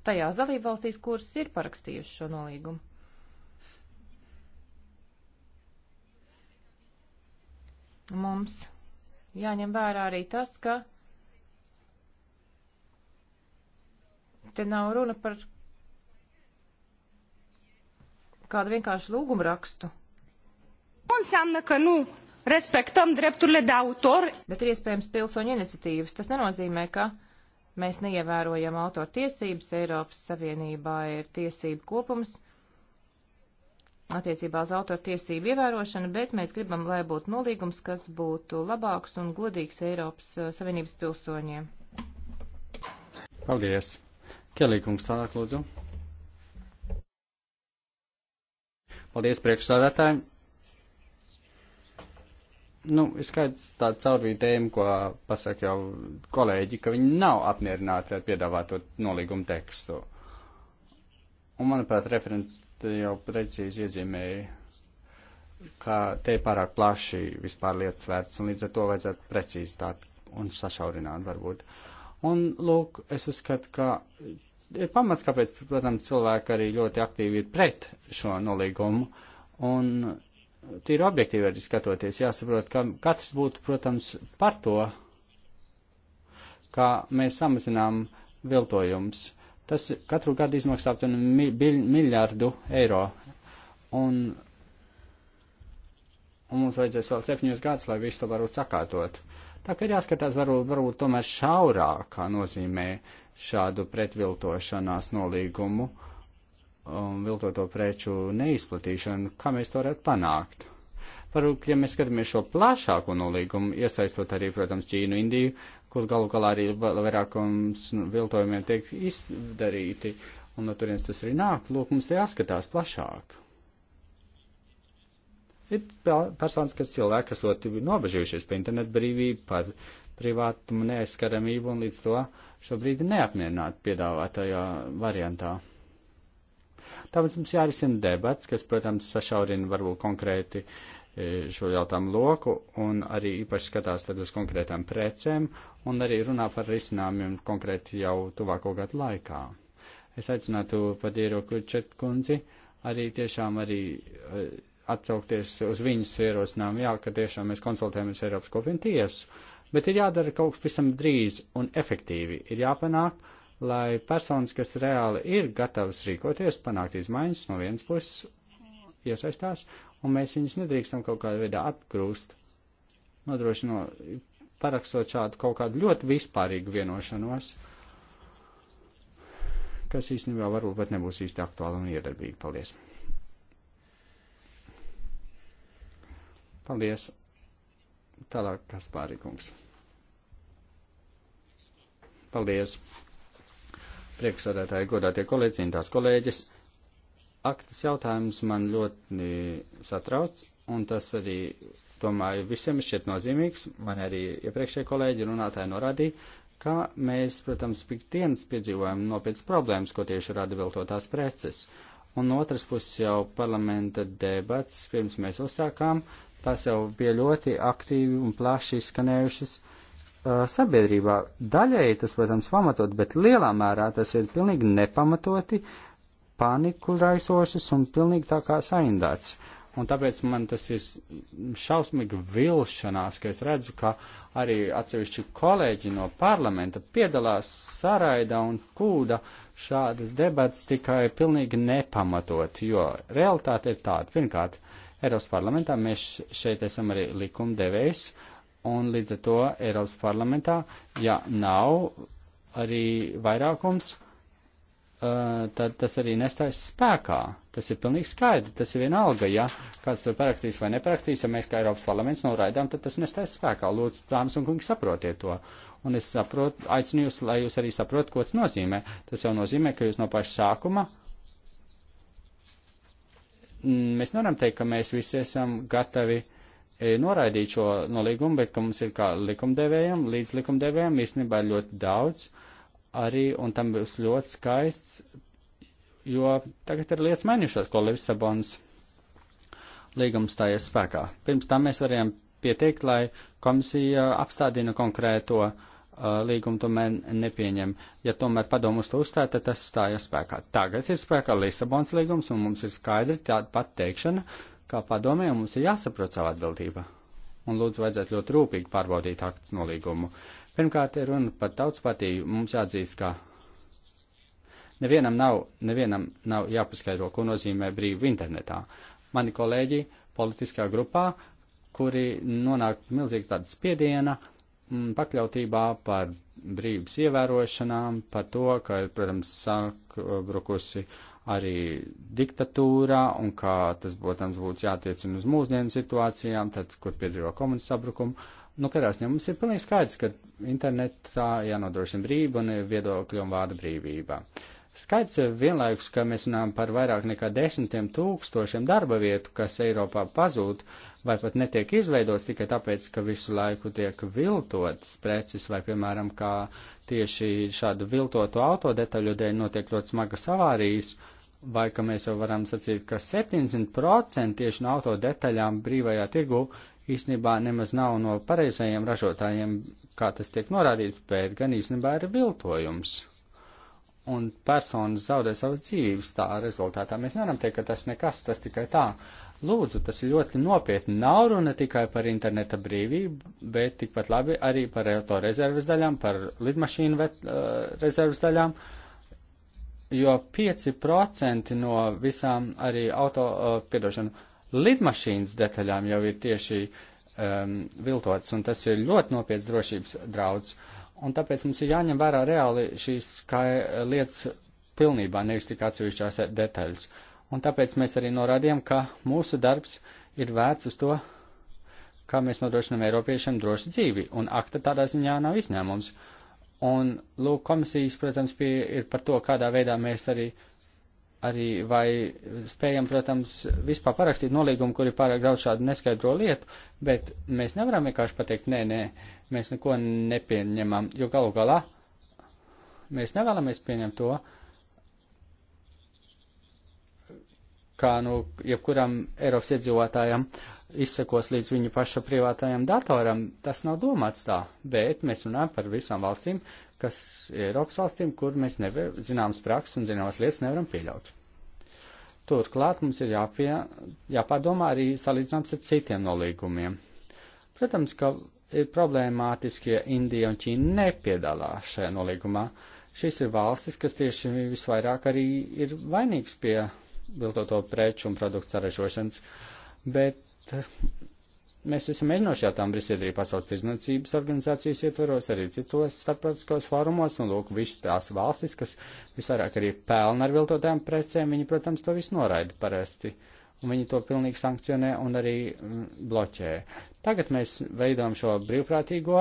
tajās dalībvalstīs, kuras ir parakstījušas šo nolīgumu? Mums jāņem vērā arī tas, ka te nav runa par kādu vienkāršu lūgumu rakstu. Înseamnă că nu respectăm drepturile de autor. Bet ir iespējams pilsoņu iniciatīvas. Tas nenozīmē, ka mēs neievērojam autor tiesības. Eiropas Savienībā ir tiesību kopums attiecībā uz autor tiesību ievērošanu, bet mēs gribam, lai būtu nolīgums, kas būtu labāks un godīgs Eiropas uh, Savienības pilsoņiem. Paldies! Kelīkums tālāk lūdzu. Paldies priekšsādātājiem! nu, ir skaidrs tā caurvīja tēma, ko pasaka jau kolēģi, ka viņi nav apmierināti ar piedāvāto nolīgumu tekstu. Un, manuprāt, referenti jau precīzi iezīmēja, ka te ir pārāk plaši vispār lietas vērts, un līdz ar to vajadzētu precīzi tā un sašaurināt varbūt. Un, lūk, es uzskatu, ka ir pamats, kāpēc, protams, cilvēki arī ļoti aktīvi ir pret šo nolīgumu, un tīri objektīvi arī skatoties, jāsaprot, ka katrs būtu, protams, par to, kā mēs samazinām viltojums. Tas katru gadu izmaksā aptuveni miljardu eiro. Un, un mums vajadzēs vēl septiņus gadus, lai visu to varētu sakārtot. Tā kā ir jāskatās, varbūt, varbūt tomēr šaurākā nozīmē šādu pretviltošanās nolīgumu. Uh, um, viltoto preču neizplatīšanu, kā mēs to varētu panākt. Parūk, ja mēs skatāmies šo plašāko nolīgumu, iesaistot arī, protams, Ķīnu, Indiju, kur galu galā arī vairākums nu, viltojumiem tiek izdarīti, un no turienes tas arī nāk, lūk, mums te jāskatās plašāk. Ir personas, kas cilvēki, kas ļoti nobežījušies par internetu brīvību, par privātumu neaizskaramību un līdz to šobrīd neapmierināti piedāvātajā variantā. Tāpēc mums jārisina debats, kas, protams, sašaurina varbūt konkrēti e, šo jautājumu loku un arī īpaši skatās tad uz konkrētām precēm un arī runā par risinājumiem konkrēti jau tuvāko gadu laikā. Es aicinātu Padieru Kučetkundzi arī tiešām arī e, atsaukties uz viņas ierosinājumu, jā, ka tiešām mēs konsultējamies Eiropas kopienu tiesu, bet ir jādara kaut kas pavisam drīz un efektīvi. Ir jāpanāk, uh, lai personas, kas reāli ir gatavas rīkoties, panākt izmaiņas no vienas puses, iesaistās, un mēs viņus nedrīkstam kaut kādā veidā atgrūst, nodrošinot, parakstot šādu kaut kādu ļoti vispārīgu vienošanos, kas īstenībā varbūt pat nebūs īsti aktuāli un iedarbīgi. Paldies! Paldies! Tālāk, Kaspārī kungs. Paldies! priekšsādātāji, godātie kolēģi un tās kolēģis. Aktas jautājums man ļoti satrauc, un tas arī, domāju, visiem šķiet nozīmīgs. Man arī iepriekšējie kolēģi runātāji norādīja, ka mēs, protams, piktdienas piedzīvojam nopietnas problēmas, ko tieši rada vēl to tās preces. Un no otras puses jau parlamenta debats, pirms mēs uzsākām, tās jau bija ļoti aktīvi un plaši izskanējušas. Uh, sabiedrībā. Daļēji tas, protams, pamatot, bet lielā mērā tas ir pilnīgi neppamatoti, paniku raisošas un pilnīgi tā kā saindāts. Un tāpēc man tas ir šausmīgi vilšanās, ka es redzu, ka arī atsevišķi kolēģi no parlamenta piedalās saraida un kūda šādas debats tikai pilnīgi nepamatot, jo realitāte ir tāda. Pirmkārt, Eiropas parlamentā mēs šeit esam arī likumdevējs, uh, Un līdz ar to Eiropas parlamentā, ja nav arī vairākums, eh, tad tas arī nestājas spēkā. Tas ir pilnīgi skaidri. Tas ir vienalga, ja kāds to parakstīs vai neparakstīs, ja mēs kā Eiropas parlaments noraidām, tad tas nestājas spēkā. Lūdzu, dāmas un kungi, saprotiet to. Un es saprotu, aicinu jūs, lai jūs arī saprotat, ko tas nozīmē. Tas jau nozīmē, ka jūs no paša sākuma. Mm, mēs nevaram teikt, ka mēs visi esam gatavi uh, Eh, noraidīt šo nolīgumu, bet ka mums ir kā likumdevējiem, līdz likumdevējiem īstenībā ļoti daudz arī, un tam būs ļoti skaists, jo tagad ir lietas mainījušās, ko Lisabonas līgums stājies spēkā. Pirms tam mēs varējām pieteikt, lai komisija apstādina konkrēto uh, līgumu, tomēr nepieņem. Ja tomēr padomus to uzstāja, tad tas stājas spēkā. Tagad ir spēkā Lisabonas līgums, un mums ir skaidri tāda pat teikšana, uh, kā padomē, mums ir jāsaprot savu atbildību. Un lūdzu, vajadzētu ļoti rūpīgi pārbaudīt akts nolīgumu. Pirmkārt, ir runa par tautspatiju. Mums jāatzīst, ka nevienam nav, nevienam nav jāpaskaidro, ko nozīmē brīvi internetā. Mani kolēģi politiskajā grupā, kuri nonāk milzīgi tāda spiediena, mm, pakļautībā par brīvības ievērošanām, par to, ka ir, protams, sākrukusi uh, arī diktatūrā un kā tas, protams, būtu jātiecina uz mūsdienu situācijām, tad, kur piedzīvo komunismu sabrukumu. Nu, kādās ņem mums ir pilnīgi skaidrs, ka internetā jānodrošina brīva un viedokļu un vārda brīvība. Skaidrs ir vienlaikus, ka mēs runājam par vairāk nekā desmitiem tūkstošiem darba vietu, kas Eiropā pazūd, uh, vai pat netiek izveidots tikai tāpēc, ka visu laiku tiek viltotas preces, vai, piemēram, kā tieši šādu viltotu autodetaļu dēļ notiek ļoti smagas avārijas, vai ka mēs jau varam sacīt, ka 70% tieši no autodetaļām brīvajā tirgu īstenībā nemaz nav no pareizajiem ražotājiem, kā tas tiek norādīts, bet gan īstenībā ir viltojums un personas zaudē savas dzīvības tā rezultātā. Mēs nevaram teikt, ka tas nekas, tas tikai tā. Lūdzu, tas ir ļoti nopietni. Nav runa tikai par interneta brīvību, bet tikpat labi arī par to rezerves daļām, par lidmašīnu vet, uh, rezerves daļām, jo 5% no visām arī auto, uh, piedošanu, lidmašīnas detaļām jau ir tieši um, viltotas, un tas ir ļoti nopietns drošības draudz. Un tāpēc mums ir jāņem vērā reāli šīs kā, uh, lietas pilnībā, nevis tikai atsevišķās detaļas. Uh, un tāpēc mēs arī norādījām, ka mūsu darbs ir vērts uz to, kā mēs nodrošinām Eiropiešiem drošu dzīvi, un akta tādā ziņā nav izņēmums. Un, lūk, komisijas, protams, pie, ir par to, kādā veidā mēs arī, arī vai spējam, protams, vispār parakstīt nolīgumu, kur ir pārāk daudz šādu neskaidro lietu, bet mēs nevaram vienkārši pateikt, nē, nē, mēs neko nepieņemam, jo galu galā mēs nevēlamies pieņemt to, uh, kā nu jebkuram Eiropas iedzīvotājam izsekos līdz viņu pašu privātajam datoram, tas nav domāts tā, bet mēs runājam par visām valstīm, kas ir Eiropas valstīm, kur mēs neve, zināmas prakses un zināmas lietas nevaram pieļaut. Turklāt mums ir jāpie, jāpadomā arī salīdzināms ar citiem nolīgumiem. Protams, ka ir problemātiskie Indija un Ķīna nepiedalās šajā nolīgumā. Šīs ir valstis, kas tieši visvairāk arī ir vainīgs pie viltoto preču un produktu sarežošanas, bet mēs esam mēģinoši jautām Briselī pasaules tirdzniecības organizācijas ietvaros, arī citos starptautiskos fórumos, un lūk, visas tās valstis, kas visvairāk arī pelna ar viltotām precēm, viņi, protams, to visu noraida parasti. Un viņi to pilnīgi sankcionē un arī mm, bloķē. Tagad mēs veidojam šo brīvprātīgo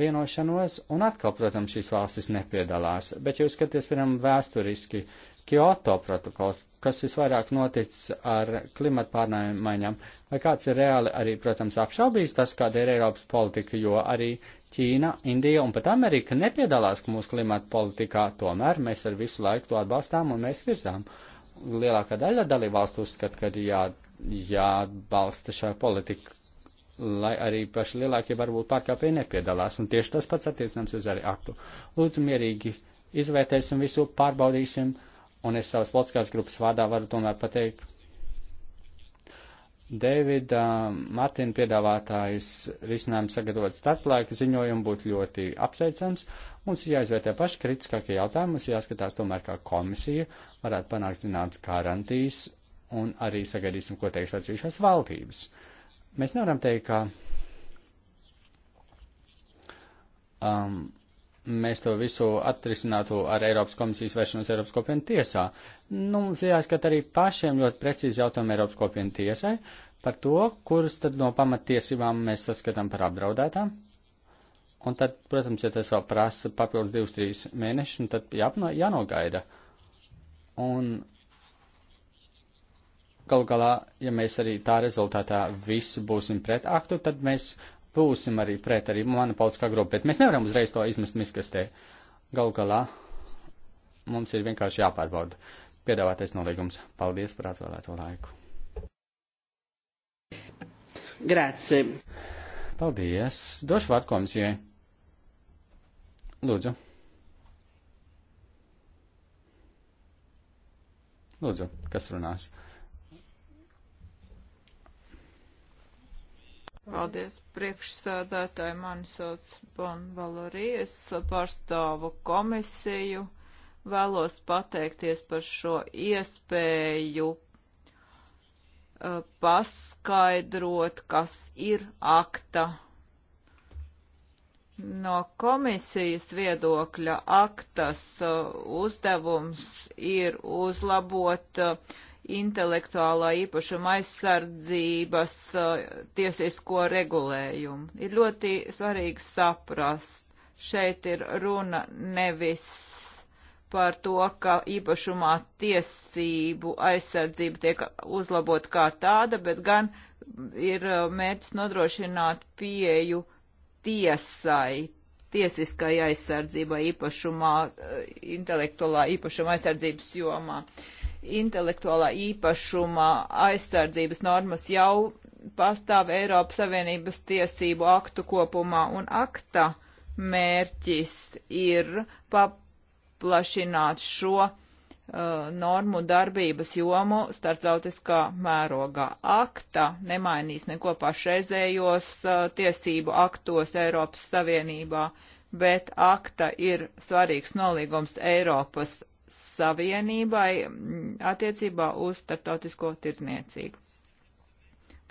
vienošanos, un atkal, protams, šīs valstis nepiedalās. Bet jūs skaties, piemēram, vēsturiski, Kyoto protokols, kas visvairāk noticis ar klimatu pārmaiņām, vai kāds ir reāli arī, protams, apšaubījis tas, kāda ir Eiropas politika, jo arī Ķīna, Indija un pat Amerika nepiedalās mūsu klimatu politikā, tomēr mēs ar visu laiku to atbalstām un mēs virzām. Lielākā daļa dalībvalstu uzskata, ka ir jā, jābalsta šā politika, lai arī paši lielākie varbūt pārkāpēji nepiedalās, un tieši tas pats attiecams uz arī aktu. Lūdzu, mierīgi izvērtēsim visu, pārbaudīsim. Uh, Un es savas politiskās grupas vārdā varu tomēr pateikt, Davida um, Martina piedāvātājs risinājums sagatavot starplaika ziņojumu būtu ļoti apsveicams. Mums ir jāizvērtē paši kritiskākie jautājumi, mums jāskatās tomēr, kā komisija varētu panākt zināmas garantijas un arī sagaidīsim, ko teiks atsevišķās valdības. Mēs nevaram teikt, ka um, mēs to visu atrisinātu ar Eiropas komisijas vēršanos Eiropas kopienu tiesā. Nu, mums jāskat arī pašiem ļoti precīzi jautājumu Eiropas kopienu tiesai par to, kuras tad no pamatiesībām mēs saskatām par apdraudētām. Un tad, protams, ja tas vēl prasa papildus divus, trīs mēnešus, nu, tad jāpno, jānogaida. Un galu galā, ja mēs arī tā rezultātā visi būsim pret aktu, tad mēs būsim arī pret arī mana politiskā grupa, bet mēs nevaram uzreiz to izmest miskastē. Galu galā mums ir vienkārši jāpārbauda piedāvātais nolīgums. Paldies par atvēlēto laiku. Grāci. Paldies. Došu vārdu komisijai. Lūdzu. Lūdzu, kas runās? Uh, Paldies, priekšsēdētāji. Mani sauc Bon Valorija. Es pārstāvu komisiju. Vēlos pateikties par šo iespēju uh, paskaidrot, kas ir akta. No komisijas viedokļa aktas uh, uzdevums ir uzlabot uh, intelektuālā īpašuma aizsardzības uh, tiesisko regulējumu. Ir ļoti svarīgi saprast, šeit ir runa nevis par to, ka īpašumā tiesību aizsardzība tiek uzlabot kā tāda, bet gan ir uh, mērķis nodrošināt pieju tiesai, tiesiskai aizsardzībai īpašumā, uh, intelektuālā īpašuma aizsardzības jomā. Uh, intelektuālā īpašuma aizsardzības normas jau pastāv Eiropas Savienības tiesību aktu kopumā, un akta mērķis ir paplašināt šo uh, normu darbības jomu starptautiskā mērogā. Akta nemainīs neko pašreizējos uh, tiesību aktos Eiropas Savienībā, bet akta ir svarīgs nolīgums Eiropas Savienībai mm, attiecībā uz starptautisko tirdzniecību.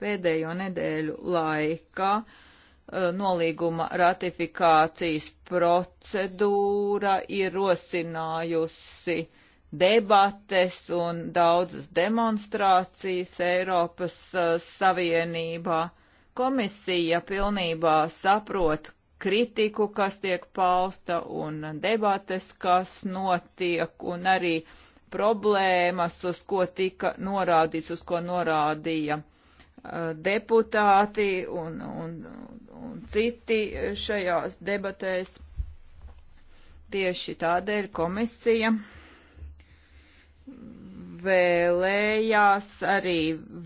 Pēdējo nedēļu laikā eh, nolīguma ratifikācijas procedūra ir rosinājusi debates un daudzas demonstrācijas Eiropas eh, Savienībā. Komisija pilnībā saprot, kritiku, kas tiek pausta, un debates, kas notiek, un arī problēmas, uz ko tika norādīts, uz ko norādīja uh, deputāti un, un, un citi šajās debatēs. Tieši tādēļ komisija vēlējās arī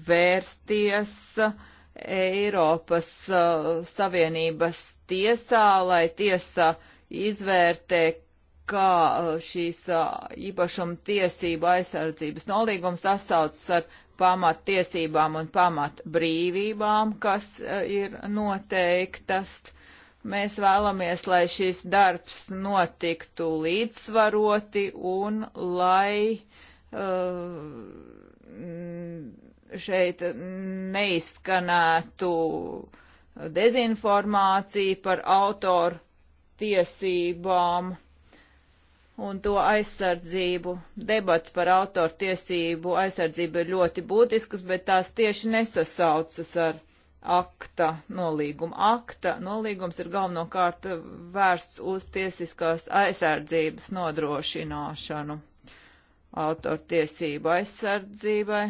vērsties uh, Eiropas uh, Savienības tiesā, lai tiesa izvērtē, kā uh, šīs uh, īpašuma tiesība aizsardzības nolīgums sasaucas ar pamattiesībām un pamatbrīvībām, kas uh, ir noteiktas. Mēs vēlamies, lai šis darbs notiktu līdzsvaroti un lai uh, šeit neizskanētu dezinformācija par autoru tiesībām un to aizsardzību. Debats par autortiesību aizsardzību ir ļoti būtisks, bet tās tieši nesasaucas ar akta nolīgumu. Akta nolīgums ir galvenokārt vērsts uz tiesiskās aizsardzības nodrošināšanu autortiesību aizsardzībai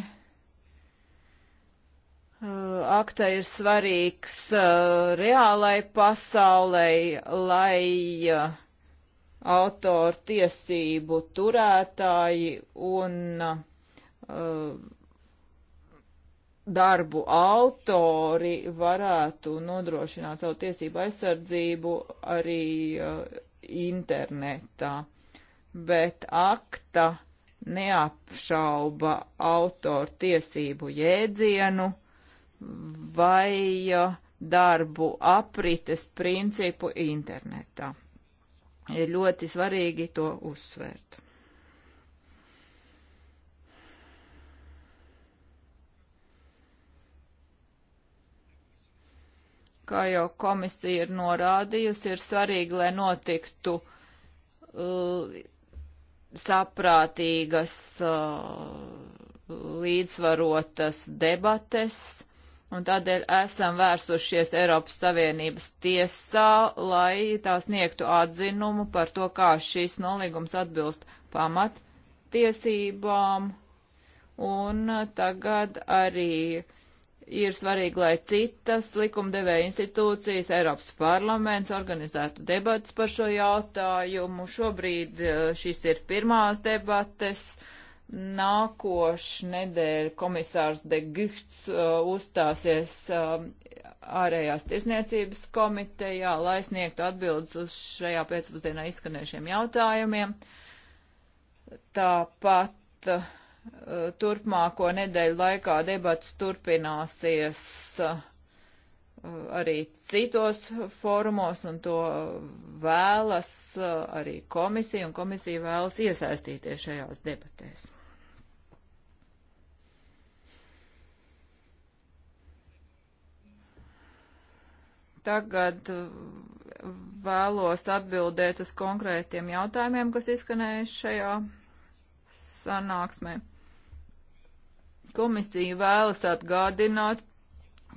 Uh, aktā ir svarīgs uh, reālai pasaulei, lai uh, autoru tiesību turētāji un darbu autori varētu nodrošināt savu tiesību aizsardzību arī internetā. Bet akta neapšauba autoru tiesību jēdzienu vai uh, darbu aprites principu internetā. Ir ļoti svarīgi to uzsvērt. Kā jau komisija ir norādījusi, ir svarīgi, lai notiktu uh, saprātīgas uh, līdzvarotas debates, un tādēļ esam vērsušies Eiropas Savienības tiesā, lai tā sniegtu atzinumu par to, kā šis nolīgums atbilst pamattiesībām, un tagad arī ir svarīgi, lai citas likumdevēja institūcijas, Eiropas parlaments organizētu debatas par šo jautājumu. Šobrīd eh, šīs ir pirmās debates. Uh, Nākošnedēļ komisārs De Gihts uh, uzstāsies uh, ārējās tirsniecības komitejā, lai sniegtu atbildes uz šajā pēcpusdienā izskanējušiem jautājumiem. Tāpat uh, turpmāko nedēļu laikā debats turpināsies uh, arī citos fórumos, un to vēlas uh, arī komisija, un komisija vēlas iesaistīties šajās debatēs. Tagad uh, vēlos atbildēt uz konkrētiem jautājumiem, kas izskanēja šajā sanāksmē. Komisija vēlas atgādināt,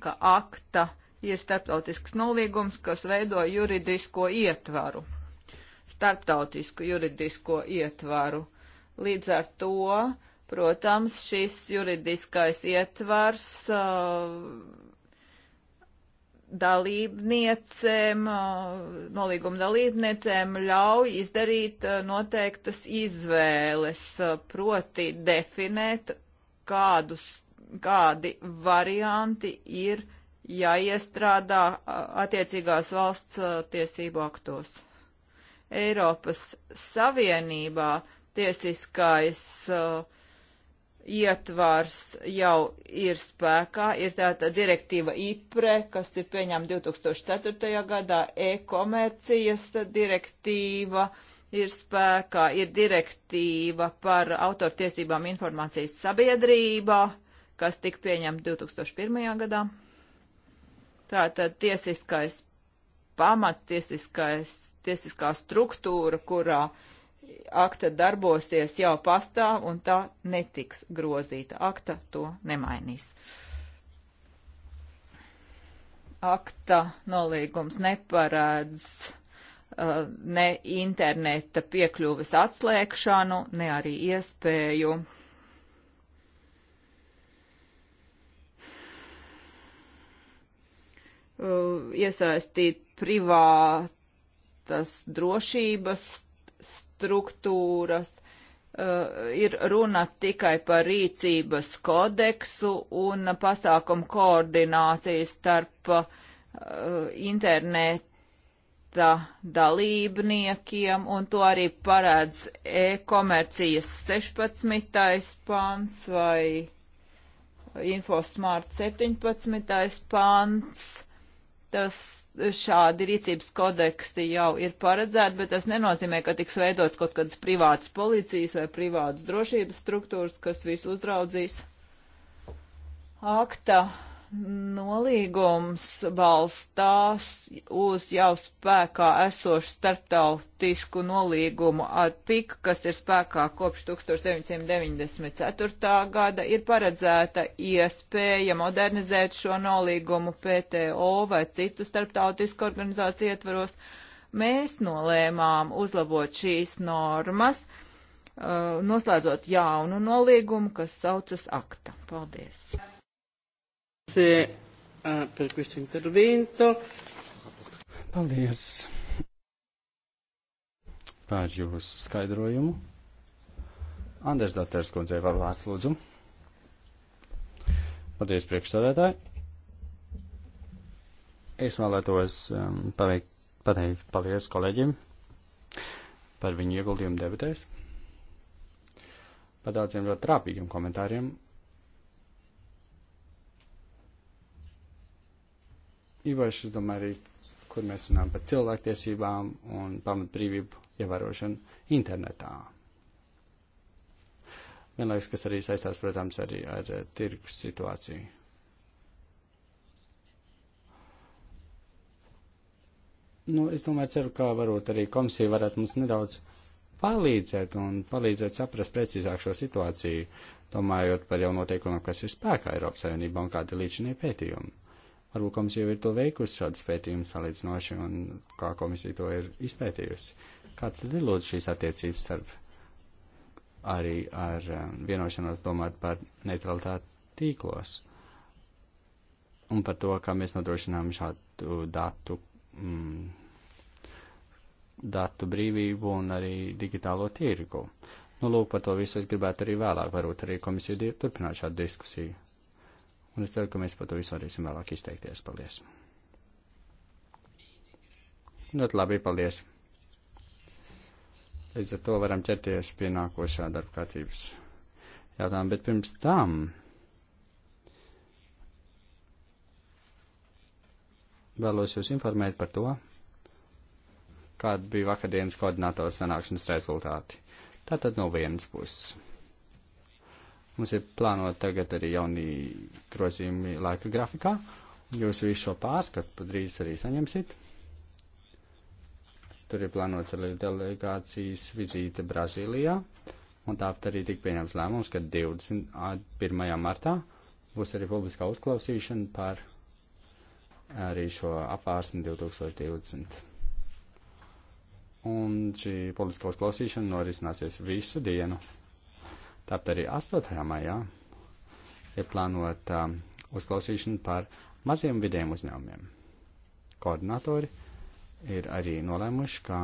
ka akta ir starptautisks nolīgums, kas veido juridisko ietvaru. Starptautisku juridisko ietvaru. Līdz ar to, protams, šis juridiskais ietvars uh, dalībniecēm, nolīguma dalībniecēm ļauj izdarīt noteiktas izvēles, proti definēt, kādus, kādi varianti ir jāiestrādā attiecīgās valsts tiesību aktos. Eiropas Savienībā tiesiskais uh, ietvars jau ir spēkā, ir tāda direktīva IPRE, kas ir pieņemta 2004. gadā, e-komercijas direktīva ir spēkā, ir direktīva par autortiesībām informācijas sabiedrībā, kas tika pieņemta 2001. gadā. Tātad tiesiskais pamats, tiesiskais, tiesiskā struktūra, kurā uh, akta darbosies jau pastāv un tā netiks grozīta. Akta to nemainīs. Akta nolīgums neparādz uh, ne interneta piekļuves atslēgšanu, ne arī iespēju uh, iesaistīt privātas drošības struktūras. Uh, ir runa tikai par rīcības kodeksu un pasākumu koordināciju starp uh, interneta dalībniekiem, un to arī parādz e-komercijas 16. pants vai Infosmart 17. pants. Tas šādi rīcības kodeksi jau ir paredzēti, bet tas nenozīmē, ka tiks veidots kaut kādas privātas policijas vai privātas drošības struktūras, kas visu uzraudzīs. Akta nolīgums balstās uz jau spēkā esošu starptautisku nolīgumu ar PIK, kas ir spēkā kopš 1994. gada, ir paredzēta iespēja modernizēt šo nolīgumu PTO vai citu starptautisku organizāciju ietvaros. Mēs nolēmām uzlabot šīs normas, uh, noslēdzot jaunu nolīgumu, kas saucas akta. Paldies! Eh, per questo intervento. Paldies par jūsu skaidrojumu. Anders Daters kundzei var lāc lūdzu. Paldies priekšsādētāji. Es vēlētos um, paveikt, pateikt paldies kolēģiem par viņu ieguldījumu debatēs. Par daudziem ļoti trāpīgiem komentāriem īpaši, es domāju, arī, kur mēs runājam par cilvēktiesībām un pamatbrīvību ievērošanu internetā. Vienlaiks, kas arī saistās, protams, arī ar eh, tirgus situāciju. Nu, es domāju, ceru, ka varbūt arī komisija varētu mums nedaudz palīdzēt un palīdzēt saprast precīzāk šo situāciju, domājot par jau noteikumiem, kas ir spēkā Eiropas Savienībā un kādi līdzinē pētījumi. Varbūt komisija jau ir to veikusi šādu pētījumu salīdzinoši un kā komisija to ir izpētījusi. Kāds tad ir lūdzu šīs attiecības starp arī ar um, vienošanos domāt par neutralitāti tīklos un par to, kā mēs nodrošinām šādu datu, mm, datu brīvību un arī digitālo tirgu. Nu, lūk, par to visu es gribētu arī vēlāk, varbūt arī komisija turpināt šādu diskusiju. Un es ceru, ka mēs par to visu varēsim vēlāk izteikties. Paldies! Ļoti labi, paldies! Līdz ar to varam ķerties pie nākošā darba kārtības jautājuma, bet pirms tam vēlos jūs informēt par to, kāda bija vakardienas koordinātora sanāksmes rezultāti. Tātad no vienas puses. Mums ir plānota tagad arī jauni grozījumi laika grafikā. Jūs visu šo pārskatu padrīz arī saņemsiet. Tur ir plānots arī delegācijas vizīte Brazīlijā. Un tāpat arī tika pieņemts lēmums, ka 21. martā būs arī publiskā uzklausīšana par arī šo apvārsni 2020. Un šī publiskā uzklausīšana norisināsies visu dienu. Tāpat arī 8. maijā ir plānota um, uzklausīšana par maziem vidiem uzņēmumiem. Koordinatori ir arī nolēmuši, ka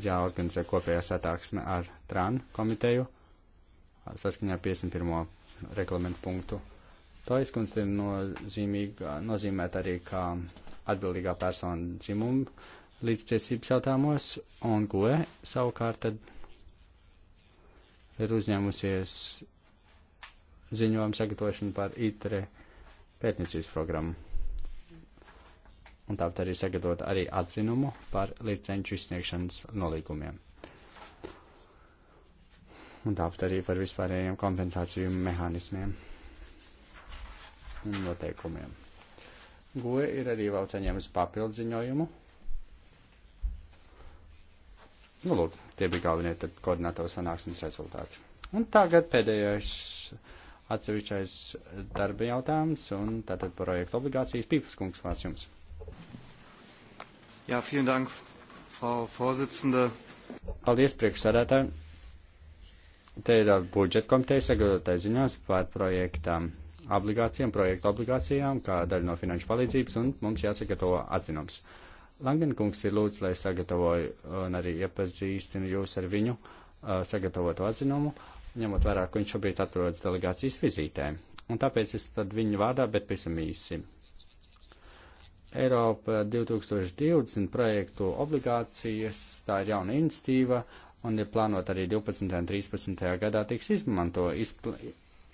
ir jāorganizē kopējā satāksme ar TRAN komiteju saskaņā 51. reglamentu punktu. To izkundz ir nozīmīga, nozīmēt arī kā atbildīgā persona dzimumu līdztiesības jautājumos, un GUE savukārt tad ir uzņēmusies ziņojumu sagatavošanu par ITRE pētniecības programmu. Un tāpat arī sagatavot arī atzinumu par licenču izsniegšanas nolīgumiem. Un tāpat arī par vispārējiem kompensāciju mehānismiem un noteikumiem. Goja ir arī vēl saņēmusi papildu ziņojumu Nu, lūk, tie bija galvenie koordinatoru sanāksmes rezultāti. Un tagad pēdējais atsevišķais darba jautājums, un tātad projekta obligācijas Pīpas kungs vārds jums. Jā, vielen dank, Frau Vorsitzende. Paldies, priekšsādātāji. Te ir uh, budžeta komiteja sagatavotai ziņās par projektām obligācijām, projektu obligācijām, kā daļa no finanšu palīdzības, un mums jāsagatavo atzinums. Uh, Langenkungs ir lūdzu, lai sagatavoju un arī iepazīstinu jūs ar viņu sagatavotu atzinumu, ņemot vērā, ka viņš šobrīd atrodas delegācijas vizītē. Un tāpēc es tad viņu vārdā, bet pavisam īsi. Eiropa 2020 projektu obligācijas, tā ir jauna institīva, un ir plānot arī 12. un 13. gadā tiks izmanto. Izkla,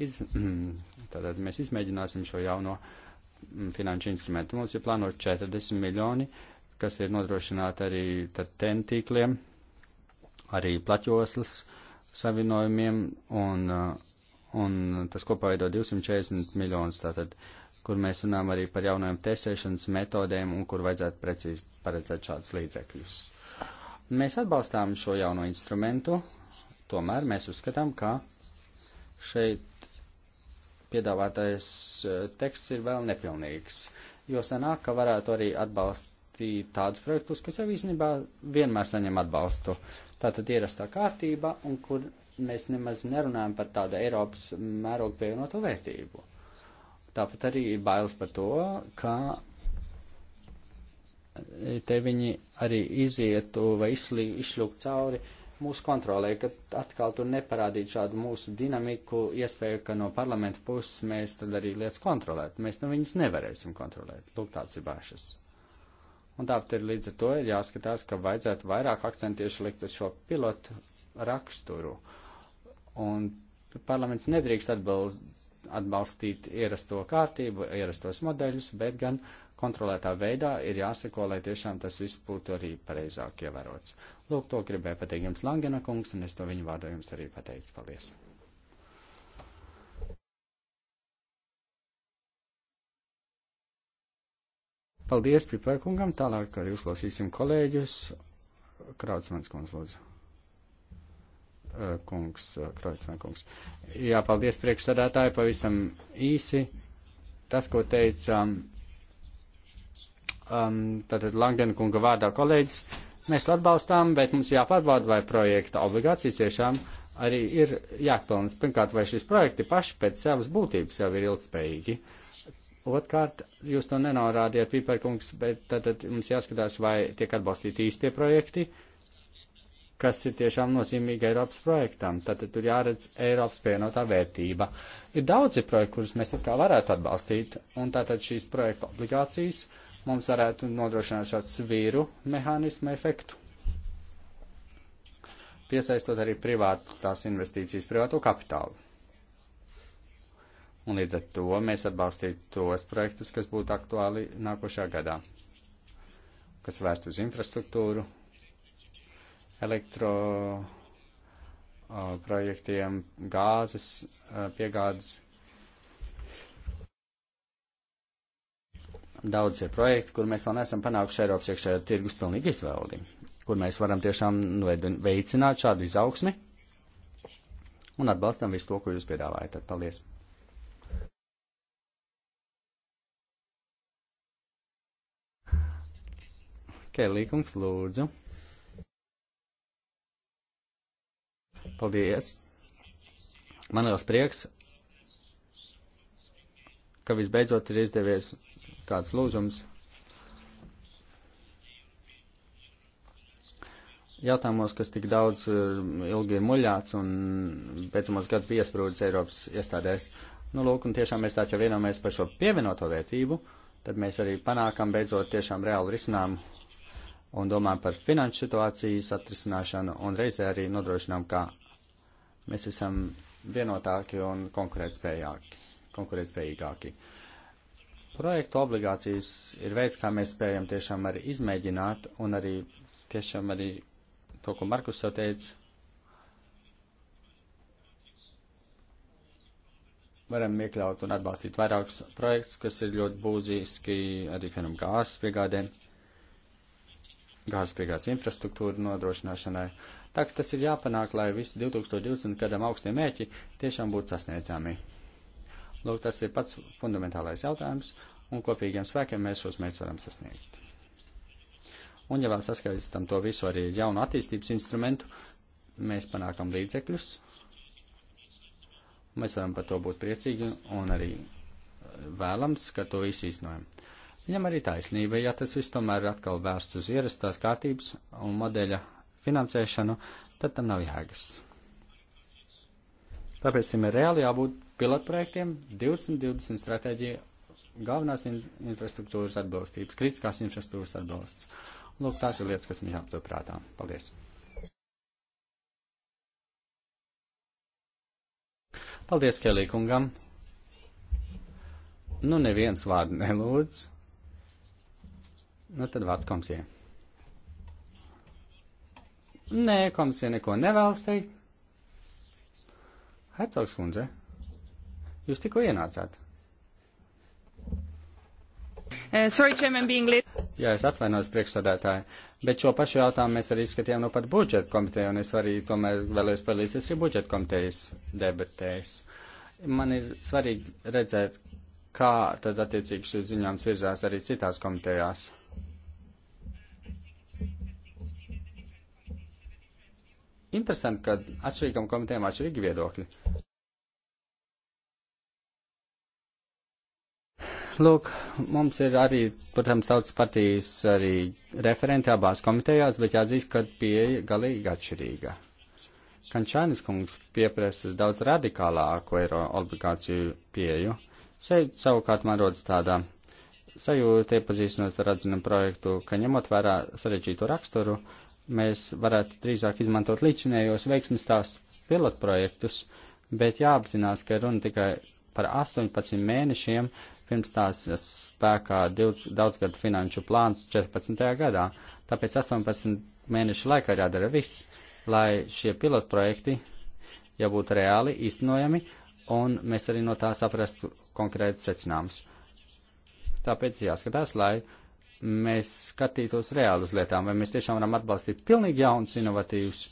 iz, tātad mēs izmēģināsim šo jauno mm, finanšu instrumentu. Mums ir plānot 40 miljoni uh, kas ir nodrošināta arī tentīkliem, arī plaķoslas savienojumiem, un, uh, un tas kopā veido 240 miljonus, tātad, kur mēs runājam arī par jaunajām testēšanas metodēm un kur vajadzētu precīzi paredzēt šādus līdzekļus. Mēs atbalstām šo jauno instrumentu, tomēr mēs uzskatām, ka šeit piedāvātais uh, teksts ir vēl nepilnīgs, jo sanāk, ka varētu arī atbalst, atbalstīt tādus projektus, kas jau īstenībā vienmēr saņem atbalstu. Tā tad ierastā kārtība, un kur mēs nemaz nerunājam par tādu Eiropas mērogu pievienoto vērtību. Tāpat arī ir bailes par to, ka te viņi arī izietu vai izšļūk cauri mūsu kontrolē, ka atkal tur neparādītu šādu mūsu dinamiku, iespēju, ka no parlamenta puses mēs tad arī lietas kontrolētu. Mēs nu viņas nevarēsim kontrolēt. Lūk, tāds ir bāšas. Un tāpēc ir līdz ar to ir jāskatās, ka vajadzētu vairāk akcentu tieši likt uz šo pilotu raksturu. Un parlaments nedrīkst atbalst, atbalstīt ierasto kārtību, ierastos modeļus, bet gan kontrolētā veidā ir jāseko, lai tiešām tas viss būtu arī pareizāk ievērots. Lūk, to gribēju pateikt jums Langena kungs, un es to viņu vārdu jums arī pateicu. Paldies! Paldies Pipēkungam, tālāk arī uzklausīsim kolēģus. Kraucmans kundz, lūdzu. Eh, kungs, eh, Kraucmans kungs. Jā, paldies priekšsādātāji, pavisam īsi. Tas, ko teica um, tātad Langdena kunga vārdā kolēģis, mēs to atbalstām, bet mums jāpārbauda, vai projekta obligācijas tiešām arī ir jāpilnas. Pirmkārt, vai šis projekti paši pēc savas būtības jau ir ilgspējīgi. Otkārt, jūs to nenorādījāt, Pīperkungs, bet tad, tad mums jāskatās, vai tiek atbalstīti īstie projekti, kas ir tiešām nozīmīgi Eiropas projektam. Tad, tad tur jāredz Eiropas pienotā vērtība. Ir daudzi projekti, kurus mēs atkal varētu atbalstīt, un tātad šīs projekta obligācijas mums varētu nodrošināt šādu svīru mehānismu efektu piesaistot arī privātās investīcijas, privāto kapitālu. Un līdz ar to mēs atbalstītu tos projektus, kas būtu aktuāli nākošā gadā, kas vērst uz infrastruktūru, elektro projektiem, gāzes piegādes. Daudz ir projekti, kur mēs vēl neesam panākuši Eiropas iekšējā tirgus pilnīgi izvēldi, kur mēs varam tiešām nu, veicināt šādu izaugsmi un atbalstam visu to, ko jūs piedāvājat. Tad paldies! Kēlīkums, lūdzu. Paldies. Man liels prieks, ka visbeidzot ir izdevies kāds lūzums. Jautājumos, kas tik daudz eh, ilgi ir muļāts un beidzamos gads bija iesprūdis Eiropas iestādēs. Nu, lūk, un tiešām mēs tā jau vienojamies par šo pievienoto vērtību, tad mēs arī panākam beidzot tiešām reālu risinājumu un domājam par finanšu situācijas atrisināšanu un reizē arī nodrošinām, ka mēs esam vienotāki un konkurētspējāki, konkurētspējīgāki. Projektu obligācijas ir veids, kā mēs spējam tiešām arī izmēģināt un arī tiešām arī to, ko Markus jau teica, varam iekļaut un atbalstīt vairākus projektus, kas ir ļoti būziski arī, piemēram, gāzes piegādēm gāzes piegādes infrastruktūru nodrošināšanai. Tā ka tas ir jāpanāk, lai visi 2020 gadam augstie mērķi tiešām būtu sasniedzami. Lūk, tas ir pats fundamentālais jautājums, un kopīgiem spēkiem mēs šos mērķus varam sasniegt. Un ja vēl saskaistam to visu arī jaunu attīstības instrumentu, mēs panākam līdzekļus. Mēs varam par to būt priecīgi un arī vēlams, ka to visu iznojam. Viņam arī taisnība, ja tas viss tomēr ir atkal vērsts uz ierastās kārtības un modeļa finansēšanu, tad tam nav jēgas. Tāpēc ir reāli jābūt pilotprojektiem 2020 stratēģija galvenās in infrastruktūras atbilstības, kritiskās infrastruktūras atbalsts. Lūk, tās ir lietas, kas man jāaptur prātā. Paldies! Paldies, Kelī kungam! Nu, neviens vārdu nelūdz. Nu tad vārds komisijai. Nē, komisija neko nevēlas teikt. Hercogs kundze, jūs tikko ienācāt. Uh, sorry, Chairman, being late. Jā, es atvainojos priekšsādātāju, bet šo pašu jautājumu mēs arī skatījām no pat budžeta komiteja, un es arī tomēr vēlējos palīdzēt arī budžeta komitejas debatēs. Man ir svarīgi redzēt, kā tad attiecīgi šis ziņojums virzās arī citās komitejās. Interesanti, ka atšķirīgam komitejam atšķirīgi viedokļi. Lūk, mums ir arī, protams, tautas partijas arī referenti abās komitejās, bet jāatzīst, ka pieeja galīgi atšķirīga. Kančānis kungs pieprasa daudz radikālāku eiro obligāciju pieju. Seit savukārt man rodas tāda sajūta, iepazīstinot ar atzinu projektu, ka ņemot vērā sarežģītu raksturu, uh, mēs varētu drīzāk izmantot līdzinējos veiksmes stāstu pilotprojektus, bet jāapzinās, ka runa tikai par 18 mēnešiem pirms tās spēkā daudzgadu finanšu plāns 14. gadā. Tāpēc 18 mēnešu laikā jādara viss, lai šie pilotprojekti jau būtu reāli īstenojami, un mēs arī no tā saprastu konkrēti secinājumus. Tāpēc jāskatās, lai mēs skatītos reāli uz lietām, vai mēs tiešām varam atbalstīt pilnīgi jauns, inovatīvs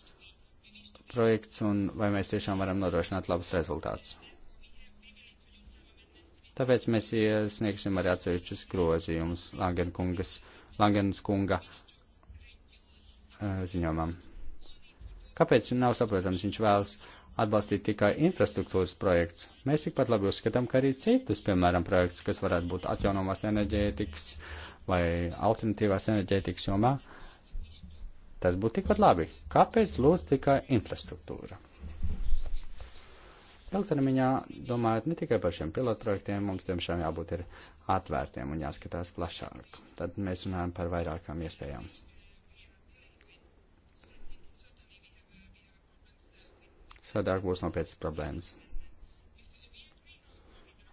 projekts un vai mēs tiešām varam nodrošināt labus rezultātus. Tāpēc mēs iesniegsim arī atsevišķus grozījumus Langenas kunga eh, ziņojumam. Kāpēc nav saprotams, viņš vēlas atbalstīt tikai infrastruktūras projekts? Mēs tikpat labi uzskatām, ka arī citus, piemēram, projektus, kas varētu būt atjaunomās enerģētikas, uh, vai alternatīvās enerģētikas jomā, tas būtu tikpat labi. Kāpēc lūdz tikai infrastruktūra? Ilgtermiņā domājot ne tikai par šiem pilotprojektiem, mums tiešām jābūt ir atvērtiem un jāskatās plašāk. Tad mēs runājam par vairākām iespējām. Sādāk būs nopietnas problēmas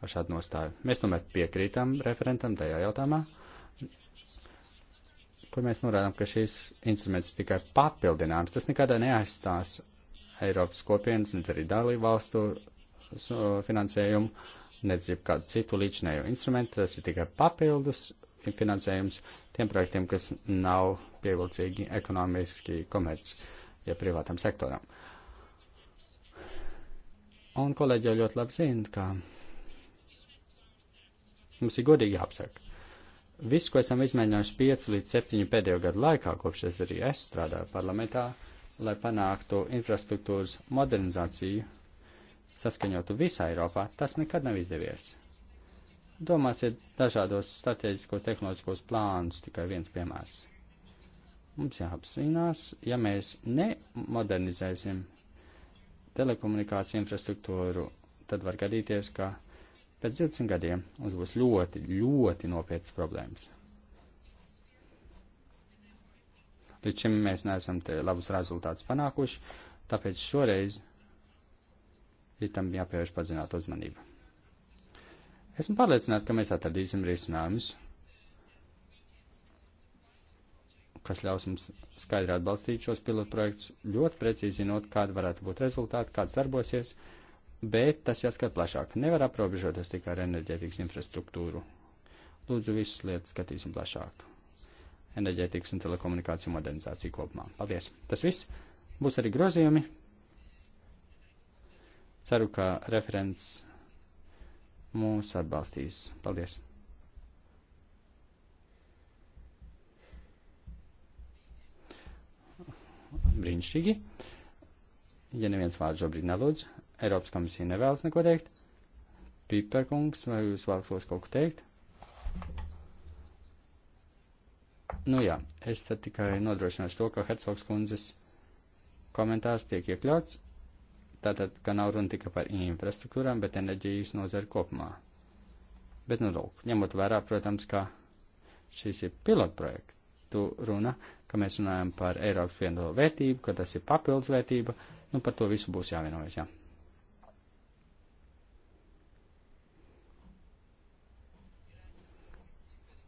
ar šādu nostāju. Mēs tomēr piekrītam referentam tajā jautājumā, kur mēs norādām, ka šīs instruments tikai papildinājums, tas nekādā neaizstās Eiropas kopienas, nedz arī dalību valstu finansējumu, nedz jau kādu citu līdzinējo instrumentu, tas ir tikai papildus finansējums tiem projektiem, kas nav pievilcīgi ekonomiski komerci, ja privātam sektoram. Un kolēģi jau ļoti labi zina, ka mums ir godīgi jāapsaka visu, ko esam izmēģinājuši 5 līdz 7 pēdējo gadu laikā, kopš es arī es strādāju parlamentā, lai panāktu infrastruktūras modernizāciju, saskaņotu visā Eiropā, tas nekad nav izdevies. Domāsiet dažādos strateģiskos tehnoloģiskos plānus, tikai viens piemērs. Mums jāapsvīnās, ja mēs nemodernizēsim telekomunikāciju infrastruktūru, tad var gadīties, ka Pēc 20 gadiem mums būs ļoti, ļoti nopietnas problēmas. Līdz šim mēs neesam labus rezultātus panākuši, tāpēc šoreiz ir tam jāpievērš pazināt uzmanību. Esmu pārliecināta, ka mēs atradīsim risinājumus, kas ļaus mums skaidri atbalstīt šos pilotprojektus, ļoti precīzi zinot, kāda varētu būt rezultāti, kāds darbosies, uh, bet tas jāskat plašāk. Nevar aprobežoties tikai ar enerģētikas infrastruktūru. Lūdzu, visas lietas skatīsim plašāk. Enerģētikas un telekomunikāciju modernizāciju kopumā. Paldies! Tas viss būs arī grozījumi. Ceru, ka referents mūs atbalstīs. Paldies! Brīnišķīgi! Ja neviens vārds šobrīd nelūdz, Eiropas komisija nevēlas neko teikt. Piperkungs, vai jūs vēlaties kaut ko teikt? Nu jā, es tad tikai nodrošināšu to, ka Hercogs kundzes komentārs tiek iekļauts. Tātad, ka nav runa tikai par infrastruktūrām, bet enerģijas nozari kopumā. Bet, nu, lūk, ņemot vērā, protams, ka šīs ir pilotprojektu runa, ka mēs runājam par Eiropas vienoto vērtību, ka tas ir papildus vērtība, nu, par to visu būs jāvienojas, jā. Ja.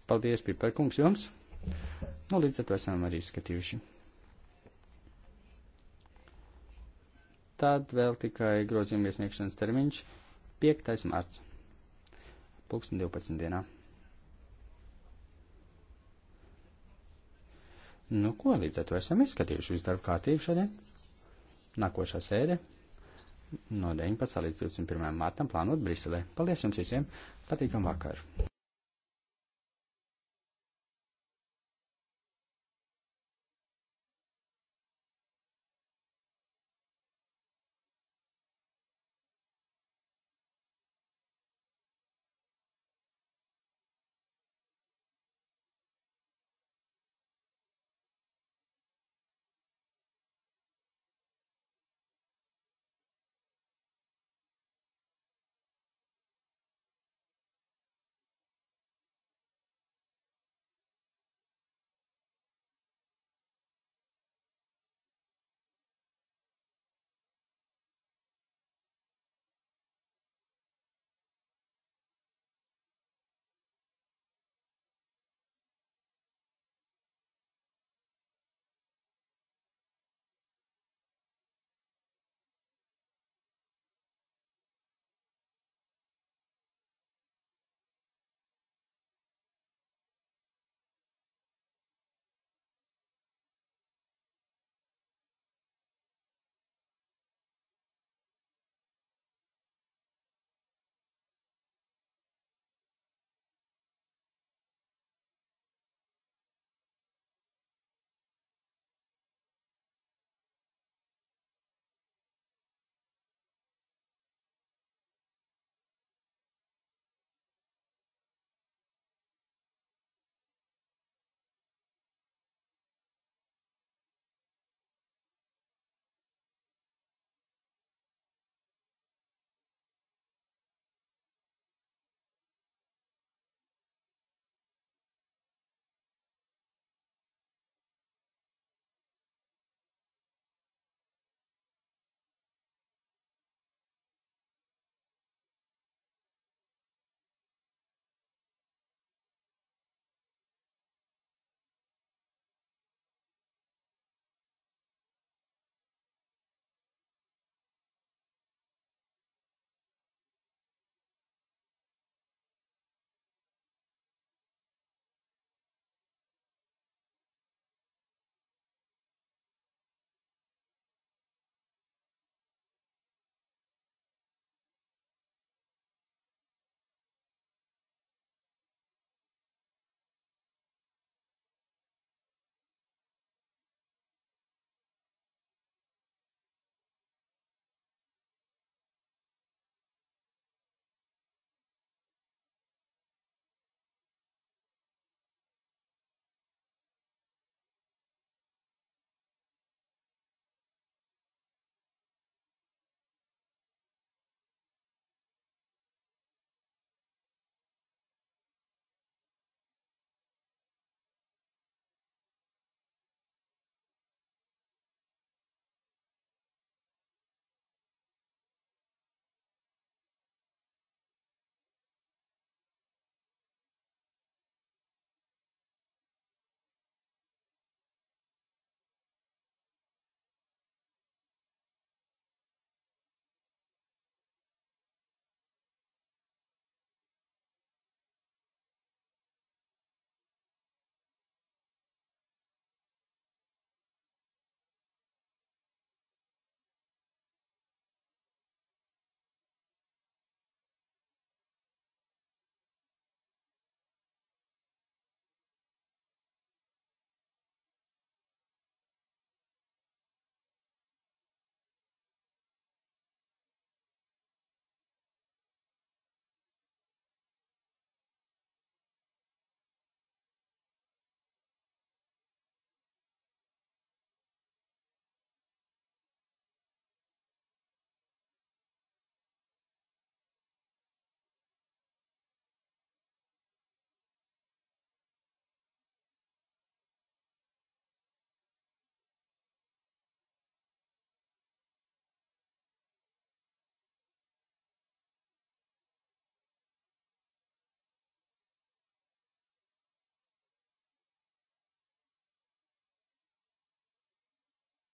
Paldies, Piperkungs, jums! Nu, līdz ar to esam arī skatījuši. Tad vēl tikai grozījuma iesniegšanas termiņš 5. marts, 2012. dienā. Nu, ko līdz ar to esam izskatījuši visu darbu kārtību šodien? Nākošā sēde no 19. līdz 21. martam plānot Briselē. Paldies jums visiem! Patīkam vakaru!